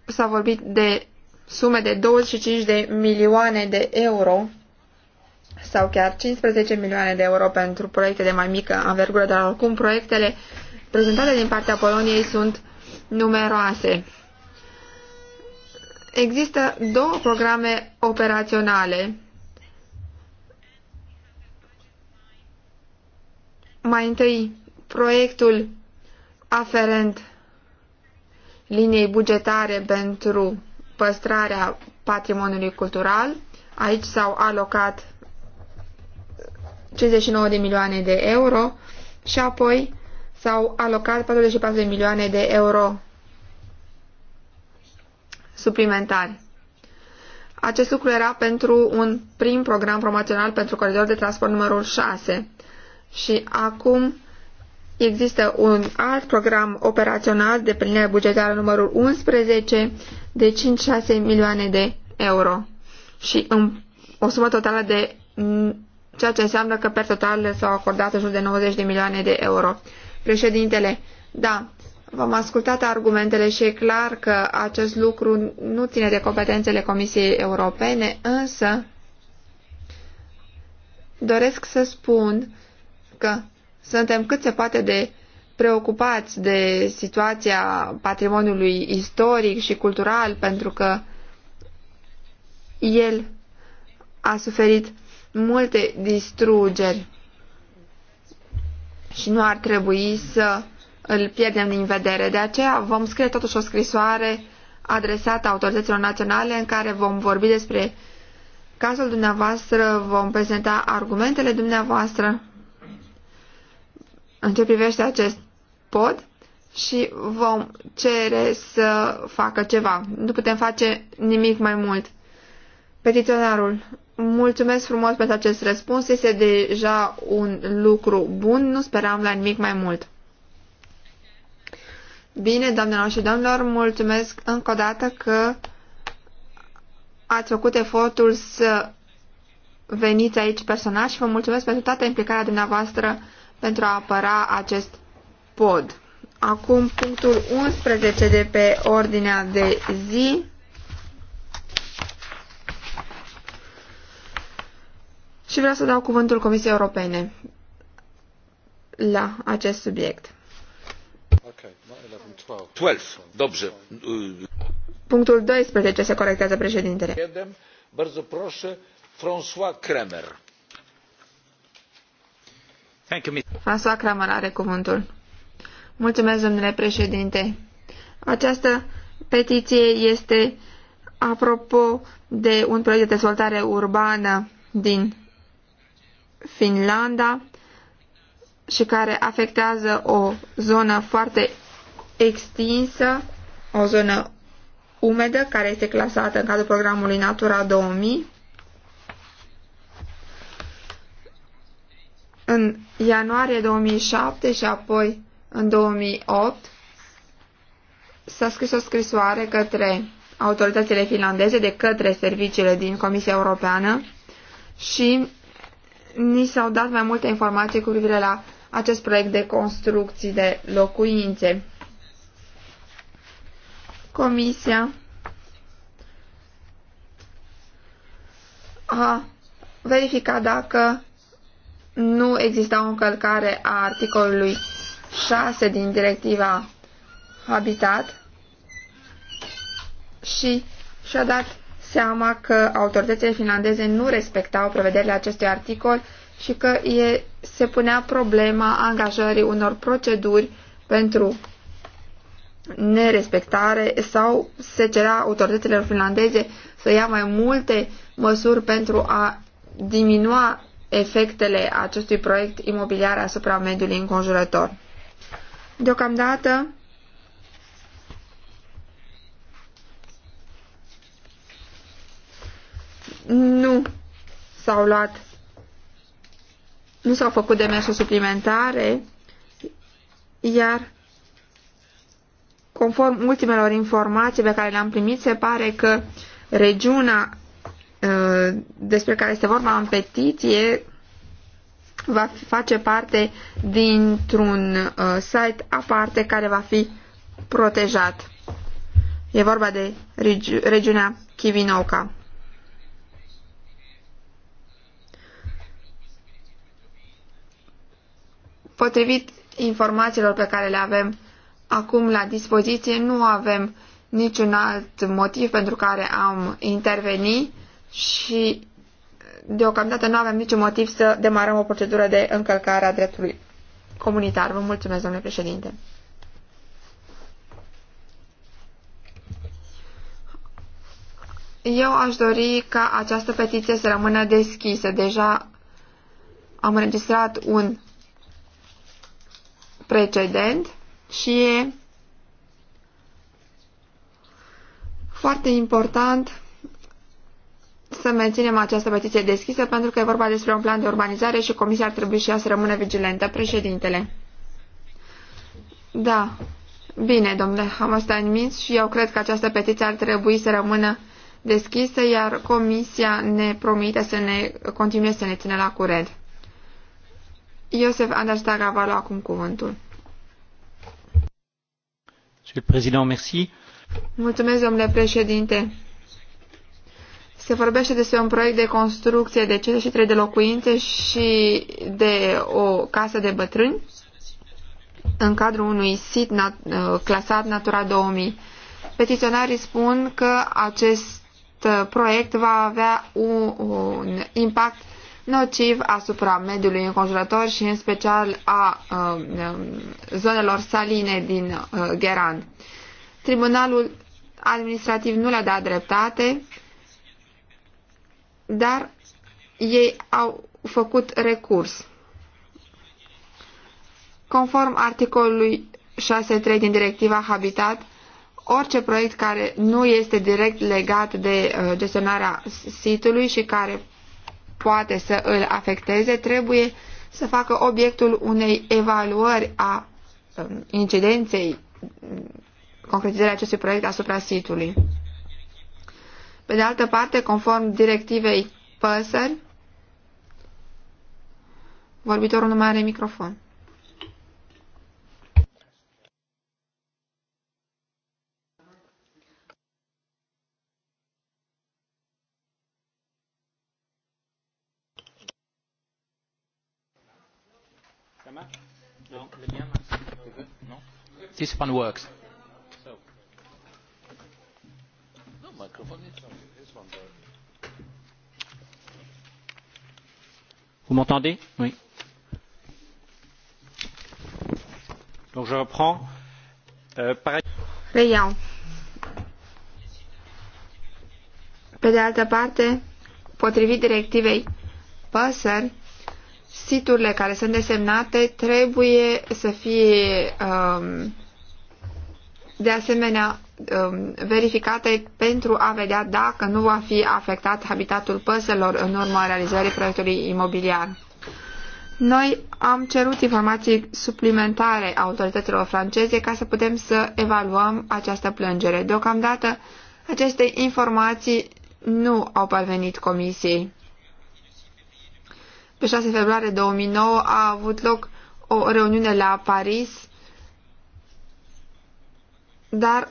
s-a vorbit de sume de 25 de milioane de euro sau chiar 15 milioane de euro pentru proiecte de mai mică anvergură, dar oricum proiectele prezentate din partea Poloniei sunt numeroase. Există două programe operaționale. Mai întâi, proiectul aferent liniei bugetare pentru păstrarea patrimoniului cultural. Aici s-au alocat 59 de milioane de euro și apoi s-au alocat 44 de milioane de euro suplimentari. Acest lucru era pentru un prim program promoțional pentru coridor de transport numărul 6 și acum Există un alt program operațional de plinire bugetară numărul 11 de 5-6 milioane de euro și în o sumă totală de mm, ceea ce înseamnă că per total s-au acordat în jur de 90 de milioane de euro. Președintele, da, v-am ascultat argumentele și e clar că acest lucru nu ține de competențele Comisiei Europene, însă doresc să spun că suntem cât se poate de preocupați de situația patrimoniului istoric și cultural, pentru că el a suferit multe distrugeri și nu ar trebui să îl pierdem din vedere. De aceea vom scrie totuși o scrisoare adresată autorităților naționale în care vom vorbi despre cazul dumneavoastră, vom prezenta argumentele dumneavoastră în ce privește acest pod și vom cere să facă ceva. Nu putem face nimic mai mult. Petiționarul, mulțumesc frumos pentru acest răspuns. Este deja un lucru bun. Nu speram la nimic mai mult. Bine, doamnelor și domnilor, mulțumesc încă o dată că ați făcut efortul să veniți aici personal și vă mulțumesc pentru toată implicarea dumneavoastră pentru a apăra acest pod. Acum punctul 11 de pe ordinea de zi. Și vreau să dau cuvântul Comisiei Europene la acest subiect. Okay, 12. 12. Punctul 12 se corectează președintele. Bardzo proszę, François Kremer. François Kramer are cuvântul. Mulțumesc, domnule președinte. Această petiție este apropo de un proiect de dezvoltare urbană din Finlanda și care afectează o zonă foarte extinsă, o zonă umedă care este clasată în cadrul programului Natura 2000 în ianuarie 2007 și apoi în 2008 s-a scris o scrisoare către autoritățile finlandeze de către serviciile din Comisia Europeană și ni s-au dat mai multe informații cu privire la acest proiect de construcții de locuințe. Comisia a verificat dacă nu exista o încălcare a articolului 6 din directiva Habitat și și-a dat seama că autoritățile finlandeze nu respectau prevederile acestui articol și că e, se punea problema angajării unor proceduri pentru nerespectare sau se cerea autorităților finlandeze să ia mai multe măsuri pentru a diminua efectele acestui proiect imobiliar asupra mediului înconjurător. Deocamdată, nu s-au luat, nu s-au făcut demersuri suplimentare, iar conform ultimelor informații pe care le-am primit, se pare că regiunea Uh, despre care este vorba în petiție va face parte dintr-un uh, site aparte care va fi protejat. E vorba de regi regiunea Chivinauca. Potrivit informațiilor pe care le avem acum la dispoziție, nu avem niciun alt motiv pentru care am intervenit și deocamdată nu avem niciun motiv să demarăm o procedură de încălcare a dreptului comunitar. Vă mulțumesc, domnule președinte. Eu aș dori ca această petiție să rămână deschisă. Deja am înregistrat un precedent și e foarte important să menținem această petiție deschisă pentru că e vorba despre un plan de urbanizare și Comisia ar trebui și ea să rămână vigilentă. Președintele. Da. Bine, domnule în Minț, și eu cred că această petiție ar trebui să rămână deschisă, iar Comisia ne promite să ne continue să ne țină la curent. Iosef Andastaga va lua acum cuvântul. Mulțumesc, domnule președinte. Se vorbește despre un proiect de construcție de 53 de locuințe și de o casă de bătrâni în cadrul unui sit nat uh, clasat Natura 2000. Petiționarii spun că acest uh, proiect va avea un, un impact nociv asupra mediului înconjurător și în special a um, zonelor saline din uh, Gheran. Tribunalul administrativ nu le-a dat dreptate dar ei au făcut recurs. Conform articolului 6.3 din directiva Habitat, orice proiect care nu este direct legat de uh, gestionarea sitului și care poate să îl afecteze, trebuie să facă obiectul unei evaluări a um, incidenței concretizării acestui proiect asupra sitului. Pe de altă parte, conform directivei păsări, vorbitorul nu mai are microfon. This one works. Vous m'entendez Oui. Donc je reprends. Euh, par... Reiau. Pe de altă parte, potrivit directivei păsări, siturile care sunt desemnate trebuie să fie um, de asemenea Um, verificate pentru a vedea dacă nu va fi afectat habitatul păsărilor în urma realizării proiectului imobiliar. Noi am cerut informații suplimentare autorităților franceze ca să putem să evaluăm această plângere. Deocamdată, aceste informații nu au parvenit comisiei. Pe 6 februarie 2009 a avut loc o reuniune la Paris, dar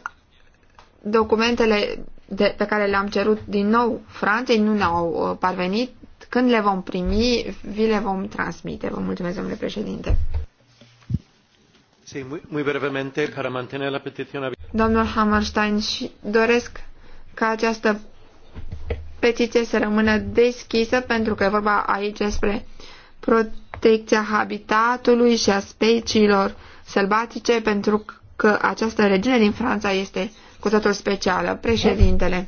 documentele de, pe care le-am cerut din nou Franței nu ne-au uh, parvenit. Când le vom primi, vi le vom transmite. Vă mulțumesc, domnule președinte. Sí, muy, muy brevemente, para mantener la petición... Domnul Hammerstein, și doresc ca această petiție să rămână deschisă pentru că e vorba aici despre protecția habitatului și a speciilor sălbatice pentru că această regiune din Franța este cu totul specială. Președintele.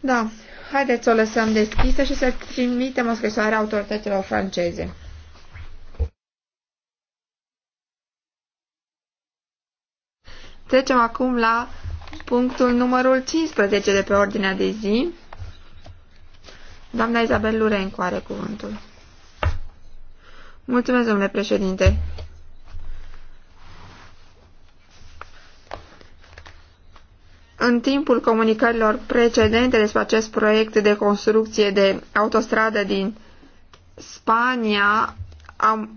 Da, haideți să o lăsăm deschisă și să trimitem o scrisoare autorităților franceze. Trecem acum la punctul numărul 15 de pe ordinea de zi. Doamna Izabel Lurencu are cuvântul. Mulțumesc, domnule președinte. În timpul comunicărilor precedente despre acest proiect de construcție de autostradă din Spania, am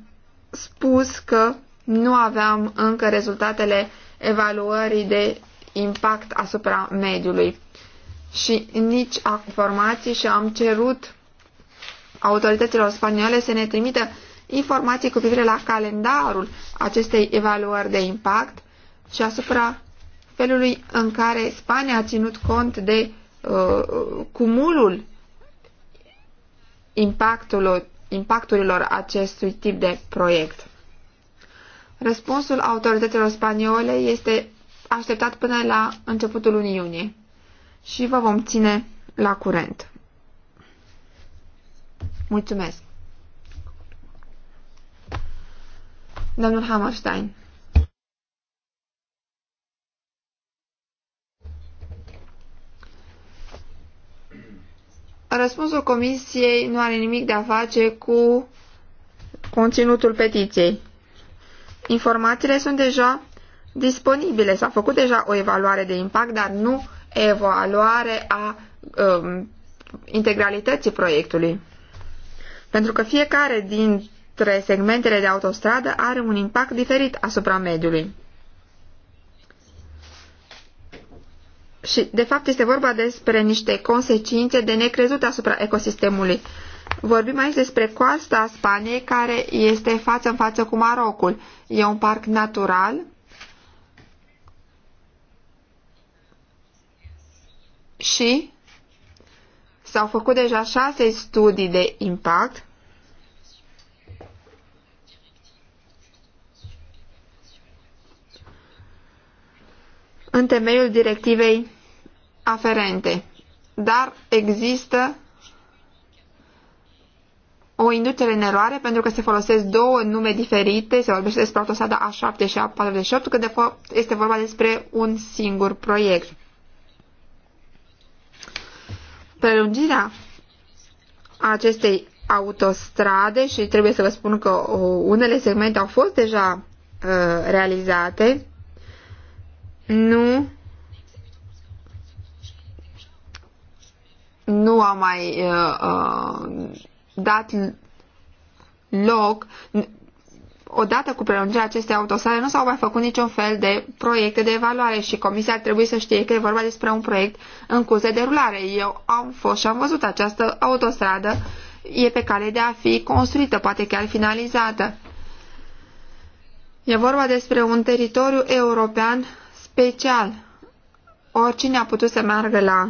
spus că nu aveam încă rezultatele evaluării de impact asupra mediului și nici informații și am cerut autorităților spaniole să ne trimită informații cu privire la calendarul acestei evaluări de impact și asupra felului în care Spania a ținut cont de uh, cumulul impactului, impacturilor acestui tip de proiect. Răspunsul autorităților spaniole este așteptat până la începutul lunii iunie și vă vom ține la curent. Mulțumesc! Domnul Hammerstein Răspunsul comisiei nu are nimic de a face cu conținutul petiției. Informațiile sunt deja disponibile. S-a făcut deja o evaluare de impact, dar nu evaluare a um, integralității proiectului. Pentru că fiecare dintre segmentele de autostradă are un impact diferit asupra mediului. Și, de fapt, este vorba despre niște consecințe de necrezut asupra ecosistemului. Vorbim aici despre coasta Spaniei, care este față în față cu Marocul. E un parc natural. Și s-au făcut deja șase studii de impact în temeiul directivei aferente, dar există o inducere în eroare pentru că se folosesc două nume diferite, se vorbește despre autostrada A7 și A48, că de fapt este vorba despre un singur proiect. Prelungirea acestei autostrade și trebuie să vă spun că unele segmente au fost deja uh, realizate, nu nu a mai uh, uh, dat loc, odată cu prelungirea acestei autosale nu s-au mai făcut niciun fel de proiecte de evaluare și comisia ar trebui să știe că e vorba despre un proiect în curs de derulare. Eu am fost și am văzut această autostradă, e pe cale de a fi construită, poate chiar finalizată. E vorba despre un teritoriu european special. Oricine a putut să meargă la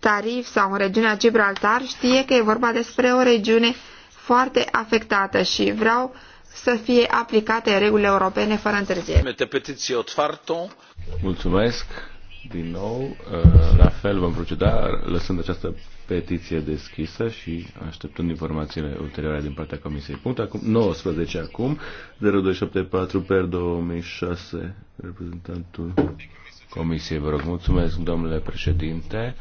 Tarif sau în regiunea Gibraltar știe că e vorba despre o regiune foarte afectată și vreau să fie aplicate regulile europene fără întârziere. Mulțumesc din nou. Uh, la fel vom proceda lăsând această petiție deschisă și așteptând informațiile ulterioare din partea Comisiei. Punct acum, 19 acum, 0274 per 2006, reprezentantul Comisiei. Vă rog, mulțumesc, domnule președinte.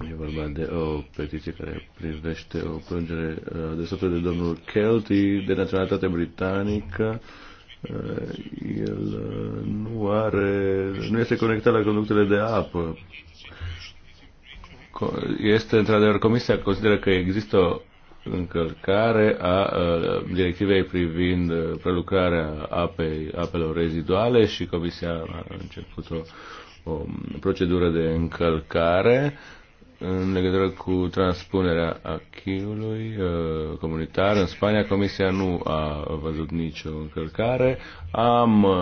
E vorba de o petiție care privește o plângere uh, adresată de domnul Kelty, de naționalitate britanică. Uh, el uh, nu are, nu este conectat la conductele de apă. Este într-adevăr, Comisia consideră că există încălcare a, a directivei privind prelucrarea apei, apelor reziduale și Comisia a început o, o procedură de încălcare în legătură cu transpunerea achiului uh, comunitar în Spania, Comisia nu a văzut nicio încălcare. Am uh,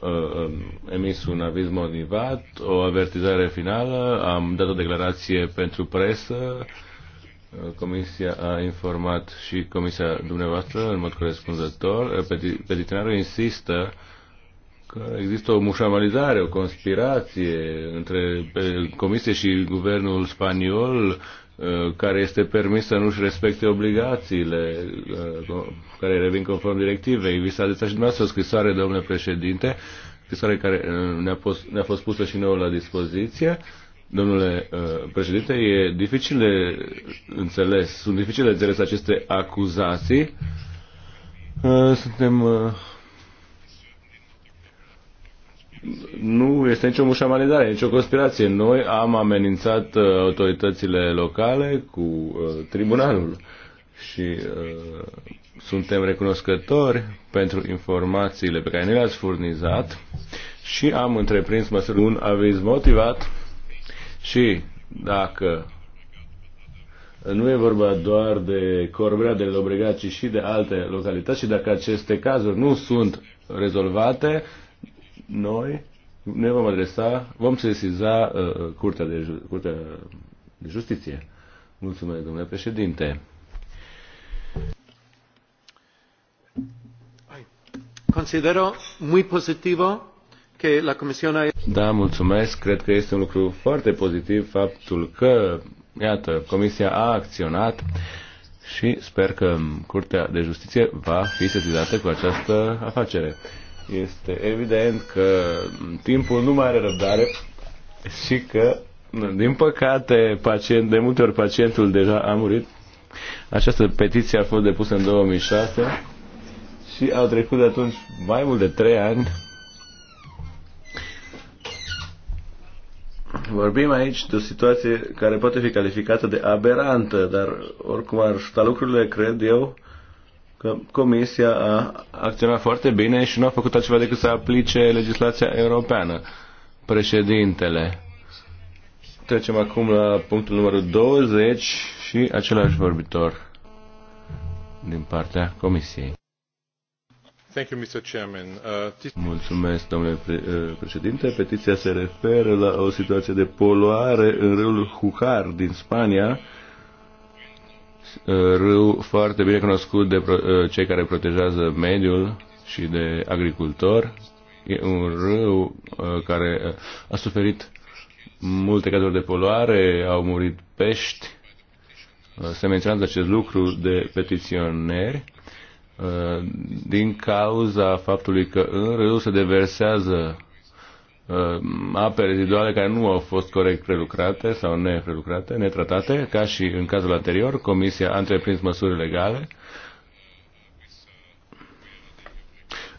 uh, um, emis un aviz motivat, o avertizare finală, am dat o declarație pentru presă. Comisia a informat și Comisia dumneavoastră în mod corespunzător. Petiționarul insistă uh, că există o mușamalizare, o conspirație între Comisie și guvernul spaniol uh, care este permis să nu-și respecte obligațiile uh, care revin conform directivei. Vi s-a adresat și dumneavoastră o scrisoare, domnule președinte, scrisoare care uh, ne-a, pos- ne-a fost pusă și nouă la dispoziție. Domnule președinte, e dificil de înțeles, sunt dificil de înțeles aceste acuzații. Suntem nu este nicio mușamalizare, nicio conspirație. Noi am amenințat uh, autoritățile locale cu uh, tribunalul și uh, suntem recunoscători pentru informațiile pe care ne le-ați furnizat și am întreprins măsuri un aviz motivat și dacă nu e vorba doar de Corbrea, de Lobregat, ci și de alte localități și dacă aceste cazuri nu sunt rezolvate, noi ne vom adresa, vom sesiza uh, Curtea, de, Curtea de Justiție. Mulțumesc, domnule președinte. Considero muy positivo que la Comisión Da, mulțumesc. Cred că este un lucru foarte pozitiv faptul că, iată, Comisia a acționat și sper că Curtea de Justiție va fi sesizată cu această afacere este evident că timpul nu mai are răbdare și că, din păcate, pacient, de multe ori pacientul deja a murit. Această petiție a fost depusă în 2006 și au trecut de atunci mai mult de 3 ani. Vorbim aici de o situație care poate fi calificată de aberantă, dar oricum ar sta lucrurile, cred eu, că Comisia a acționat foarte bine și nu a făcut altceva decât să aplice legislația europeană. Președintele. Trecem acum la punctul numărul 20 și același vorbitor din partea Comisiei. Thank you, Mr. Chairman. Uh, Mulțumesc, domnule pre- uh, președinte. Petiția se referă la o situație de poluare în râul Jucar din Spania, Uh, râu foarte bine cunoscut de uh, cei care protejează mediul și de agricultori. E un râu uh, care a suferit multe cazuri de poluare, au murit pești. Se menționează acest lucru de petiționeri din cauza faptului că în râu se deversează Uh, ape reziduale care nu au fost corect prelucrate sau neprelucrate, netratate, ca și în cazul anterior, Comisia a întreprins măsuri legale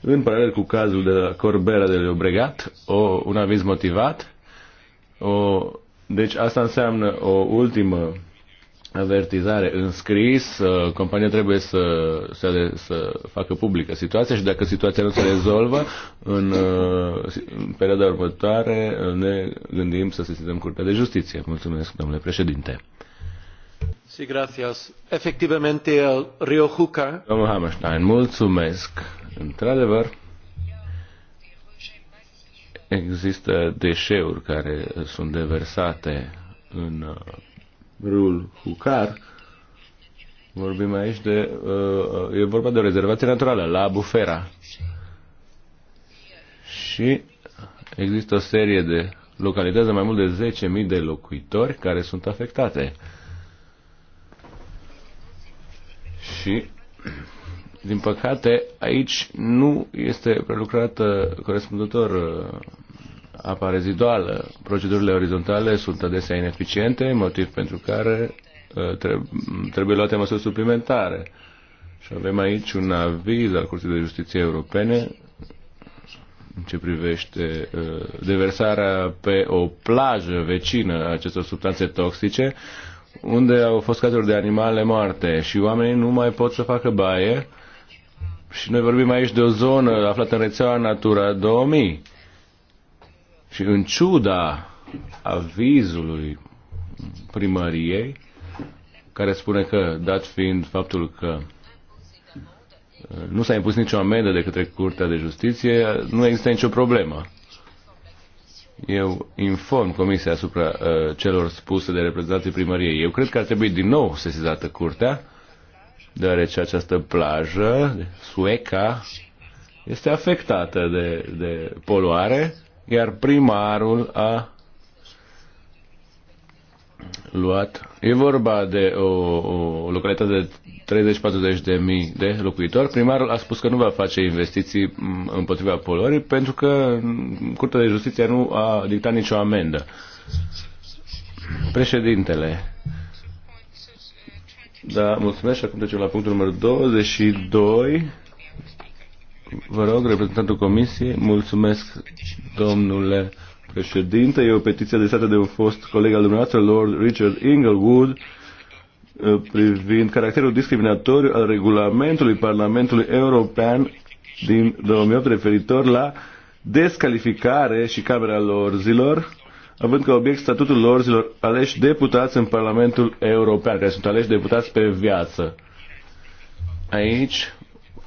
în paralel cu cazul de la Corbera de Leobregat, o, un aviz motivat. O, deci asta înseamnă o ultimă avertizare în scris, uh, compania trebuie să, să, să facă publică situația și dacă situația nu se rezolvă, în, uh, în perioada următoare uh, ne gândim să sesizăm Curtea de Justiție. Mulțumesc, domnule președinte. Sí, gracias. Efectivamente, el Rio Juca... Domnul Hammerstein, mulțumesc. Într-adevăr, există deșeuri care sunt deversate în râul Hucar, vorbim aici de, uh, e vorba de o rezervație naturală, la Bufera. Și există o serie de localități de mai mult de 10.000 de locuitori care sunt afectate. Și din păcate, aici nu este prelucrată corespunzător uh, apa reziduală. Procedurile orizontale sunt adesea ineficiente, motiv pentru care uh, trebuie luate măsuri suplimentare. Și avem aici un aviz al Curții de Justiție Europene în ce privește uh, deversarea pe o plajă vecină a acestor substanțe toxice, unde au fost cazuri de animale moarte și oamenii nu mai pot să facă baie. Și noi vorbim aici de o zonă aflată în rețeaua Natura 2000 și în ciuda avizului primăriei, care spune că, dat fiind faptul că nu s-a impus nicio amendă de către Curtea de Justiție, nu există nicio problemă. Eu inform Comisia asupra uh, celor spuse de reprezentanții primăriei. Eu cred că ar trebui din nou sesizată Curtea, deoarece această plajă, Sueca, este afectată de, de poluare iar primarul a luat. E vorba de o, o localitate de 30-40 de mii de locuitori. Primarul a spus că nu va face investiții împotriva poluării pentru că Curtea de Justiție nu a dictat nicio amendă. Președintele. Da, mulțumesc și acum trecem la punctul numărul 22. Vă rog, reprezentantul Comisiei, mulțumesc, domnule președinte. E o petiție adresată de un fost coleg al dumneavoastră, Lord Richard Inglewood, uh, privind caracterul discriminatoriu al regulamentului Parlamentului European din 2008 referitor la descalificare și camera zilor, având ca obiect statutul lor zilor aleși deputați în Parlamentul European, care sunt aleși deputați pe viață. Aici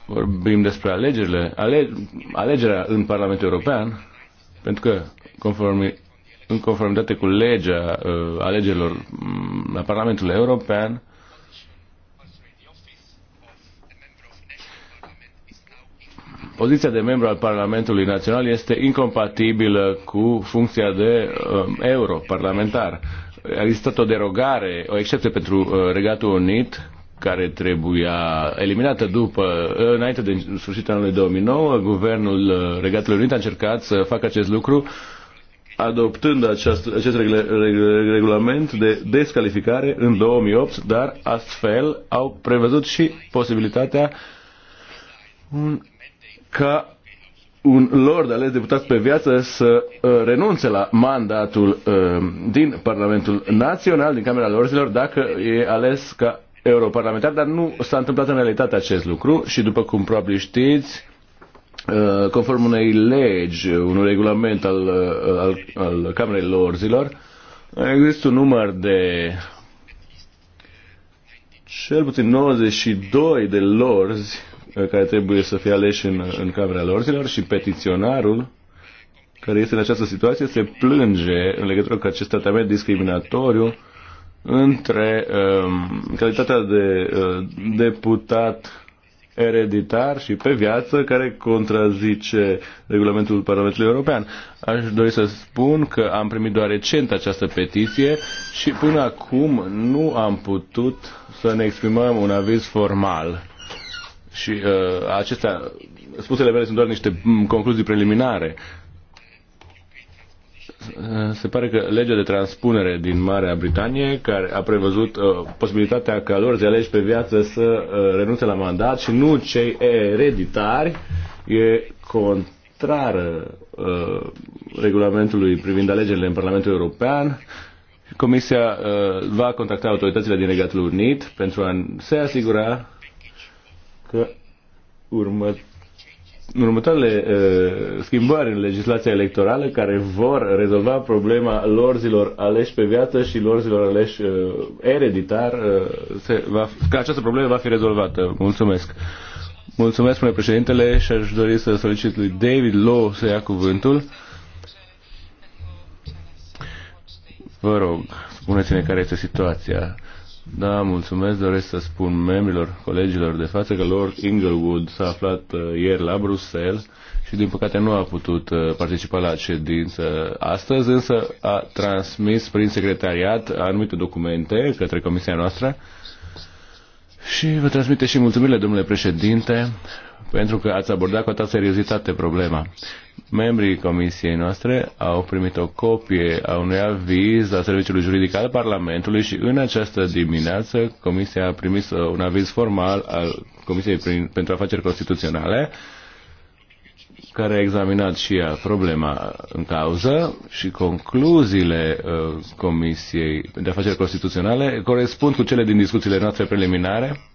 vorbim despre alegerile, ale, alegerea în Parlamentul European, pentru că conform, în conformitate cu legea uh, alegerilor mm, la Parlamentul European, poziția de membru al Parlamentului Național este incompatibilă cu funcția de um, europarlamentar. A existat o derogare, o excepție pentru uh, Regatul Unit, care trebuia eliminată după, înainte de sfârșitul anului 2009, guvernul uh, Regatului Unit a încercat să facă acest lucru adoptând aceast, acest regulament de descalificare în 2008, dar astfel au prevăzut și posibilitatea un, ca un lord ales deputat pe viață să uh, renunțe la mandatul uh, din Parlamentul Național, din Camera Lorzilor, dacă e ales ca europarlamentar, dar nu s-a întâmplat în realitate acest lucru și după cum probabil știți, uh, conform unei legi, unui regulament al, uh, al, al Camerei Lorzilor, există un număr de cel puțin 92 de lorzi uh, care trebuie să fie aleși în, în Camera Lorzilor și petiționarul care este în această situație se plânge în legătură cu acest tratament discriminatoriu între um, calitatea de uh, deputat ereditar și pe viață care contrazice regulamentul Parlamentului European. Aș dori să spun că am primit doar recent această petiție și până acum nu am putut să ne exprimăm un aviz formal. Și uh, acestea, spusele mele sunt doar niște concluzii preliminare. Uh, se pare că legea de transpunere din Marea Britanie, care a prevăzut uh, posibilitatea ca lor de alegi pe viață să uh, renunțe la mandat și nu cei ereditari, e contrară uh, regulamentului privind alegerile în Parlamentul European. Comisia uh, va contacta autoritățile din Regatul Unit pentru a se asigura că următoarea următoarele uh, schimbări în legislația electorală care vor rezolva problema lorzilor aleși pe viață și lorzilor aleși uh, ereditar, uh, se va, că această problemă va fi rezolvată. Mulțumesc. Mulțumesc, spune președintele, și aș dori să solicit lui David Law să ia cuvântul. Vă rog, spuneți-ne care este situația. Da, mulțumesc. Doresc să spun membrilor, colegilor de față că Lord Inglewood s-a aflat uh, ieri la Bruxelles și din păcate nu a putut uh, participa la ședință astăzi, însă a transmis prin secretariat anumite documente către comisia noastră și vă transmite și mulțumirile, domnule președinte, pentru că ați abordat cu atâta seriozitate problema membrii comisiei noastre au primit o copie a unui aviz a Serviciului Juridic al Parlamentului și în această dimineață comisia a primit un aviz formal al Comisiei pentru Afaceri Constituționale care a examinat și ea problema în cauză și concluziile uh, Comisiei de Afaceri Constituționale corespund cu cele din discuțiile noastre preliminare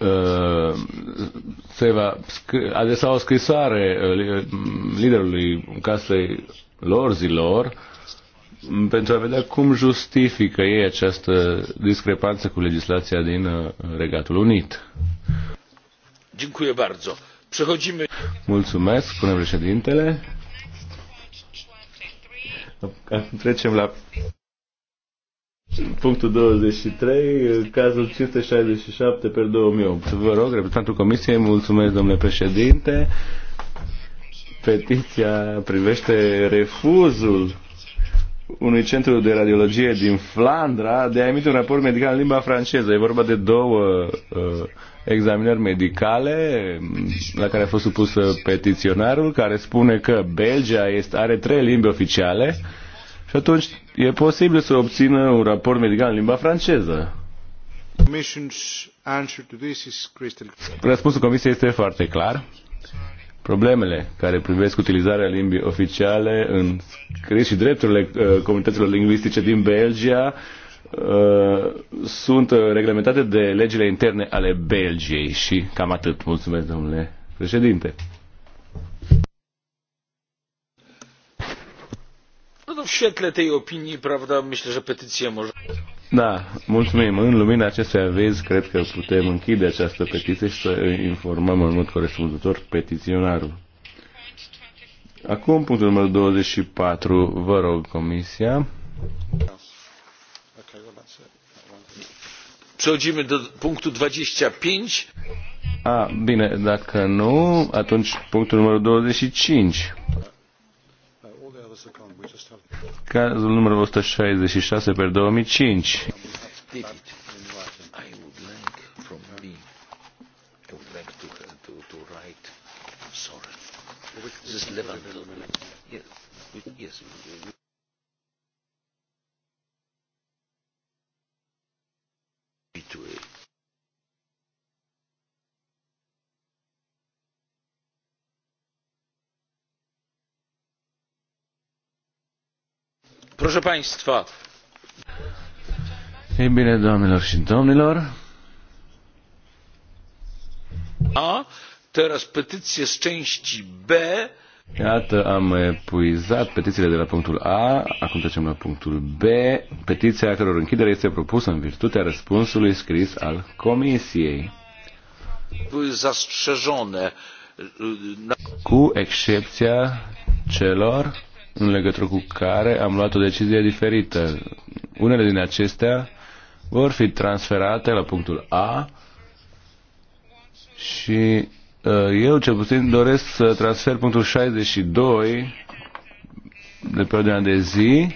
Uh, se va adresa o scrisoare uh, uh, liderului casei lor zilor pentru a vedea cum justifică ei această discrepanță cu legislația din Regatul Unit. Mulțumesc, spune președintele. Trecem la Punctul 23, cazul 567 per 2008. Vă rog, reprezentantul Comisiei, mulțumesc, domnule președinte. Petiția privește refuzul unui centru de radiologie din Flandra de a emite un raport medical în limba franceză. E vorba de două uh, examinări medicale la care a fost supus petiționarul, care spune că Belgia este, are trei limbi oficiale și atunci e posibil să obțină un raport medical în limba franceză. Răspunsul Comisiei este foarte clar. Problemele care privesc utilizarea limbii oficiale în scris și drepturile uh, comunităților lingvistice din Belgia uh, sunt uh, reglementate de legile interne ale Belgiei și cam atât. Mulțumesc, domnule președinte. świetle tej opinii, prawda, myślę, że petycję może... Da, mulțumim. În lumina acestui aviz, cred că putem închide această petiție și să informăm în mod corespunzător petiționarul. Acum, punctul numărul 24, vă rog, Comisia. Przechodzim do punktu 25. A, bine, dacă nu, atunci punctul numărul 25. cazul numărul 166 pe 2005. Proszę Państwa. Ei bine, doamnelor și domnilor. A, teraz petiție z części B. Iată, am epuizat petițiile de la punctul A, acum trecem la punctul B, petiția a căror închidere este propusă în virtutea răspunsului scris al Comisiei. Cu excepția celor în legătură cu care am luat o decizie diferită. Unele din acestea vor fi transferate la punctul A și uh, eu cel puțin doresc să transfer punctul 62 de pe ordinea de zi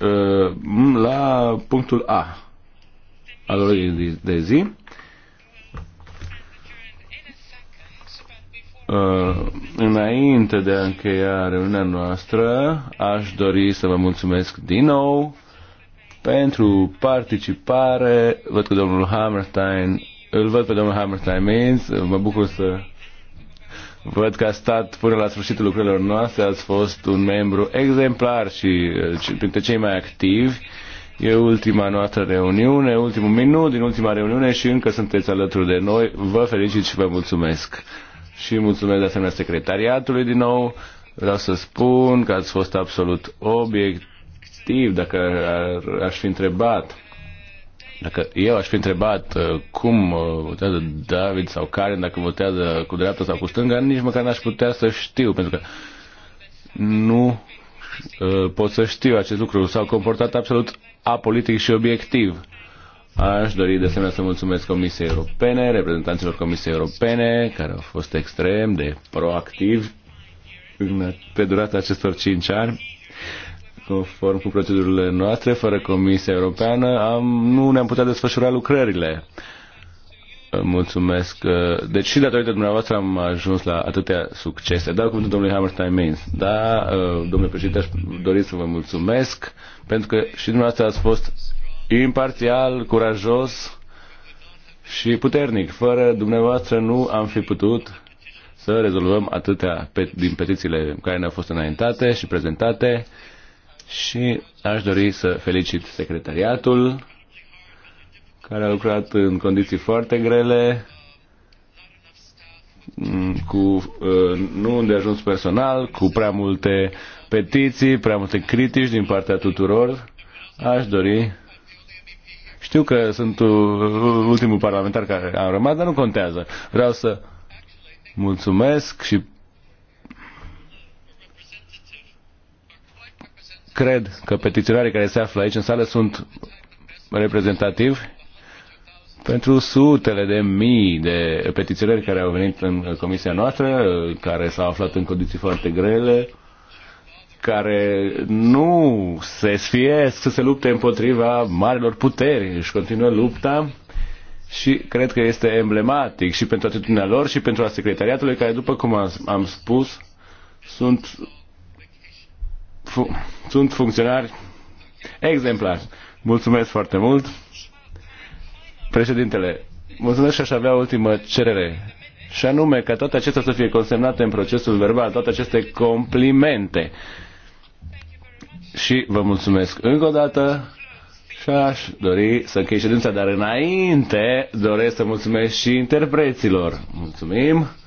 uh, la punctul A al ordinii de zi Uh, înainte de a încheia reuniunea noastră, aș dori să vă mulțumesc din nou pentru participare. Văd că domnul Hammerstein, îl văd pe domnul Hammerstein Mainz, mă bucur să Văd că a stat până la sfârșitul lucrărilor noastre, ați fost un membru exemplar și uh, printre cei mai activi. E ultima noastră reuniune, ultimul minut din ultima reuniune și încă sunteți alături de noi. Vă felicit și vă mulțumesc și mulțumesc de asemenea secretariatului din nou. Vreau să spun că ați fost absolut obiectiv dacă ar, aș fi întrebat dacă eu aș fi întrebat uh, cum uh, votează David sau Karen, dacă votează cu dreapta sau cu stânga, nici măcar n-aș putea să știu, pentru că nu uh, pot să știu acest lucru. S-au comportat absolut apolitic și obiectiv. Aș dori de asemenea să mulțumesc Comisiei Europene, reprezentanților Comisiei Europene, care au fost extrem de proactivi în, pe durata acestor 5 ani conform cu procedurile noastre, fără Comisia Europeană, am, nu ne-am putea desfășura lucrările. Mulțumesc. Uh, deci și datorită dumneavoastră am ajuns la atâtea succese. Dau cuvântul domnului Hammerstein Mainz. Da, uh, domnule președinte, aș dori să vă mulțumesc pentru că și dumneavoastră ați fost imparțial, curajos și puternic. Fără dumneavoastră nu am fi putut să rezolvăm atâtea pe, din petițiile care ne-au fost înaintate și prezentate și aș dori să felicit secretariatul care a lucrat în condiții foarte grele, mm, cu uh, nu nu ajuns personal, cu prea multe petiții, prea multe critici din partea tuturor. Aș dori știu că sunt ultimul parlamentar care am rămas, dar nu contează. Vreau să mulțumesc și cred că petiționarii care se află aici în sală sunt reprezentativi pentru sutele de mii de petiționari care au venit în comisia noastră, care s-au aflat în condiții foarte grele, care nu se sfiesc să se lupte împotriva marilor puteri, își continuă lupta și cred că este emblematic și pentru atitudinea lor și pentru a secretariatului care, după cum am, am spus, sunt, fu, sunt funcționari exemplari. Mulțumesc foarte mult. Președintele, mulțumesc și aș avea ultimă cerere. Și anume ca toate acestea să fie consemnate în procesul verbal, toate aceste complimente și vă mulțumesc încă o dată și aș dori să închei ședința, dar înainte doresc să mulțumesc și interpreților. Mulțumim!